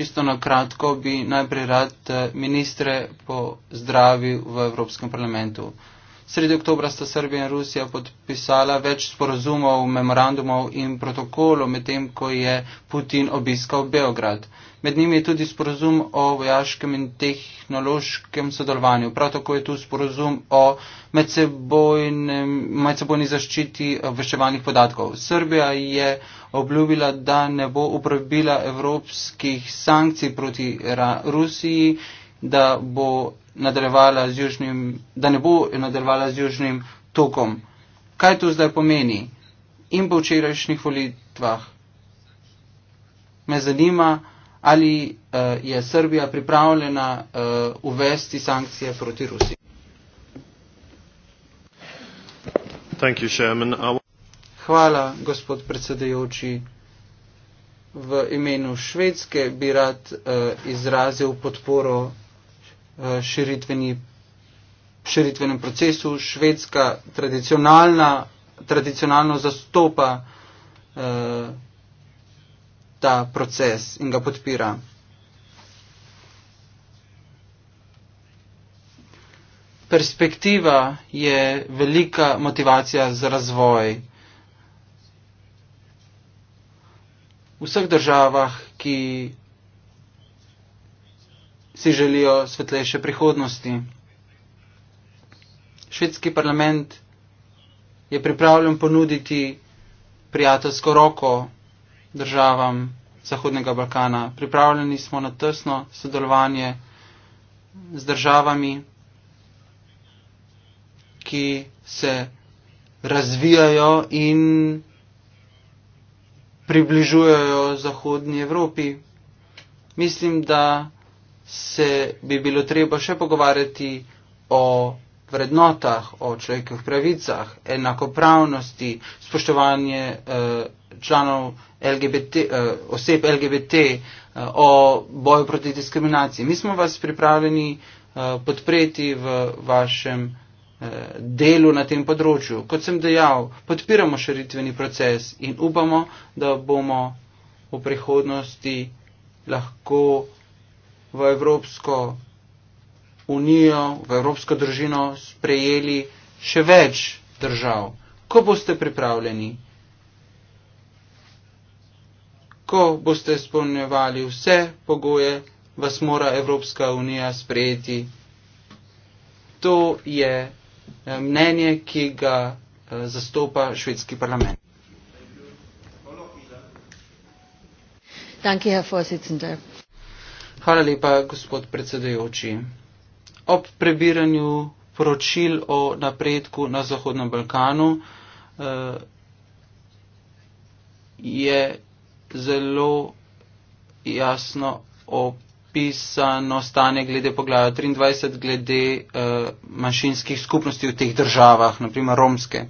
čisto na kratko bi najprej rad eh, ministre po zdravi v Evropskem parlamentu. Sredi oktobra sta Srbija in Rusija podpisala več sporozumov, memorandumov in protokolov, medtem ko je Putin obiskal Beograd. Med njimi je tudi sporozum o vojaškem in tehnološkem sodelovanju. Prav tako je tu sporozum o medsebojni zaščiti obveščevalnih podatkov. Srbija je obljubila, da ne bo uporabila evropskih sankcij proti Rusiji, da, bo južnim, da ne bo nadaljevala z južnim tokom. Kaj to zdaj pomeni? In po včerajšnjih volitvah me zanima, ali uh, je Srbija pripravljena uh, uvesti sankcije proti Rusiji. Thank you, Chairman. Hvala, gospod predsedajoči. V imenu Švedske bi rad uh, izrazil podporo uh, širitvenem procesu. Švedska tradicionalno zastopa uh, ta proces in ga podpira. Perspektiva je velika motivacija za razvoj. V vseh državah, ki si želijo svetlejše prihodnosti. Švedski parlament je pripravljen ponuditi prijateljsko roko državam Zahodnega Balkana. Pripravljeni smo na tesno sodelovanje z državami, ki se razvijajo in približujejo Zahodnji Evropi. Mislim, da se bi bilo treba še pogovarjati o vrednotah, o človekovih pravicah, enakopravnosti, spoštovanje eh, članov LGBT, eh, oseb LGBT, eh, o boju proti diskriminaciji. Mi smo vas pripravljeni podpreti v vašem delu na tem področju. Kot sem dejal, podpiramo širitveni proces in upamo, da bomo v prihodnosti lahko v Evropsko unijo, v Evropsko družino sprejeli še več držav. Ko boste pripravljeni, ko boste spolnjevali vse pogoje, vas mora Evropska unija sprejeti. To je eh, mnenje, ki ga eh, zastopa švedski parlament. Danke, Herr Vorsitzender. Hvala lepa, gospod predsedujoči ob prebiranju poročil o napredku na Zahodnem Balkanu eh, je zelo jasno opisano stanje glede poglavja 23 glede eh, manjšinskih skupnosti v teh državah, naprimer romske.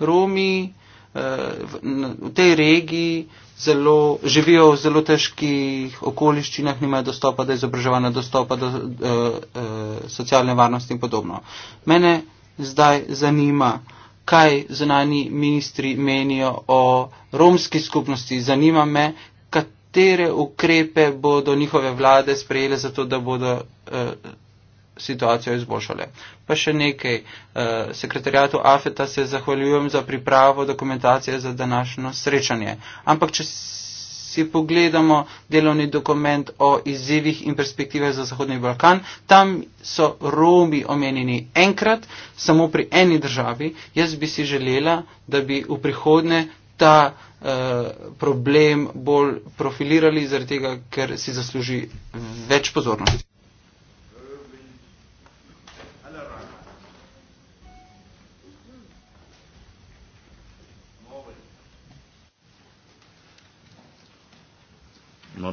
Romi eh, v tej regiji zelo, živijo v zelo težkih okoliščinah, nimajo dostopa do izobraževanja, dostopa do uh, uh, socialne varnosti in podobno. Mene zdaj zanima, kaj znani ministri menijo o romski skupnosti. Zanima me, katere ukrepe bodo njihove vlade sprejele za to, da bodo. Uh, situacijo izboljšale. Pa še nekaj. Eh, Sekretarjatu AFETA se zahvaljujem za pripravo dokumentacije za današnjo srečanje. Ampak če si pogledamo delovni dokument o izzivih in perspektive za Zahodni Balkan, tam so Romi omenjeni enkrat, samo pri eni državi. Jaz bi si želela, da bi v prihodne ta eh, problem bolj profilirali, zaradi tega, ker si zasluži več pozornosti.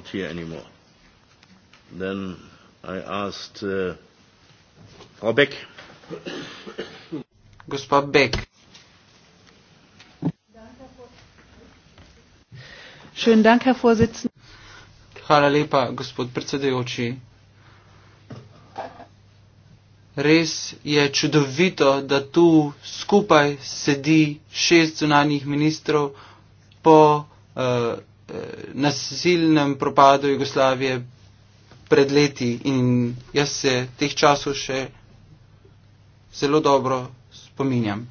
not here anymore. Then I asked uh, Frau Beck. Gospa Beck. Schönen Dank, Herr Vorsitzender. Hvala lepa, gospod predsedujoči. Res je čudovito, da tu skupaj sedi šest zunanjih ministrov po uh, nasilnem propadu Jugoslavije pred leti in jaz se teh časov še zelo dobro spominjam.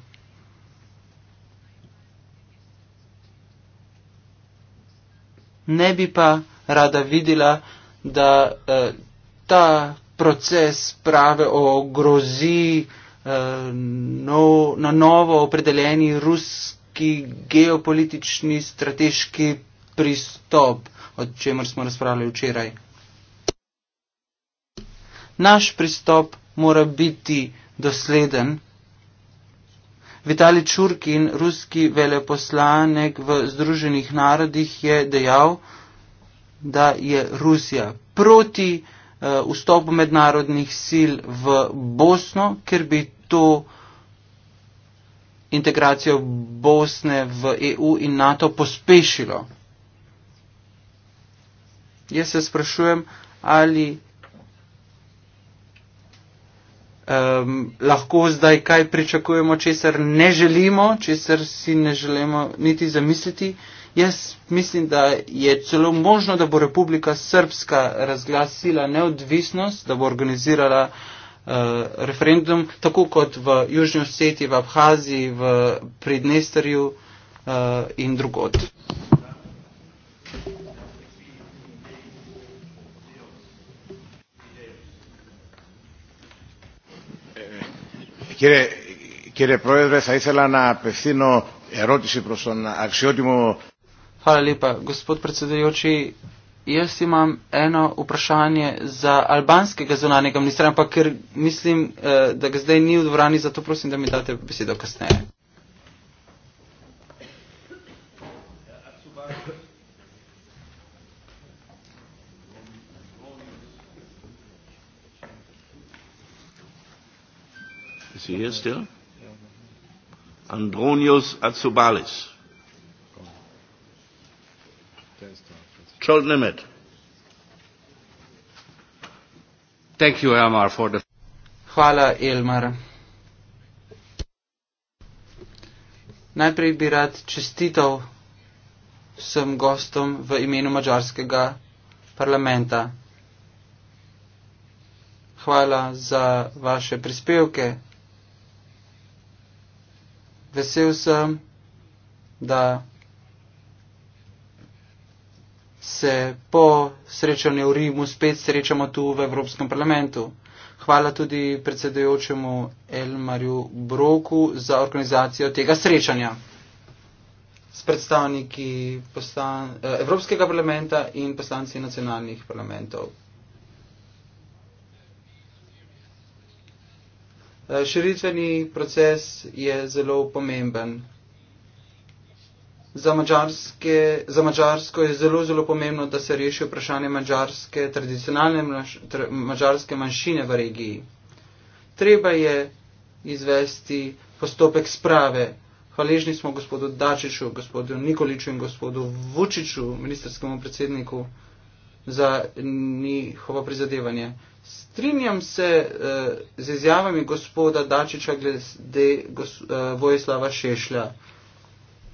Ne bi pa rada videla, da eh, ta proces prave o grozi eh, no, na novo opredeljeni ruski geopolitični strateški pristop, o čemer smo razpravljali včeraj. Naš pristop mora biti dosleden. Vitali Čurkin, ruski veleposlanek v Združenih narodih, je dejal, da je Rusija proti uh, vstopu mednarodnih sil v Bosno, ker bi to integracijo Bosne v EU in NATO pospešilo. Jaz se sprašujem, ali um, lahko zdaj kaj pričakujemo, česar ne želimo, česar si ne želimo niti zamisliti. Jaz mislim, da je celo možno, da bo Republika Srpska razglasila neodvisnost, da bo organizirala uh, referendum, tako kot v Južnjo Seti, v Abhaziji, v Pridnestarju uh, eh, in drugod. Κύριε, κύριε Πρόεδρε, θα ήθελα να απευθύνω ερώτηση προς τον αξιότιμο... Hvala lepa, gospod predsedajoči. Jaz imam eno vprašanje za albanskega zunanjega ministra, ampak ker mislim, eh, da ga zdaj ni v dvorani, zato prosim, da mi date besedo kasneje. Is he here still? Andronius Azubalis. Charles Nimet. Thank you, Elmar, for the... Hvala, Elmar. Najprej bi rad čestital vsem gostom v imenu mačarskega parlamenta. Hvala za vaše prispevke, Vesel sem, da se po srečanju v Rimu spet srečamo tu v Evropskem parlamentu. Hvala tudi predsedujočemu Elmarju Broku za organizacijo tega srečanja s predstavniki postan, eh, Evropskega parlamenta in poslanci nacionalnih parlamentov. Eh, Širitveni proces je zelo pomemben. Za, za Mačarsko je zelo, zelo pomembno, da se reši vprašanje mačarske, tradicionalne mačarske manjšine v regiji. Treba je izvesti postopek sprave. Hvaležni smo gospodu Dačiču, gospodu Nikoliču in gospodu Vučiču, ministerskemu predsedniku, za njihovo prizadevanje. Strinjam se uh, z izjavami gospoda Dačiča glede gos, uh, eh, Vojslava Šešlja.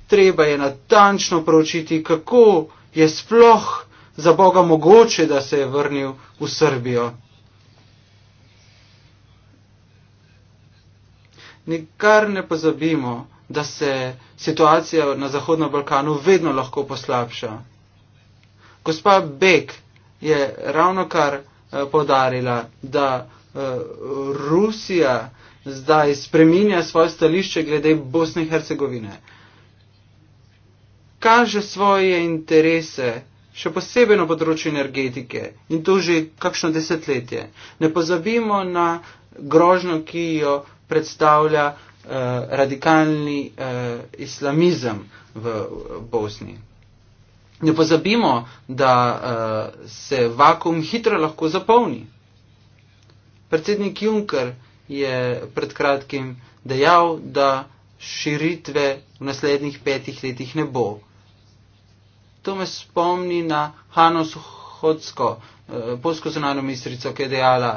Treba je natančno pročiti, kako je sploh za Boga mogoče, da se je vrnil v Srbijo. Nikar ne pozabimo, da se situacija na Zahodnem Balkanu vedno lahko poslabša. Gospa Beg je ravno kar eh, podarila, da eh, Rusija zdaj spreminja svoje stališče glede Bosne in Hercegovine. Kaže svoje interese, še posebej na področju energetike in to že kakšno desetletje. Ne pozabimo na grožno, ki jo predstavlja eh, radikalni eh, islamizem v, v Bosni. Ne pozabimo, da uh, se vakum hitro lahko zapolni. Predsednik Juncker je pred kratkim dejal, da širitve v naslednjih petih letih ne bo. To me spomni na Hanno Suhodsko, eh, polsko zunano ministrico, ki je dejala,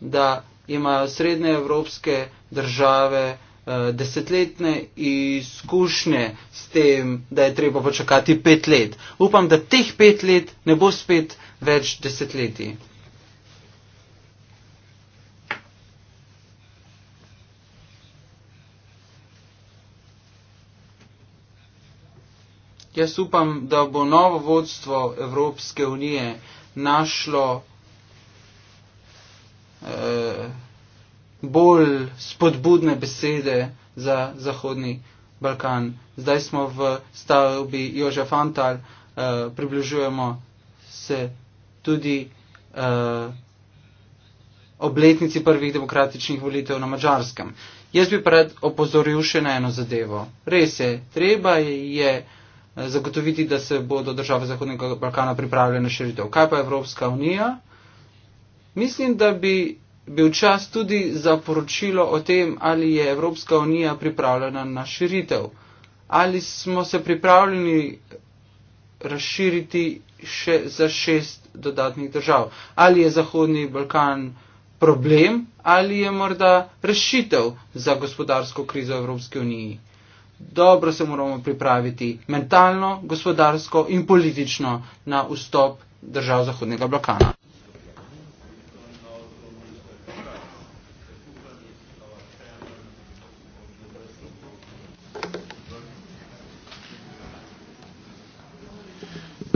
da imajo srednje evropske države uh, desetletne izkušnje s tem, da je treba počakati pet let. Upam, da teh pet let ne bo spet več desetletij. Jaz upam, da bo novo vodstvo Evropske unije našlo eh, bolj spodbudne besede za Zahodni Balkan. Zdaj smo v stavbi Joža Fantal, uh, približujemo se tudi uh, obletnici prvih demokratičnih volitev na Mačarskem. Jaz bi pred opozoril še na eno zadevo. Res je, treba je eh, zagotoviti, da se bodo države Zahodnega Balkana pripravljene širitev. Kaj pa Evropska unija? Mislim, da bi bil čas tudi za poročilo o tem, ali je Evropska unija pripravljena na širitev, ali smo se pripravljeni razširiti še za šest dodatnih držav, ali je Zahodni Balkan problem ali je morda rešitev za gospodarsko krizo Evropske unije. Dobro se moramo pripraviti mentalno, gospodarsko in politično na vstop držav Zahodnega Balkana.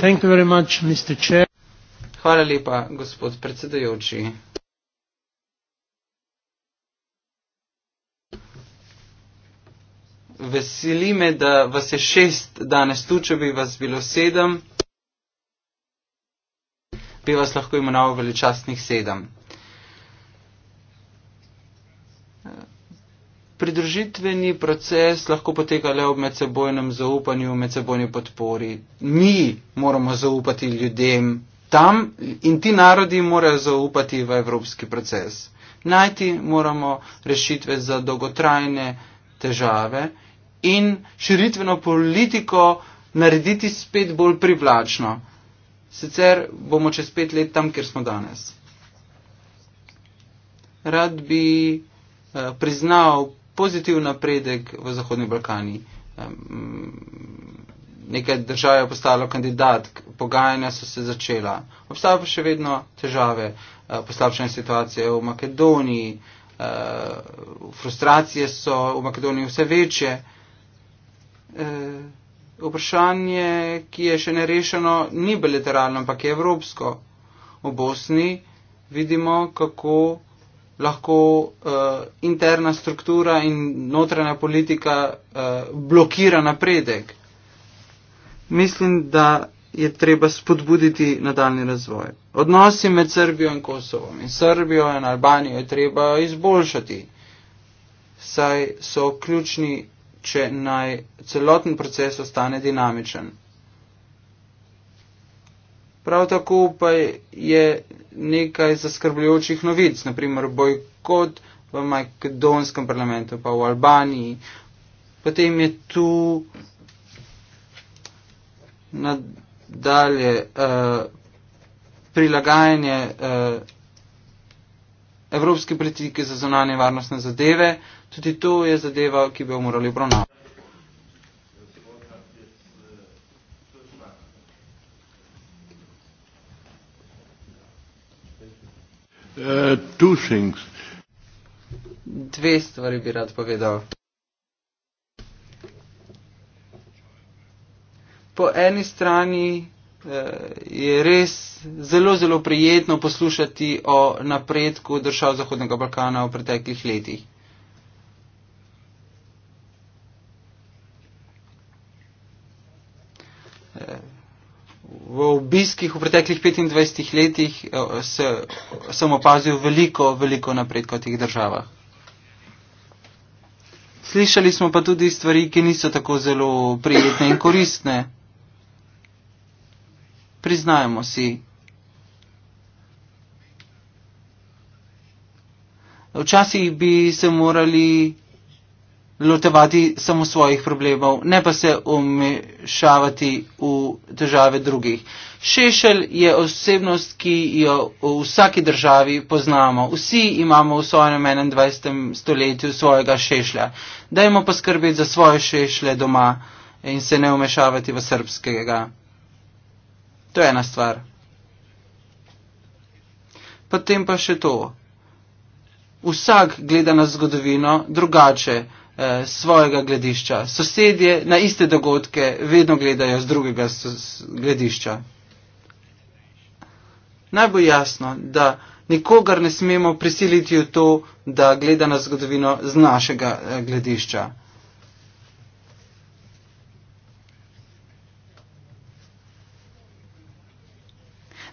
Thank you very much, Mr. Chair. Hvala lepa, gospod predsedajoči. Veseli me, da vas je šest danes tu, če bi vas bilo sedem, bi vas lahko imenoval veličastnih sedem. pridružitveni proces lahko poteka le ob medsebojnem zaupanju, medsebojni podpori. Mi moramo zaupati ljudem tam in ti narodi morajo zaupati v evropski proces. Najti moramo rešitve za dolgotrajne težave in širitveno politiko narediti spet bolj privlačno. Sicer bomo čez pet let tam, kjer smo danes. Rad bi eh, priznal pozitiven napredek v Zahodni Balkani. Neka država je postala kandidat, pogajanja so se začela. Obstajajo pa še vedno težave, eh, poslabšanje situacije v Makedoniji, eh, frustracije so v Makedoniji vse večje. Eh, vprašanje, ki je še nerešeno, ni bilateralno, ampak je evropsko. V Bosni vidimo, kako lahko uh, interna struktura in notranja politika uh, blokira napredek. Mislim, da je treba spodbuditi nadaljni razvoj. Odnosi med Srbijo in Kosovom in Srbijo in Albanijo je treba izboljšati, saj so ključni, če naj celoten proces ostane dinamičen. Prav tako pa je nekaj zaskrbljujočih novic, naprimer bojkot v makedonskem parlamentu, pa v Albaniji. Potem je tu nadalje uh, prilagajanje uh, evropske politike za zonanje varnostne zadeve. Tudi to je zadeva, ki bi jo morali obravnavati. Uh, Dve stvari bi rad povedal. Po eni strani uh, je res zelo, zelo prijetno poslušati o napredku držav Zahodnega Balkana v preteklih letih. v obiskih v preteklih 25 letih eh, se, sem opazil veliko, veliko napredka v teh državah. Slišali smo pa tudi stvari, ki niso tako zelo prijetne in koristne. Priznajmo si. Včasih bi se morali lotevati samo svojih problemov, ne pa se umešavati v težave drugih. Šešelj je osebnost, ki jo v vsaki državi poznamo. Vsi imamo v svojem 21. stoletju svojega šešlja. Dajmo poskrbeti za svoje šešlje doma in se ne umešavati v srbskega. To je ena stvar. Potem pa še to. Vsak gleda na zgodovino drugače eh, svojega gledišča. Sosedje na iste dogodke vedno gledajo z drugega gledišča. Naj bo jasno, da nikogar ne smemo prisiliti v to, da gleda na zgodovino z našega eh, gledišča.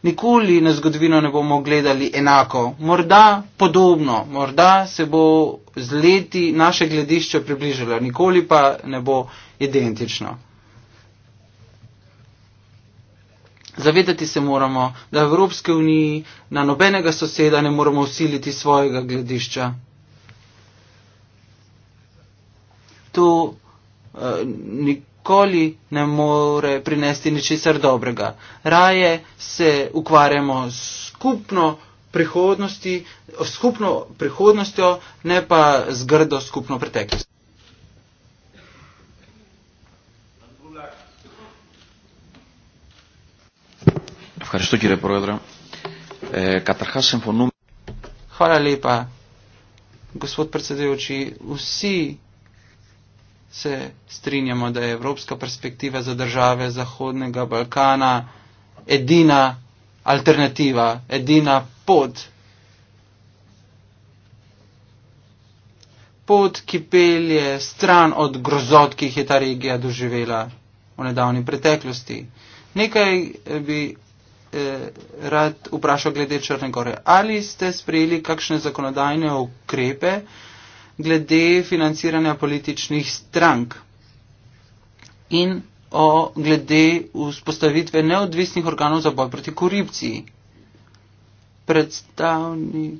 nikoli na zgodovino ne bomo gledali enako. Morda podobno, morda se bo z leti naše gledišče približalo, nikoli pa ne bo identično. Zavedati se moramo, da v Evropske uniji na nobenega soseda ne moramo usiliti svojega gledišča. To uh, eh, nikoli nikoli ne more prinesti ničesar dobrega. Raje se ukvarjamo skupno prihodnosti, skupno prihodnostjo, ne pa z grdo skupno preteklost. Hvala lepa, gospod predsedujoči. Vsi se strinjamo, da je evropska perspektiva za države Zahodnega Balkana edina alternativa, edina pot. Pot, ki pelje stran od grozot, ki jih je ta regija doživela v nedavni preteklosti. Nekaj eh, bi eh, rad vprašal glede Črne Gore. Ali ste sprejeli kakšne zakonodajne ukrepe, eh, glede financiranja političnih strank in o glede vzpostavitve neodvisnih organov za boj proti korupciji. Predstavniku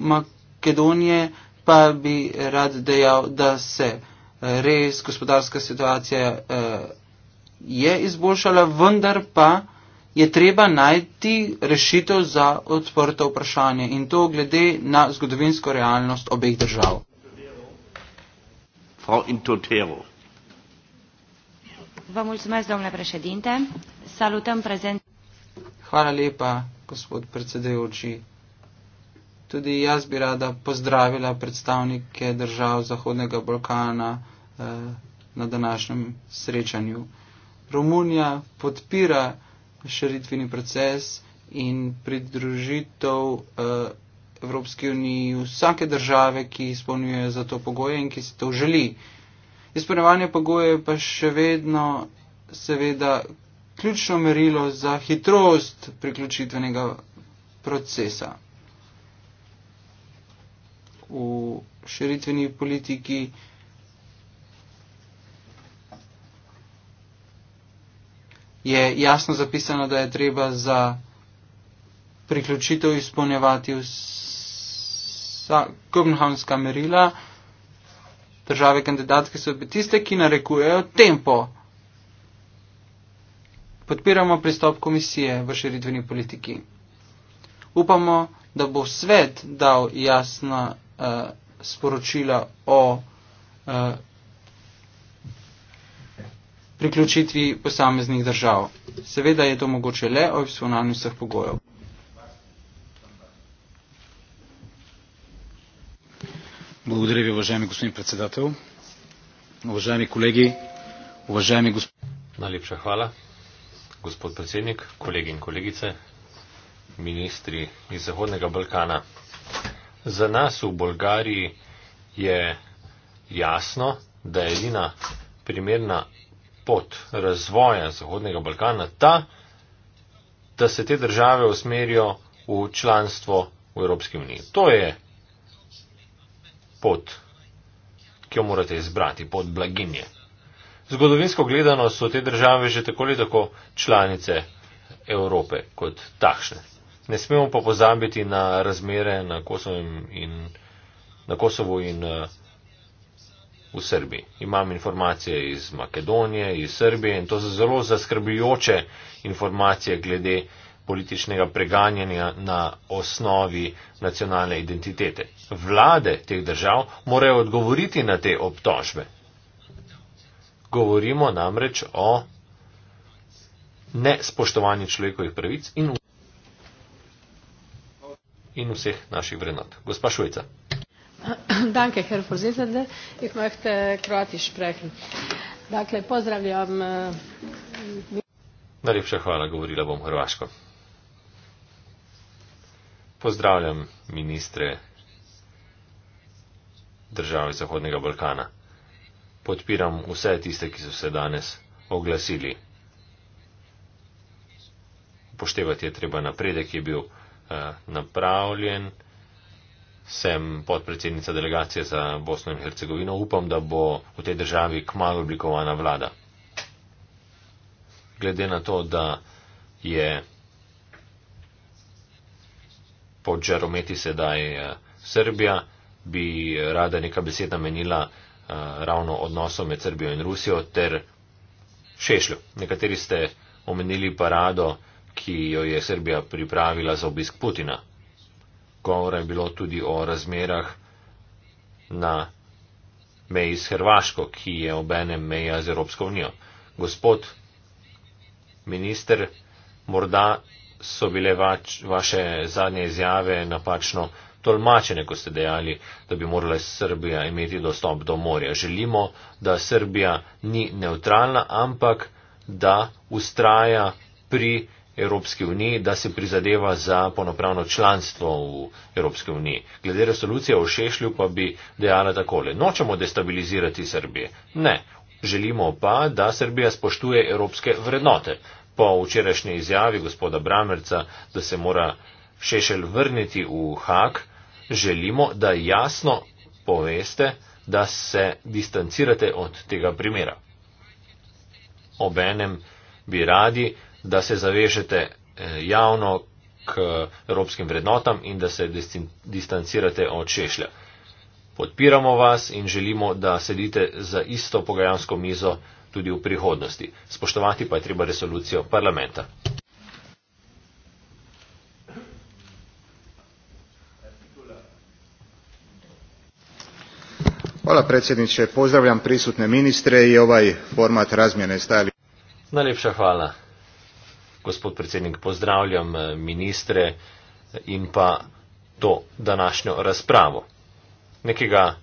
Makedonije pa bi rad dejal, da se res gospodarska situacija eh, je izboljšala, vendar pa je treba najti rešitev za odprto vprašanje in to glede na zgodovinsko realnost obeh držav. Hvala lepa, gospod predsedujoči. Tudi jaz bi rada pozdravila predstavnike držav Zahodnega Balkana eh, na današnjem srečanju. Romunija podpira širitveni proces in pridružitev uh, Evropski uniji vsake države, ki izpolnjuje za to pogoje in ki si to želi. Izpolnjevanje pogoje pa še vedno seveda ključno merilo za hitrost priključitvenega procesa. V širitveni politiki uh, je jasno zapisano, da je treba za priključitev izpolnjevati vsa kopenhavnska merila. Države kandidatke so tiste, ki narekujejo tempo. Podpiramo pristop komisije v širitveni politiki. Upamo, da bo svet dal jasna uh, sporočila o uh, priključitvi posameznih držav. Seveda je to mogoče le o izpolnjanju vseh pogojev. Благодаря ви, уважаеми господин председател. Уважаеми колеги, уважаеми господин... Налепша хвала, господ председник, колеги и колегице, министри из Заходнега Балкана. За нас в Болгарии е ясно, да е едина примерна pot razvoja Zahodnega Balkana ta, da se te države usmerijo v članstvo v Evropski uniji. To je pot, ki jo morate izbrati, pot blaginje. Zgodovinsko gledano so te države že tako ali tako članice Evrope kot takšne. Ne smemo pa pozabiti na razmere na Kosovo in, na Kosovo in eh, v Srbiji. Imam informacije iz Makedonije, iz Srbije in to so zelo zaskrbljujoče informacije glede političnega preganjanja na osnovi nacionalne identitete. Vlade teh držav morajo odgovoriti na te obtožbe. Govorimo namreč o nespoštovanju človekovih pravic in, v... in vseh naših vrednot. Gospa Švica. danke herr präsident! ich möchte kroatisch sprechen. Eh, najlepša hvala govorila bom hrvaško. pozdravljam ministre držav zahodnega balkana. podpiram vse tiste ki so se danes oglasili. upoštevati je treba napredek ki je bil eh, napravljen sem podpredsednica delegacije za Bosno in Hercegovino, upam, da bo v tej državi kmalo oblikovana vlada. Glede na to, da je pod žarometi sedaj eh, Srbija, bi rada neka beseda menila eh, ravno odnosom med Srbijo in Rusijo ter Šešlju. Nekateri ste omenili parado, ki jo je Srbija pripravila za obisk Putina govora je bilo tudi o razmerah na meji s Hrvaško, ki je obenem meja z Evropsko unijo. Gospod minister, morda so bile vač, vaše zadnje izjave napačno tolmačene, ko ste dejali, da bi morala Srbija imeti dostop do morja. Želimo, da Srbija ni neutralna, ampak da ustraja pri Evropski uniji, da se prizadeva za ponopravno članstvo v Evropski uniji. Glede resolucije o Šešlju pa bi dejala takole. Nočemo destabilizirati Srbije. Ne. Želimo pa, da Srbija spoštuje evropske vrednote. Po včerajšnji izjavi gospoda Bramerca, da se mora Šešelj vrniti v Hak, želimo, da jasno poveste, da se distancirate od tega primera. Obenem bi radi, da se zavežete eh, javno k eh, evropskim vrednotam in da se distancirate od češlja. Podpiramo vas in želimo, da sedite za isto pogajansko mizo tudi v prihodnosti. Spoštovati pa je treba resolucijo parlamenta. Hvala predsjedniče, pozdravljam prisutne ministre i ovaj format razmjene stali. Najljepša hvala gospod predsednik, pozdravljam eh, ministre eh, in pa to današnjo razpravo. Nekega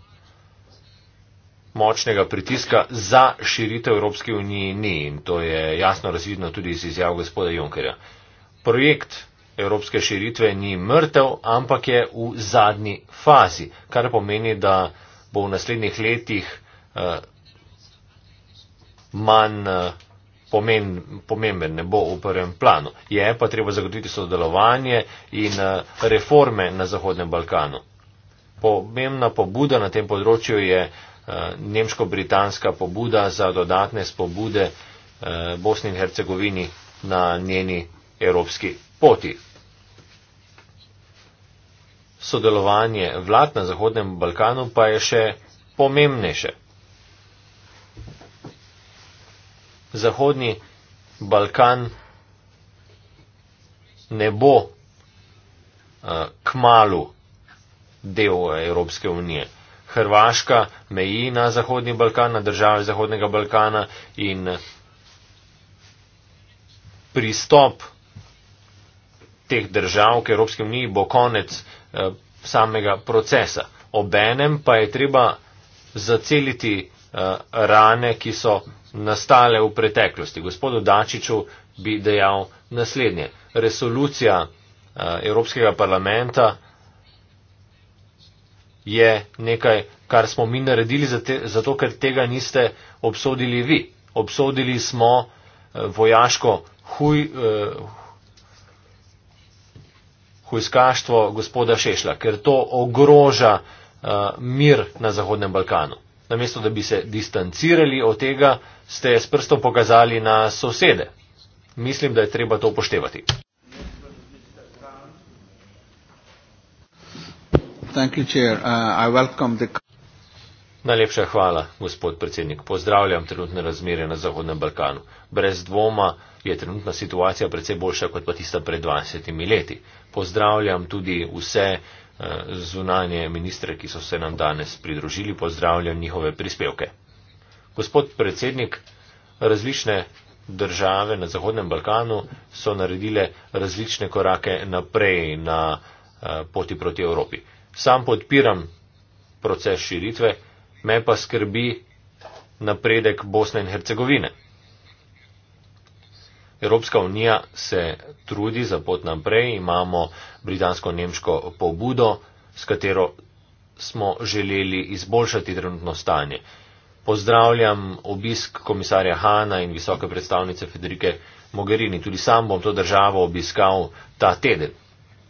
močnega pritiska za širitev Evropske unije ni in to je jasno razvidno tudi iz izjav gospoda Junkerja. Projekt Evropske širitve ni mrtev, ampak je v zadnji fazi, kar pomeni, da bo v naslednjih letih eh, manj pomen, pomemben, ne bo v prvem planu. Je pa treba zagotoviti sodelovanje in eh, reforme na Zahodnem Balkanu. Pomembna pobuda na tem področju je eh, nemško-britanska pobuda za dodatne spobude eh, Bosni in Hercegovini na njeni evropski poti. Sodelovanje vlad na Zahodnem Balkanu pa je še pomembnejše. Zahodni Balkan ne bo eh, kmalu del Evropske unije. Hrvaška meji na Zahodni Balkan, na države Zahodnega Balkana in eh, pristop teh držav k Evropske unije bo konec eh, samega procesa. Obenem pa je treba zaceliti Eh, rane, ki so nastale v preteklosti. Gospodu Dačiču bi dejal naslednje. Resolucija eh, Evropskega parlamenta je nekaj, kar smo mi naredili, zate, zato ker tega niste obsodili vi. Obsodili smo eh, vojaško huj, hujskaštvo gospoda Šešla, ker to ogroža mir na Zahodnem Balkanu namesto da bi se distancirali od tega, ste s prstom pokazali na sosede. Mislim, da je treba to upoštevati. Uh, Najlepša hvala, gospod predsednik. Pozdravljam trenutne razmere na Zahodnem Balkanu. Brez dvoma je trenutna situacija predvsej boljša kot pa tista pred 20 leti. Pozdravljam tudi vse Eh, zunanje ministre, ki so se nam danes pridružili, pozdravljam njihove prispevke. Gospod predsednik, različne države na Zahodnem Balkanu so naredile različne korake naprej na eh, poti proti Evropi. Sam podpiram proces širitve, me pa skrbi napredek Bosne in Hercegovine. Evropska unija se trudi za pot naprej, imamo uh, britansko-nemško pobudo, s katero smo želeli izboljšati trenutno stanje. Pozdravljam obisk komisarja Hanna in visoke predstavnice Federike Mogherini. Tudi sam bom to državo obiskal ta teden.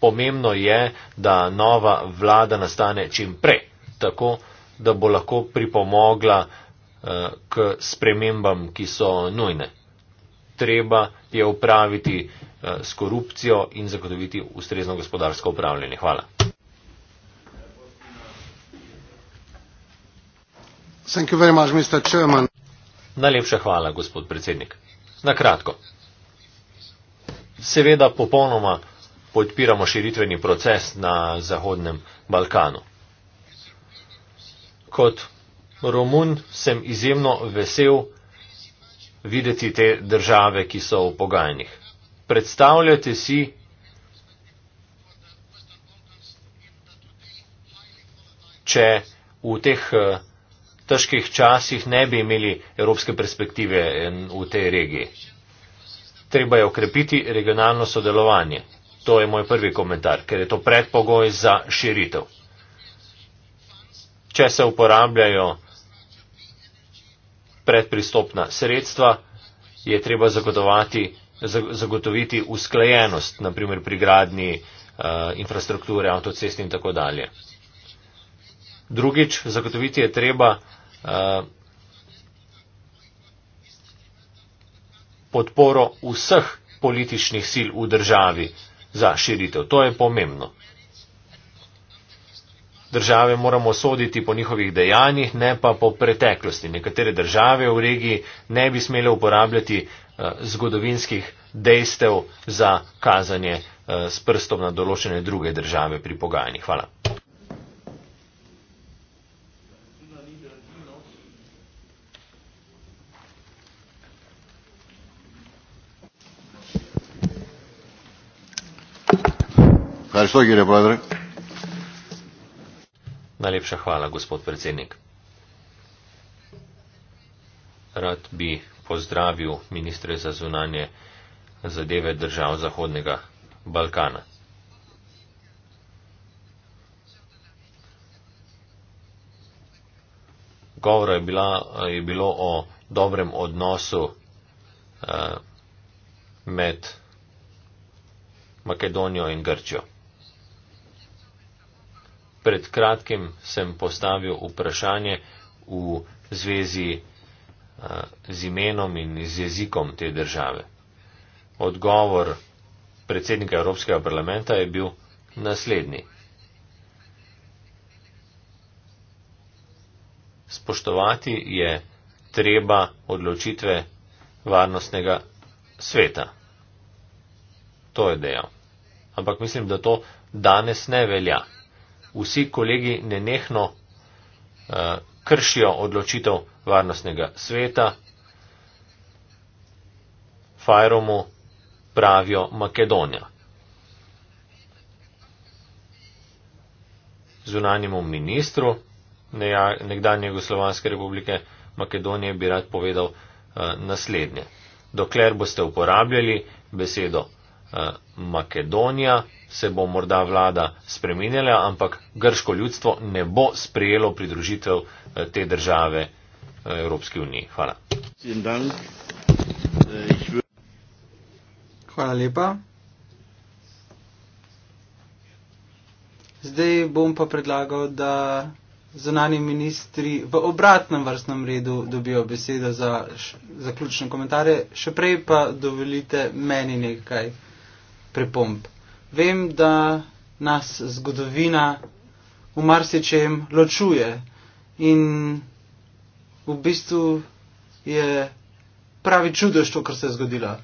Pomembno je, da nova vlada nastane čim prej, tako da bo lahko pripomogla uh, k spremembam, ki so nujne. Treba je upraviti uh, Eh, s korupcijo in zagotoviti ustrezno gospodarsko upravljanje. Hvala. Much, Najlepša hvala, gospod predsednik. Na kratko. Seveda popolnoma podpiramo širitveni proces na Zahodnem Balkanu. Kot Romun sem izjemno vesel videti te države, ki so v pogajanjih predstavljate si, če v teh eh, težkih časih ne bi imeli evropske perspektive eh, v tej regiji. Treba je okrepiti regionalno sodelovanje. To je moj prvi komentar, ker je to predpogoj za širitev. Če se uporabljajo predpristopna sredstva, je treba zagotovati zagotoviti usklajenost, naprimer pri gradni uh, eh, infrastrukture, avtocesti in tako dalje. Drugič, zagotoviti je treba uh, podporo vseh političnih sil v državi za širitev. To je pomembno. Države moramo soditi po njihovih dejanjih, ne pa po preteklosti. Nekatere države v regiji ne bi smele uporabljati Eh, zgodovinskih dejstev za kazanje eh, s prstom na določene druge države pri pogajanjih. Hvala. Najlepša hvala, gospod predsednik. Rad bi pozdravil ministre za zunanje zadeve držav Zahodnega Balkana. Govora je, bila, je bilo o dobrem odnosu eh, med Makedonijo in Grčjo. Pred kratkim sem postavil vprašanje v zvezi z imenom in z jezikom te države. Odgovor predsednika Evropskega parlamenta je bil naslednji. Spoštovati je treba odločitve varnostnega sveta. To je dejal. Ampak mislim, da to danes ne velja. Vsi kolegi nenehno uh, kršijo odločitev varnostnega sveta, Fajromu pravijo Makedonija. Zunanjemu ministru nekdanje Jugoslovanske republike Makedonije bi rad povedal eh, naslednje. Dokler boste uporabljali besedo Eh, Makedonija, se bo morda vlada spremenjala, ampak grško ljudstvo ne bo sprejelo pridružitev eh, te države eh, Evropski uniji. Hvala. Hvala lepa. Zdaj bom pa predlagal, da zunani ministri v obratnem vrstnem redu dobijo besedo za zaključne komentarje, še prej pa dovolite meni nekaj pripomb. Vem, da nas zgodovina v marsičem ločuje in v bistvu je pravi čudež to, kar se je zgodilo.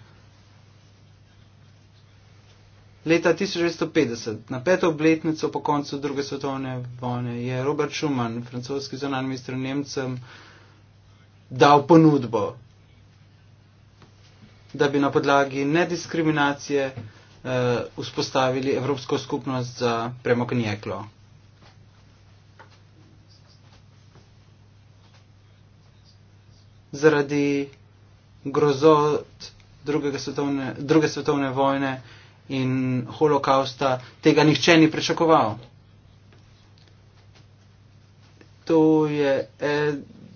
Leta 1950, na peto obletnico po koncu druge svetovne vojne, je Robert Schuman, francoski zunanji minister Nemcem, dal ponudbo, da bi na podlagi nediskriminacije uh, vzpostavili Evropsko skupnost za premoknjeklo. Zaradi grozot svetovne, druge svetovne vojne in holokausta tega nihče ni pričakoval. To je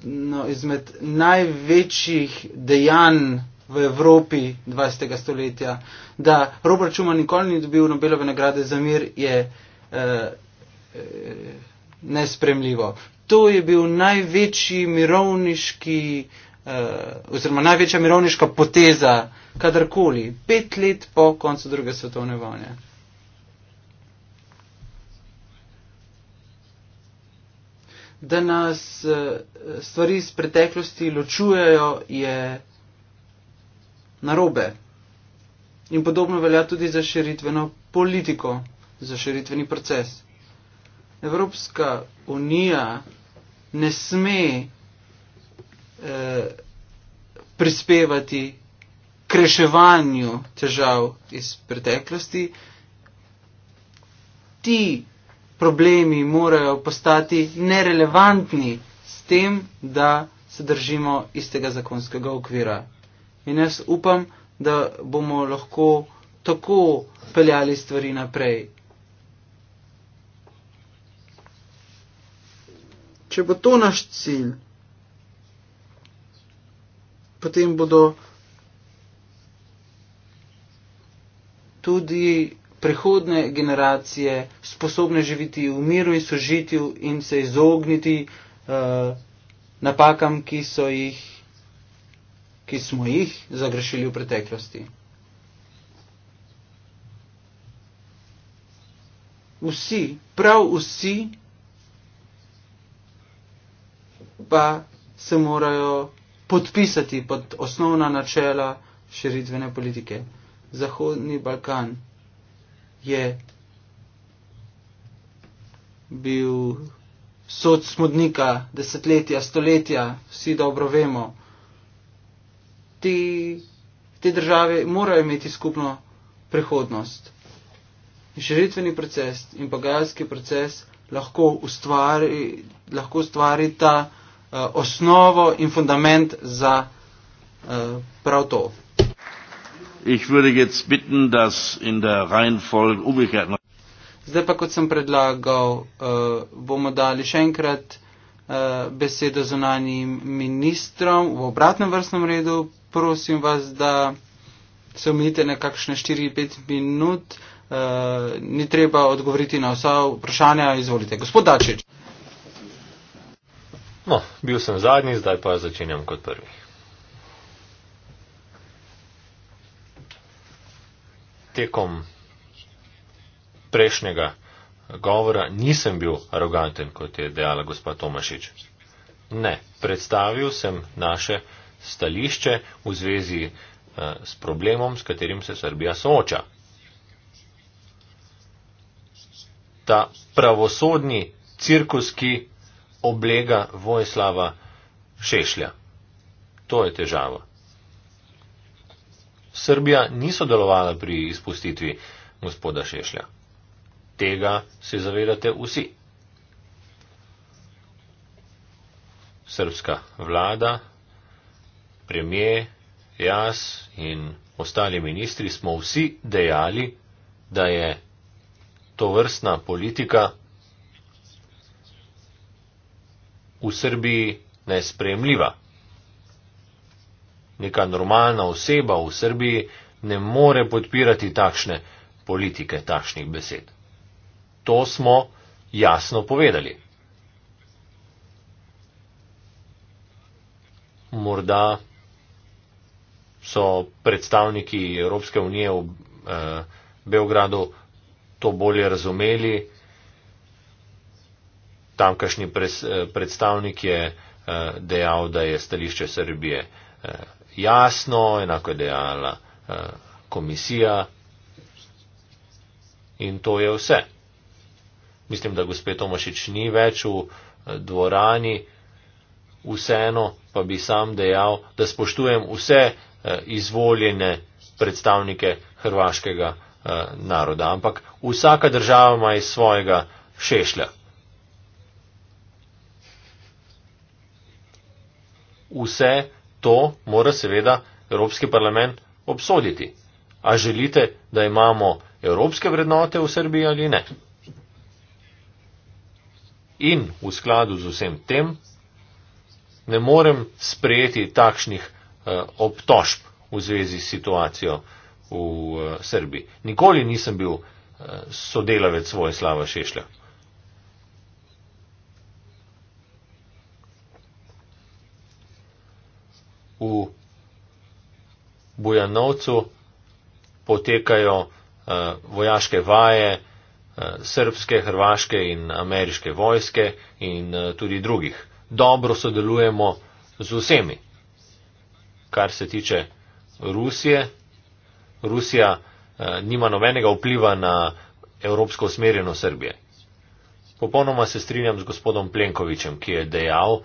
eno izmed največjih dejanj, v Evropi 20. stoletja, da Robert Schuman nikoli ni dobil Nobelove nagrade za mir, je eh, eh, nespremljivo. To je bil največji mirovniški, eh, oziroma največja mirovniška poteza kadarkoli, pet let po koncu druge svetovne vojne. Da nas eh, stvari iz preteklosti ločujejo, je narobe. In podobno velja tudi za širitveno politiko, za širitveni proces. Evropska unija ne sme eh, prispevati k reševanju težav iz preteklosti. Ti problemi morajo postati nerelevantni s tem, da se držimo istega zakonskega okvira. In jaz upam, da bomo lahko tako peljali stvari naprej. Če bo to naš cilj, potem bodo tudi prihodne generacije sposobne živeti v miru in sožitju in se izogniti uh, napakam, ki so jih ki smo jih zagrešili v preteklosti. Vsi, prav vsi, pa se morajo podpisati pod osnovna načela širitvene politike. Zahodni Balkan je bil sod smodnika desetletja, stoletja, vsi dobro vemo ti, te države morajo imeti skupno prihodnost. Širitveni proces in pogajalski proces lahko ustvari, lahko ustvari ta uh, eh, osnovo in fundament za uh, prav to. Ich würde jetzt bitten, dass in der Reihenfolge umgekehrt. Zdaj pa, kot sem predlagal, uh, bomo dali še enkrat uh, besedo zunanjim ministrom v obratnem vrstnem redu, prosim vas, da se omejite na kakšne 4-5 minut, uh, ni treba odgovoriti na vsa vprašanja, izvolite. Gospod Dačič. No, bil sem zadnji, zdaj pa začenjam kot prvi. Tekom prejšnjega govora nisem bil aroganten, kot je dejala gospa Tomašič. Ne, predstavil sem naše stališče v zvezi eh, s problemom, s katerim se Srbija sooča. Ta pravosodni cirkus, ki oblega Vojslava Šešlja. To je težava. Srbija ni sodelovala pri izpustitvi gospoda Šešlja. Tega se zavedate vsi. Srpska vlada premije, jaz in ostali ministri smo vsi dejali, da je to vrstna politika v Srbiji nespremljiva. Neka normalna oseba v Srbiji ne more podpirati takšne politike, takšnih besed. To smo jasno povedali. Morda so predstavniki Evropske unije v eh, Beogradu to bolje razumeli. Tamkašnji pres, eh, predstavnik je eh, dejal, da je stališče Srbije eh, jasno, enako je dejala eh, komisija. In to je vse. Mislim, da gospe Tomašič ni več v eh, dvorani. Vseeno pa bi sam dejal, da spoštujem vse Eh, izvoljene predstavnike hrvaškega eh, naroda, ampak vsaka država ima iz svojega šešlja. Vse to mora seveda Evropski parlament obsoditi. A želite, da imamo evropske vrednote v Srbiji ali ne? In v skladu z vsem tem ne morem sprejeti takšnih Eh, obtožb v zvezi s situacijo v eh, Srbiji. Nikoli nisem bil eh, sodelavec svoje slava Šešlja. V Bujanovcu potekajo vojaške vaje srpske, hrvaške in ameriške vojske in tudi drugih. Dobro sodelujemo z vsemi kar se tiče Rusije. Rusija eh, nima nobenega vpliva na evropsko usmerjeno Srbije. Popolnoma se strinjam z gospodom Plenkovičem, ki je dejal,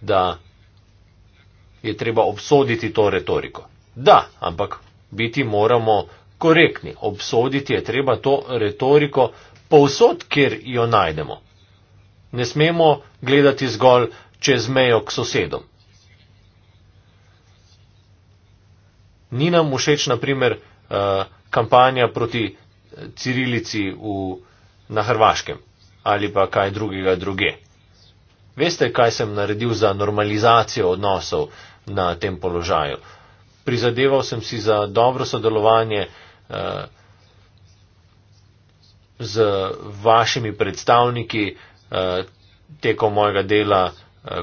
da je treba obsoditi to retoriko. Da, ampak biti moramo korektni. Obsoditi je treba to retoriko povsod, kjer jo najdemo. Ne smemo gledati zgolj čez mejo k sosedom. Ni nam všeč, na primer, eh, kampanja proti eh, cirilici v, na Hrvaškem ali pa kaj drugega druge. Veste, kaj sem naredil za normalizacijo odnosov na tem položaju? Prizadeval sem si za dobro sodelovanje eh, z vašimi predstavniki tekom mojega dela,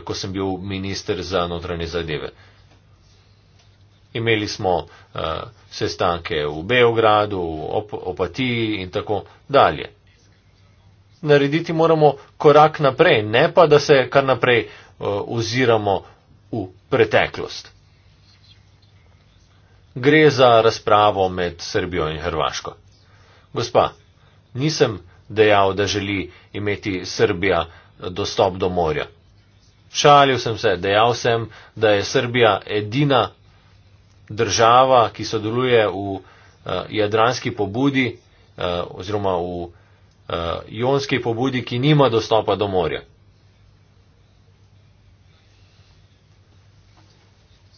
ko sem bil minister za notranje zadeve imeli smo uh, sestanke v Beogradu, v op Opatiji in tako dalje. Narediti moramo korak naprej, ne pa da se kar naprej uh, oziramo v preteklost. Gre za razpravo med Srbijo in Hrvaško. Gospa, nisem dejal, da želi imeti Srbija eh, dostop do morja. Šalil sem se, dejal sem, da je Srbija edina država, ki sodeluje v uh, jadranski pobudi uh, oziroma v uh, jonski pobudi, ki nima dostopa do morja.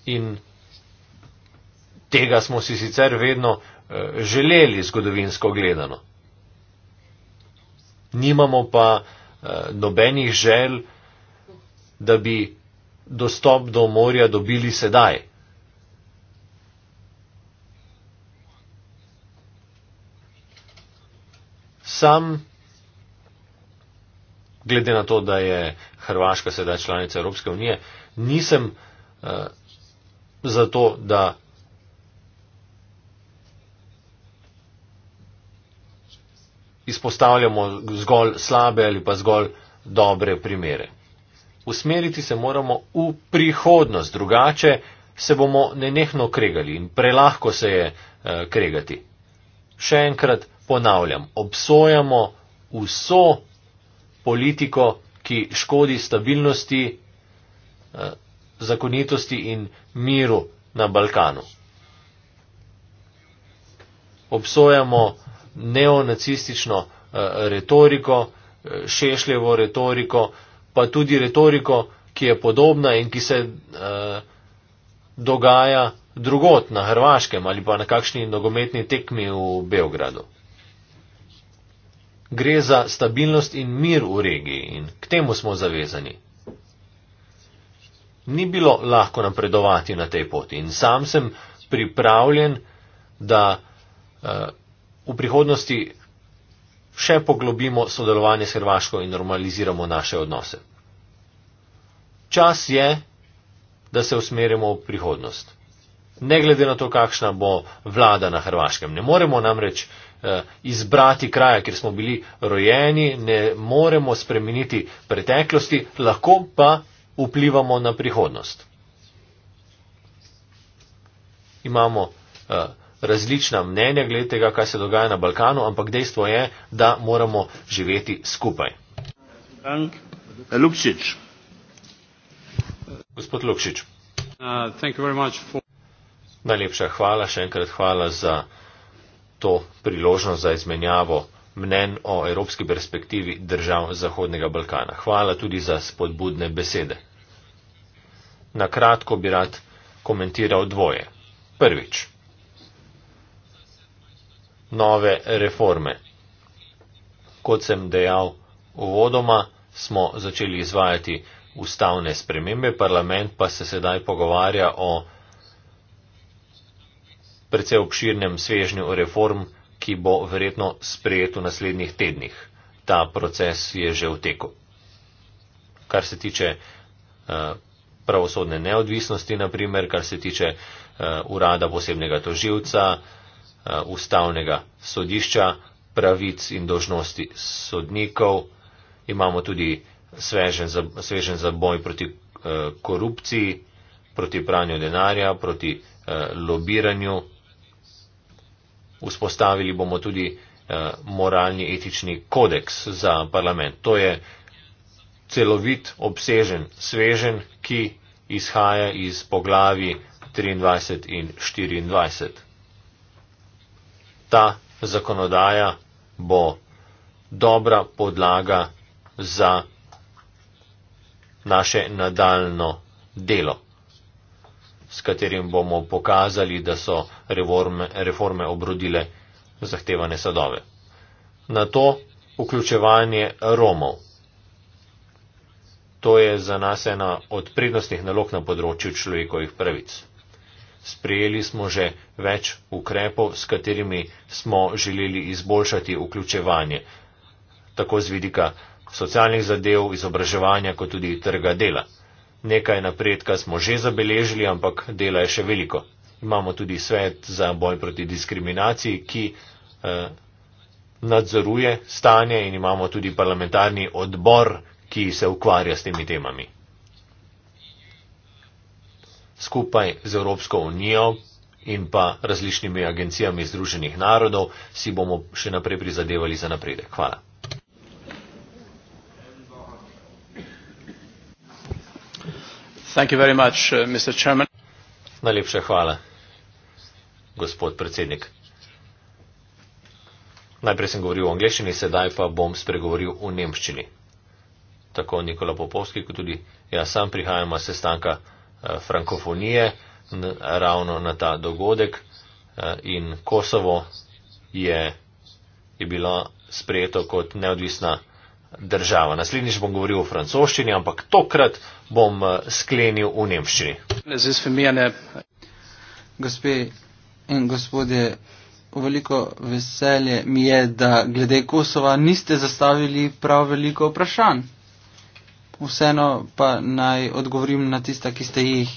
In tega smo si sicer vedno uh, želeli, zgodovinsko gledano. Nimamo pa uh, nobenih žel, da bi dostop do morja dobili sedaj. Sam, glede na to, da je Hrvaška sedaj članica Evropske unije, nisem uh, za to, da izpostavljamo zgolj slabe ali pa zgolj dobre primere. Usmeriti se moramo v prihodnost, drugače se bomo nenehno kregali in prelahko se je uh, kregati. Še enkrat, ponavljam, obsojamo vso politiko, ki škodi stabilnosti, eh, zakonitosti in miru na Balkanu. Obsojamo neonacistično eh, retoriko, eh, šešljevo retoriko, pa tudi retoriko, ki je podobna in ki se dogaja drugot na Hrvaškem ali pa na kakšni nogometni tekmi v Beogradu gre za stabilnost in mir v regiji in k temu smo zavezani. Ni bilo lahko napredovati na tej poti in sam sem pripravljen, da uh, v prihodnosti še poglobimo sodelovanje s Hrvaško in normaliziramo naše odnose. Čas je, da se usmerimo v prihodnost. Ne glede na to, kakšna bo vlada na Hrvaškem. Ne moremo namreč uh, Eh, izbrati kraja, kjer smo bili rojeni, ne moremo spremeniti preteklosti, lahko pa vplivamo na prihodnost. Imamo eh, različna mnenja glede tega, kaj se dogaja na Balkanu, ampak dejstvo je, da moramo živeti skupaj. Eh, Lukšič. Gospod Lukšič. Uh, for... Najlepša hvala, še enkrat hvala za to priložnost za izmenjavo mnen o evropski perspektivi držav Zahodnega Balkana. Hvala tudi za spodbudne besede. Na kratko bi rad komentiral dvoje. Prvič. Nove reforme. Kot sem dejal uvodoma, smo začeli izvajati ustavne spremembe, parlament pa se sedaj pogovarja o precej obširnem svežnju reform, ki bo verjetno sprejet v naslednjih tednih. Ta proces je že v teku. Kar se tiče eh, pravosodne neodvisnosti, naprimer, kar se tiče eh, urada posebnega toživca, eh, ustavnega sodišča, pravic in dožnosti sodnikov, imamo tudi svežen za boj proti korupciji, proti pranju denarja, proti lobiranju Vzpostavili bomo tudi eh, moralni etični kodeks za parlament. To je celovit, obsežen, svežen, ki izhaja iz poglavi 23 in 24. Ta zakonodaja bo dobra podlaga za naše nadaljno delo s katerim bomo pokazali, da so reforme, reforme obrodile zahtevane sadove. Na to vključevanje Romov. To je za nas ena od prednostnih nalog na področju človekovih pravic. Sprejeli smo že več ukrepov, s katerimi smo želeli izboljšati vključevanje, tako z vidika socialnih zadev, izobraževanja, kot tudi trga dela. Nekaj napredka smo že zabeležili, ampak dela je še veliko. Imamo tudi svet za boj proti diskriminaciji, ki eh, nadzoruje stanje in imamo tudi parlamentarni odbor, ki se ukvarja s temi temami. Skupaj z Evropsko unijo in pa različnimi agencijami Združenih narodov si bomo še naprej prizadevali za napredek. Hvala. Uh, Najlepša hvala, gospod predsednik. Najprej sem govoril v angleščini, sedaj pa bom spregovoril v nemščini. Tako Nikola Popovski, kot tudi jaz sam prihajamo s sestanka eh, frankofonije ravno na ta dogodek eh, in Kosovo je, je bila sprejeto kot neodvisna država država. Naslednjič bom govoril v francoščini, ampak tokrat bom eh, sklenil v nemščini. Eh, Gospe in gospodje, veliko veselje mi je, da glede Kosova niste zastavili prav veliko vprašanj. Vseeno pa naj odgovorim na tista, ki ste jih.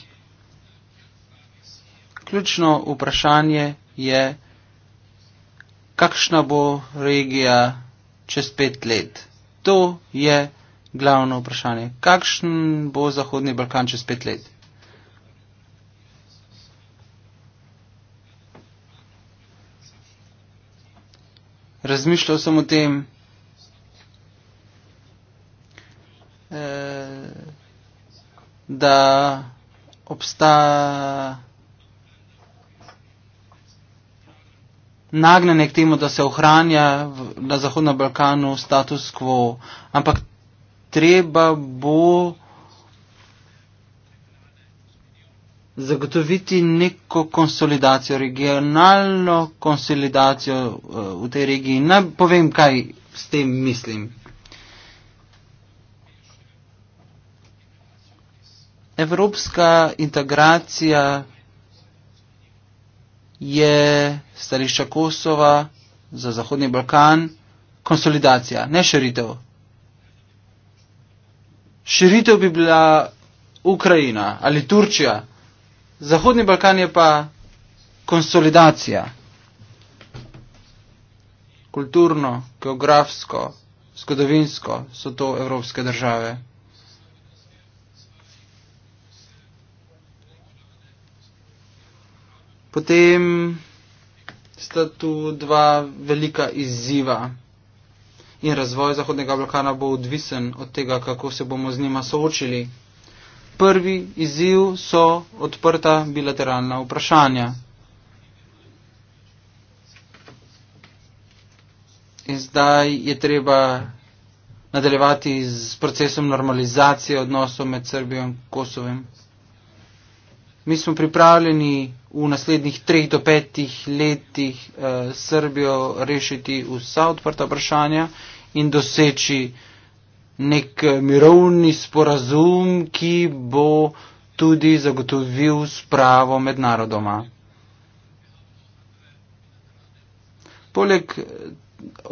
Ključno vprašanje je, kakšna bo regija čez pet let. To je glavno vprašanje. Kakšen bo Zahodni Balkan čez pet let? Razmišljal sem o tem, eh, da obstaja. nagnjene k temu, da se ohranja na Zahodnem Balkanu status quo, ampak treba bo zagotoviti neko konsolidacijo, regionalno konsolidacijo eh, v tej regiji. Naj povem, kaj s tem mislim. Evropska integracija je stališča Kosova za Zahodni Balkan konsolidacija, ne širitev. Širitev bi bila Ukrajina ali Turčija, Zahodni Balkan je pa konsolidacija. Kulturno, geografsko, zgodovinsko so to evropske države. Potem sta tu dva velika izziva. In razvoj Zahodnega Balkana bo odvisen od tega, kako se bomo z njima soočili. Prvi izziv so odprta bilateralna vprašanja. In zdaj je treba nadaljevati z procesom normalizacije odnosov med Srbijo in Kosovem. Mi smo pripravljeni v naslednjih treh do petih letih eh, Srbijo rešiti vsa odprta vprašanja in doseči nek eh, mirovni sporazum, ki bo tudi zagotovil spravo med narodoma. Poleg eh,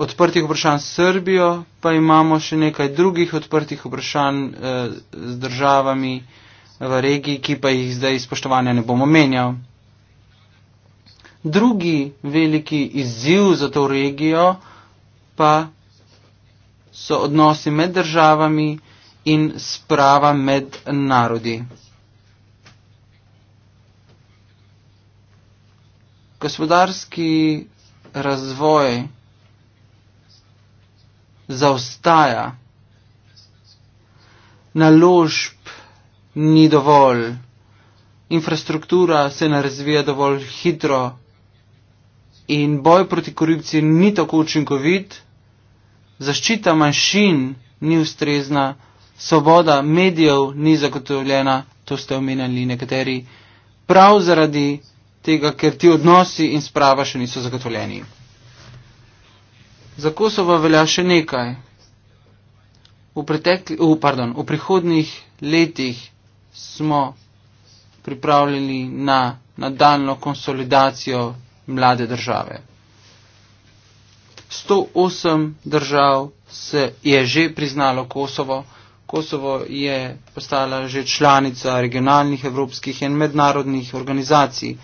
odprtih vprašanj s Srbijo pa imamo še nekaj drugih odprtih vprašanj eh, z državami v regiji, ki pa jih zdaj spoštovanja ne bom omenjal. Drugi veliki izziv za to regijo pa so odnosi med državami in sprava med narodi. Gospodarski razvoj zaostaja, naložb ni dovolj, infrastruktura se ne razvija dovolj hitro in boj proti korupciji ni tako učinkovit, zaščita manjšin ni ustrezna, svoboda medijev ni zagotovljena, to ste omenjali nekateri, prav zaradi tega, ker ti odnosi in sprava še niso zagotovljeni. Za Kosovo velja še nekaj. V, pretekli, oh, pardon, v prihodnih letih smo pripravljeni na nadaljno konsolidacijo mlade države. 108 držav se je že priznalo Kosovo. Kosovo je postala že članica regionalnih evropskih in mednarodnih organizacij.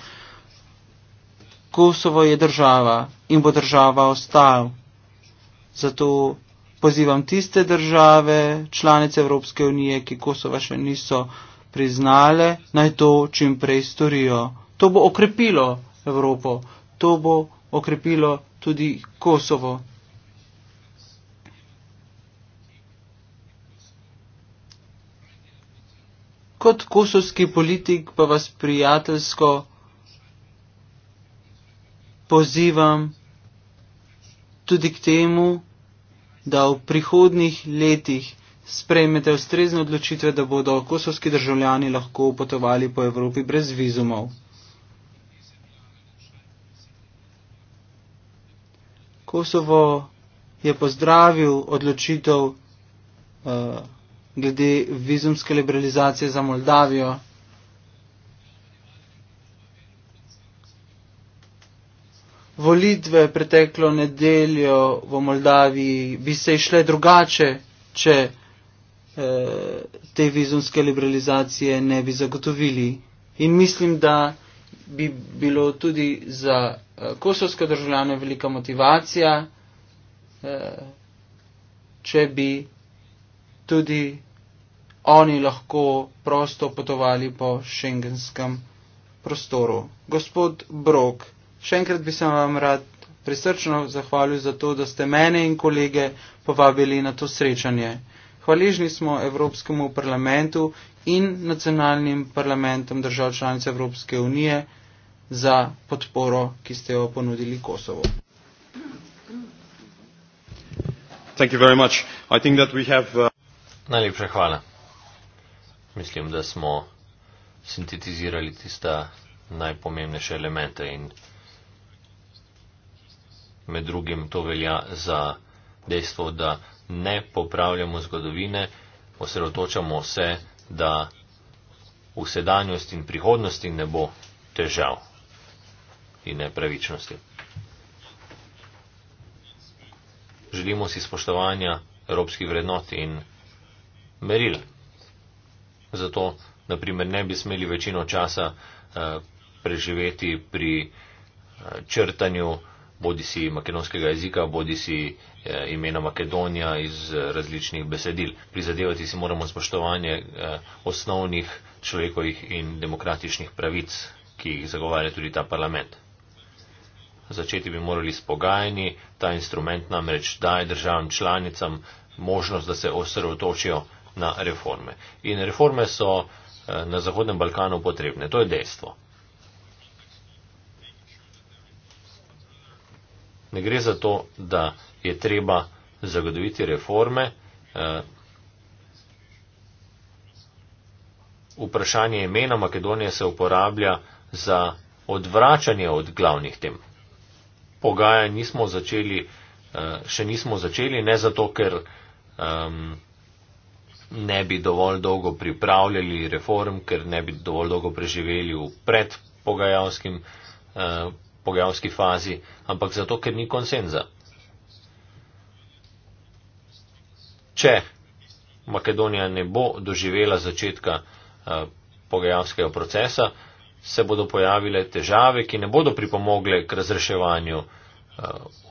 Kosovo je država in bo država ostal. Zato pozivam tiste države, članice Evropske unije, ki Kosova še niso priznale, naj to čim prej storijo. To bo okrepilo Evropo. To bo okrepilo tudi Kosovo. Kot kosovski politik pa vas prijateljsko pozivam tudi k temu, da v prihodnih letih sprejmete ustrezne odločitve, da bodo kosovski državljani lahko potovali po Evropi brez vizumov. Kosovo je pozdravil odločitev uh, glede vizumske liberalizacije za Moldavijo. Volitve preteklo nedeljo v Moldaviji bi se išle drugače, če eh, te vizumske liberalizacije ne bi zagotovili. In mislim, da bi bilo tudi za eh, kosovske državljane velika motivacija, eh, če bi tudi oni lahko prosto potovali po šengenskem prostoru. Gospod Brok, še enkrat bi se vam rad prisrčno zahvalil za to, da ste mene in kolege povabili na to srečanje. Hvaležni smo Evropskemu parlamentu in nacionalnim parlamentom držav članic Evropske unije za podporo, ki ste jo ponudili Kosovo. Thank you very much. I think that we have, uh... Najlepša hvala. Mislim, da smo sintetizirali tista najpomembnejše elemente in med drugim to velja za dejstvo, da ne popravljamo zgodovine, osredotočamo se da v sedanjosti in prihodnosti ne bo težav in nepravičnosti. Želimo si spoštovanja evropskih vrednot in meril. Zato, na primer, ne bi smeli večino časa eh, preživeti pri eh, črtanju eh, bodi si makedonskega jezika, bodi si eh, imena Makedonija iz eh, različnih besedil. Prizadevati si moramo spoštovanje eh, osnovnih človekovih in demokratičnih pravic, ki jih zagovarja tudi ta parlament. Začeti bi morali s pogajanji, ta instrument namreč daje državam članicam možnost, da se osredotočijo na reforme. In reforme so na Zahodnem Balkanu potrebne, to je dejstvo. ne gre za to, da je treba zagotoviti reforme. Eh, vprašanje imena Makedonije se uporablja za odvračanje od glavnih tem. Pogaja nismo začeli, eh, še nismo začeli, ne zato, ker ehm, ne bi dovolj dolgo pripravljali reform, ker ne bi dovolj dolgo preživeli v predpogajalskim eh, pogajalski fazi, ampak zato, ker ni konsenza. Če Makedonija ne bo doživela začetka eh, pogajalskega procesa, se bodo pojavile težave, ki ne bodo pripomogle k razreševanju eh,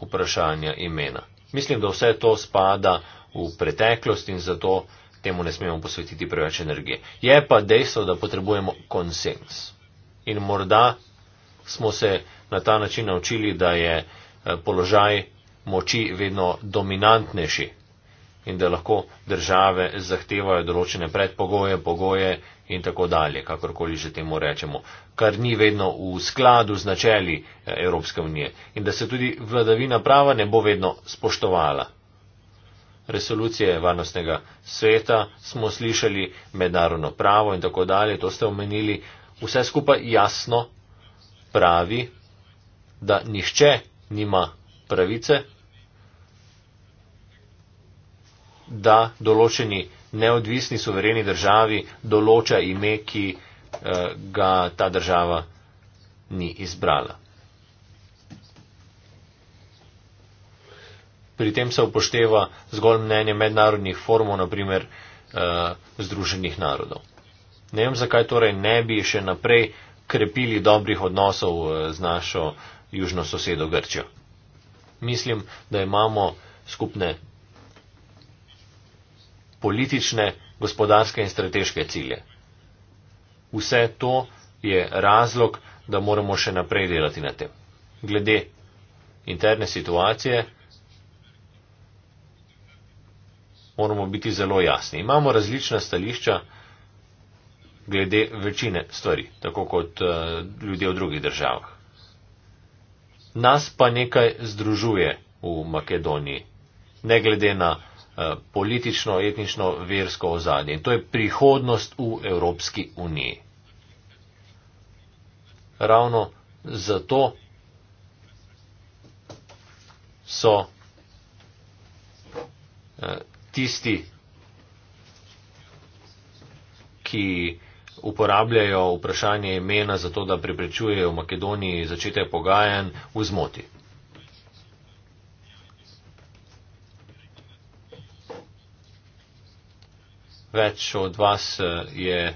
vprašanja imena. Mislim, da vse to spada v preteklost in zato temu ne smemo posvetiti preveč energije. Je pa dejstvo, da potrebujemo konsens. In morda smo se na ta način naučili, da je eh, položaj moči vedno dominantnejši in da lahko države zahtevajo določene predpogoje, pogoje in tako dalje, kakorkoli že temu rečemo, kar ni vedno v skladu z načeli eh, Evropske unije in da se tudi vladavina prava ne bo vedno spoštovala. Resolucije varnostnega sveta smo slišali, mednarodno pravo in tako dalje, to ste omenili, vse skupaj jasno pravi, da nihče nima pravice, da določeni neodvisni suvereni državi določa ime, ki eh, ga ta država ni izbrala. Pri tem se upošteva zgolj mnenje mednarodnih formov, naprimer eh, Združenih narodov. Ne vem, zakaj torej ne bi še naprej krepili dobrih odnosov eh, z našo južno sosedo Grčijo. Mislim, da imamo skupne politične, gospodarske in strateške cilje. Vse to je razlog, da moramo še naprej delati na tem. Glede interne situacije moramo biti zelo jasni. Imamo različna stališča glede večine stvari, tako kot uh, ljudje v drugih državah nas pa nekaj združuje v Makedoniji, ne glede na eh, politično, etnično, versko ozadje. In to je prihodnost v Evropski uniji. Ravno zato so eh, tisti, ki uporabljajo vprašanje imena zato, da priprečujejo Makedoniji začete pogajanj v zmoti. Več od vas eh, je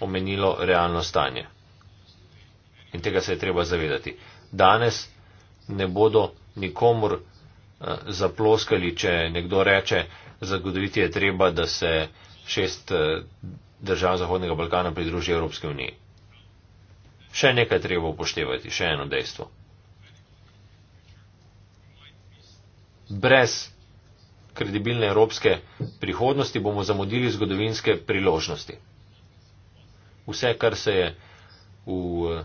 omenilo realno stanje. In tega se je treba zavedati. Danes ne bodo nikomor eh, zaploskali, če nekdo reče, zagotoviti je treba, da se šest eh, držav Zahodnega Balkana pridruži Evropske unije. Še nekaj treba upoštevati, še eno dejstvo. Brez kredibilne evropske prihodnosti bomo zamudili zgodovinske priložnosti. Vse, kar se je v eh,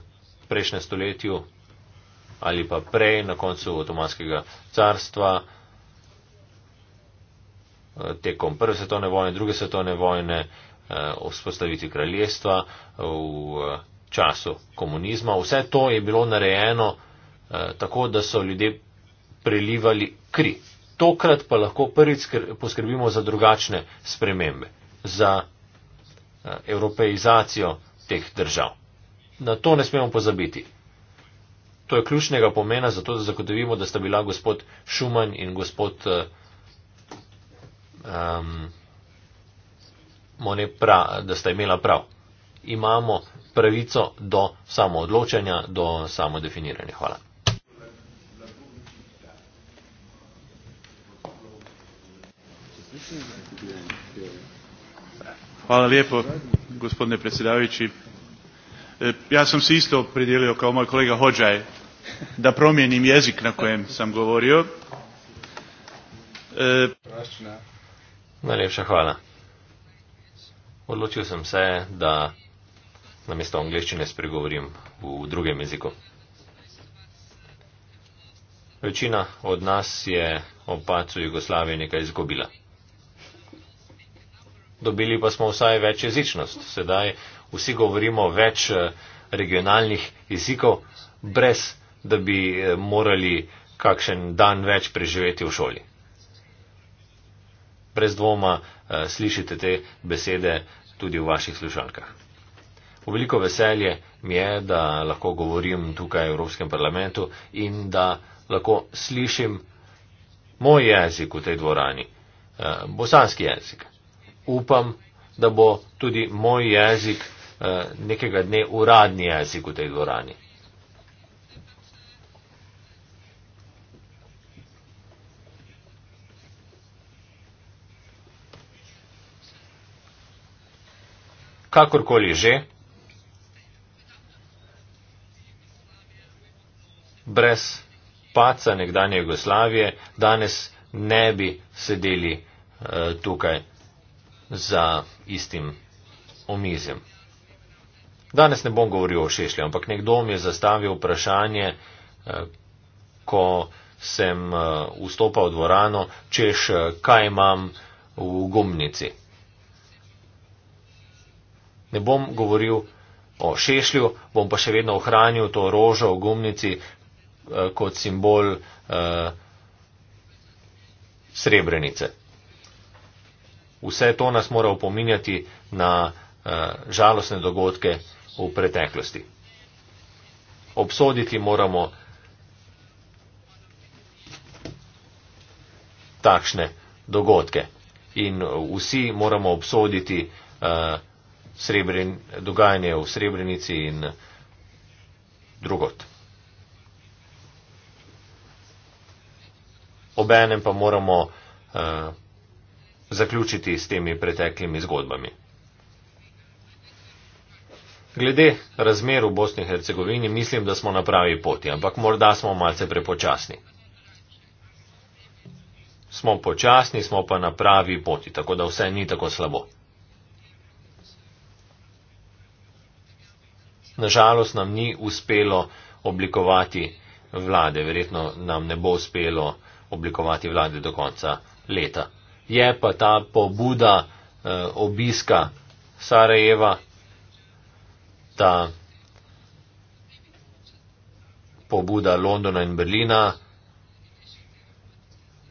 prejšnjem stoletju ali pa prej na koncu Otomanskega carstva, eh, tekom Prve svetovne vojne, Druge svetovne vojne, Eh, vzpostaviti kraljestva v eh, času komunizma. Vse to je bilo narejeno eh, tako, da so ljudje prelivali kri. Tokrat pa lahko prvič poskrbimo za drugačne spremembe, za evropeizacijo teh držav. Na to ne smemo pozabiti. To je ključnega pomena zato, da zagotovimo, da sta bila gospod Šuman in gospod um, moni pra, da sta imela prav. Imamo pravico do samoodločanja, do samodefiniranja. Hvala. Hvala lijepo, gospodine predsjedavajući. E, ja sam se isto opredijelio kao moj kolega Hođaj da promijenim jezik na kojem sam govorio. E... Najljepša hvala. Odločil sem se, da namesto angliščine spregovorim v drugem jeziku. Večina od nas je opacu Jugoslavije nekaj izgubila. Dobili pa smo vsaj več jezičnost. Sedaj vsi govorimo več eh, regionalnih jezikov, brez da bi eh, morali kakšen dan več preživeti v šoli brez dvoma uh, slišite te besede tudi v vaših slušalkah. V veliko veselje mi je, da lahko govorim tukaj v Evropskem parlamentu in da lahko slišim moj jezik v tej dvorani, uh, bosanski jezik. Upam, da bo tudi moj jezik uh, nekega dne uradni jezik v tej dvorani. kakorkoli že, brez paca nekdanje Jugoslavije, danes ne bi sedeli eh, tukaj za istim omizjem. Danes ne bom govoril o šešlju, ampak nekdo mi je zastavil vprašanje, eh, ko sem eh, vstopal v dvorano, češ eh, kaj imam v gumnici. Ne bom govoril o šešlju, bom pa še vedno ohranil to rožo v gumnici eh, kot simbol uh, srebrenice. Vse to nas mora upominjati na uh, žalostne dogodke v preteklosti. Obsoditi moramo takšne dogodke in vsi moramo obsoditi uh, srebren, dogajanje v Srebrenici in drugot. Obenem pa moramo uh, zaključiti s temi preteklimi zgodbami. Glede razmer v Bosni in Hercegovini mislim, da smo na pravi poti, ampak morda smo malce prepočasni. Smo počasni, smo pa na pravi poti, tako da vse ni tako slabo. Nažalost nam ni uspelo oblikovati vlade, verjetno nam ne bo uspelo oblikovati vlade do konca leta. Je pa ta pobuda eh, obiska Sarajeva, ta pobuda Londona in Berlina,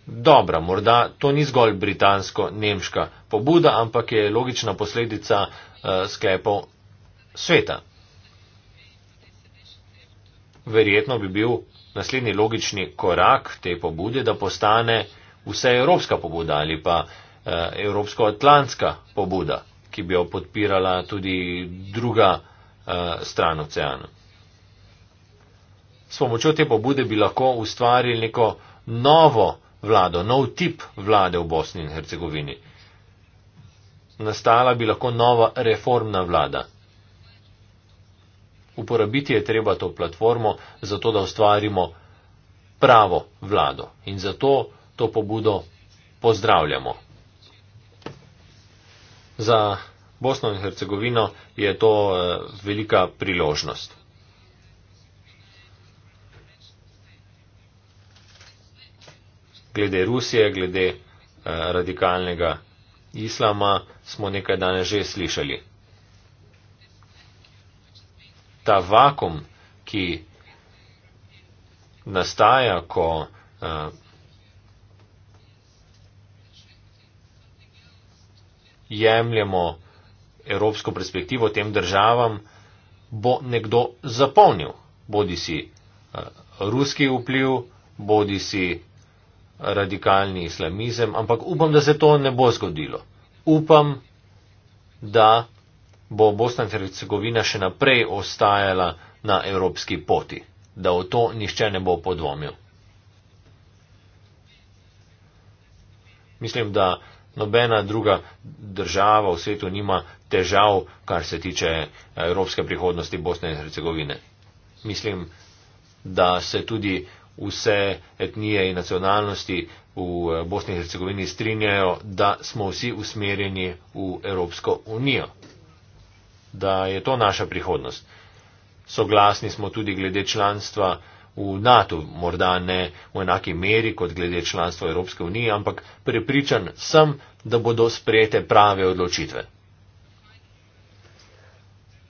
dobra, morda to ni zgolj britansko-nemška pobuda, ampak je logična posledica eh, sklepov sveta verjetno bi bil naslednji logični korak te pobude, da postane vse evropska pobuda ali pa eh, evropsko-atlantska pobuda, ki bi jo podpirala tudi druga eh, stran oceana. S pomočjo te pobude bi lahko ustvarili neko novo vlado, nov tip vlade v Bosni in Hercegovini. Nastala bi lahko nova reformna vlada, Uporabiti je treba to platformo, zato da ustvarimo pravo vlado in zato to pobudo pozdravljamo. Za Bosno in Hercegovino je to eh, velika priložnost. Glede Rusije, glede eh, radikalnega islama smo nekaj danes že slišali ta vakum, ki nastaja, ko uh, jemljemo evropsko perspektivo tem državam, bo nekdo zapolnil. Bodi si uh, ruski vpliv, bodi si radikalni islamizem, ampak upam, da se to ne bo zgodilo. Upam, da bo Bosna in Hercegovina še naprej ostajala na evropski poti, da v to nišče ne bo podvomil. Mislim, da nobena druga država v svetu nima težav, kar se tiče eh, evropske prihodnosti Bosne in Hercegovine. Mislim, da se tudi vse etnije in nacionalnosti v eh, Bosni in Hercegovini strinjajo, da smo vsi usmerjeni v Evropsko unijo da je to naša prihodnost. Soglasni smo tudi glede članstva v NATO, morda ne v enaki meri kot glede članstva Evropske unije, ampak prepričan sem, da bodo sprejete prave odločitve.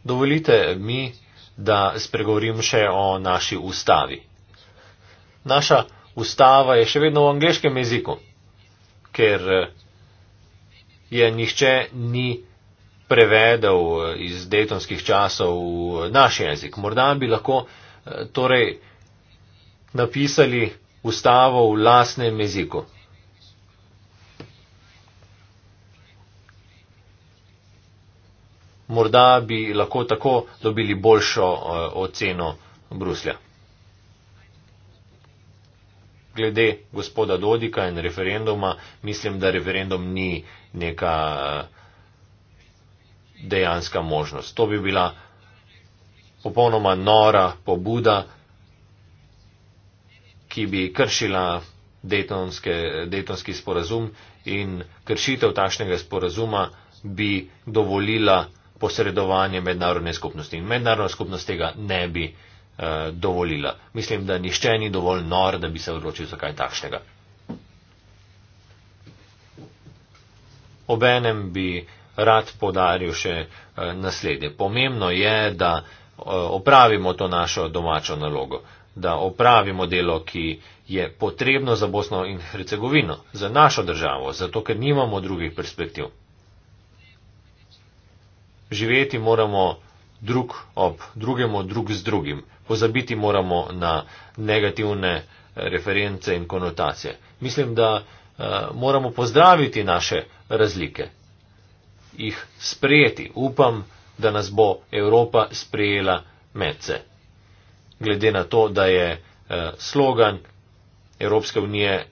Dovolite mi, da spregovorim še o naši ustavi. Naša ustava je še vedno v angleškem jeziku, ker eh, je nihče ni prevedel eh, iz detonskih časov v naš jezik. Morda bi lahko eh, torej napisali ustavo v lasnem jeziku. Morda bi lahko tako dobili boljšo eh, oceno Bruslja. Glede gospoda Dodika in referenduma, mislim, da referendum ni neka dejanska možnost. To bi bila popolnoma nora pobuda, ki bi kršila Daytonski sporazum in kršitev takšnega sporazuma bi dovolila posredovanje mednarodne skupnosti. In mednarodna skupnost tega ne bi uh, dovolila. Mislim, da nišče ni dovolj nor, da bi se odločil za kaj takšnega. Obenem bi rad podaril še eh, naslednje. Pomembno je, da eh, opravimo to našo domačo nalogo, da opravimo delo, ki je potrebno za Bosno in Hercegovino, za našo državo, zato ker nimamo drugih perspektiv. Živeti moramo drug ob drugemu, drug z drugim. Pozabiti moramo na negativne eh, reference in konotacije. Mislim, da uh, moramo pozdraviti naše razlike, jih sprejeti. Upam, da nas bo Evropa sprejela medse. Glede na to, da je eh, slogan Evropske unije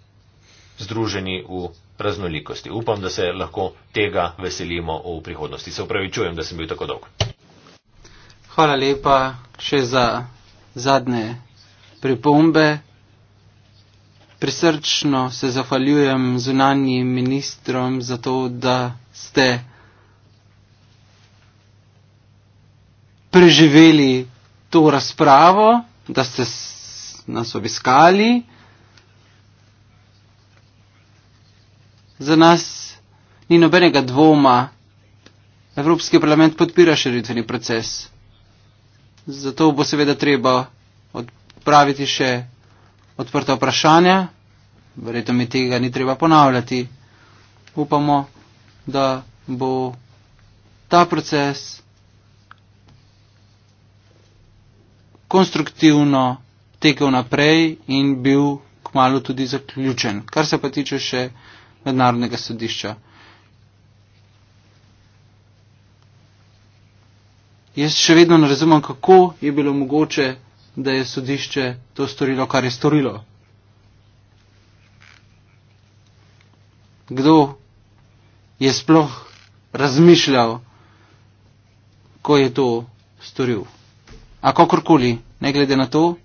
združeni v raznolikosti. Upam, da se lahko tega veselimo v prihodnosti. Se upravičujem, da sem bil tako dolg. Hvala lepa še za zadnje pripombe. Prisrčno se zahvaljujem zunanjim ministrom za to, da ste. preživeli to razpravo, da ste nas obiskali. Za nas ni nobenega dvoma. Evropski parlament podpira širitveni proces. Zato bo seveda treba odpraviti še odprta vprašanja. Verjetno mi tega ni treba ponavljati. Upamo, da bo ta proces konstruktivno tekel naprej in bil kmalo tudi zaključen. Kar se pa tiče še mednarodnega sodišča. Jaz še vedno ne razumem, kako je bilo mogoče, da je sodišče to storilo, kar je storilo. Kdo je sploh razmišljal, ko je to storil? A kakorkoli, ne glede na to,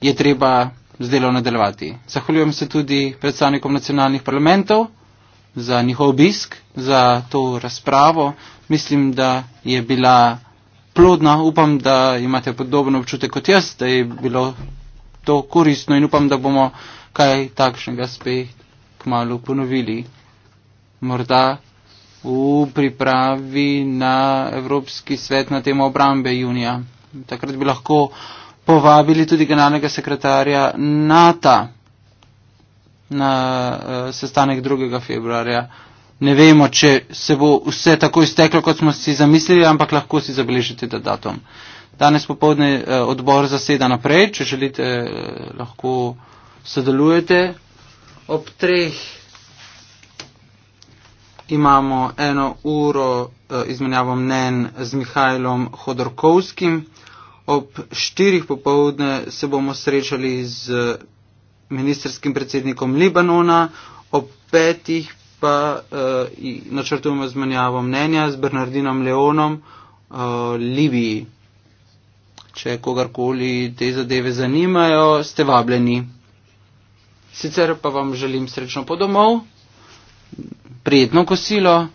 je treba z delom nadaljevati. Zahvaljujem se tudi predstavnikom nacionalnih parlamentov za njihov obisk, za to razpravo. Mislim, da je bila plodna. Upam, da imate podoben občutek kot jaz, da je bilo to koristno in upam, da bomo kaj takšnega spet k malu ponovili. Morda v pripravi na Evropski svet na temo obrambe junija. Takrat bi lahko povabili tudi generalnega sekretarja NATO na uh, sestanek 2. februarja. Ne vemo, če se bo vse tako izteklo, kot smo si zamislili, ampak lahko si zabeležite ta datum. Danes popovdne eh, odbor zaseda naprej, če želite, eh, lahko sodelujete ob treh imamo eno uro eh, izmenjavo mnen z Mihajlom Hodorkovskim. Ob štirih popovdne se bomo srečali z ministerskim predsednikom Libanona, ob petih pa uh, načrtujemo izmenjavo mnenja z Bernardinom Leonom uh, Libiji. Če kogarkoli te zadeve zanimajo, ste vabljeni. Sicer pa vam želim srečno po domov prijetno kosilo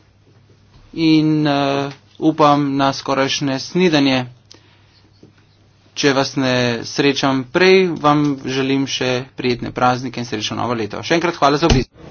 in uh, upam na skorajšnje snidanje. Če vas ne srečam prej, vam želim še prijetne praznike in srečno novo leto. Še enkrat hvala za obisk.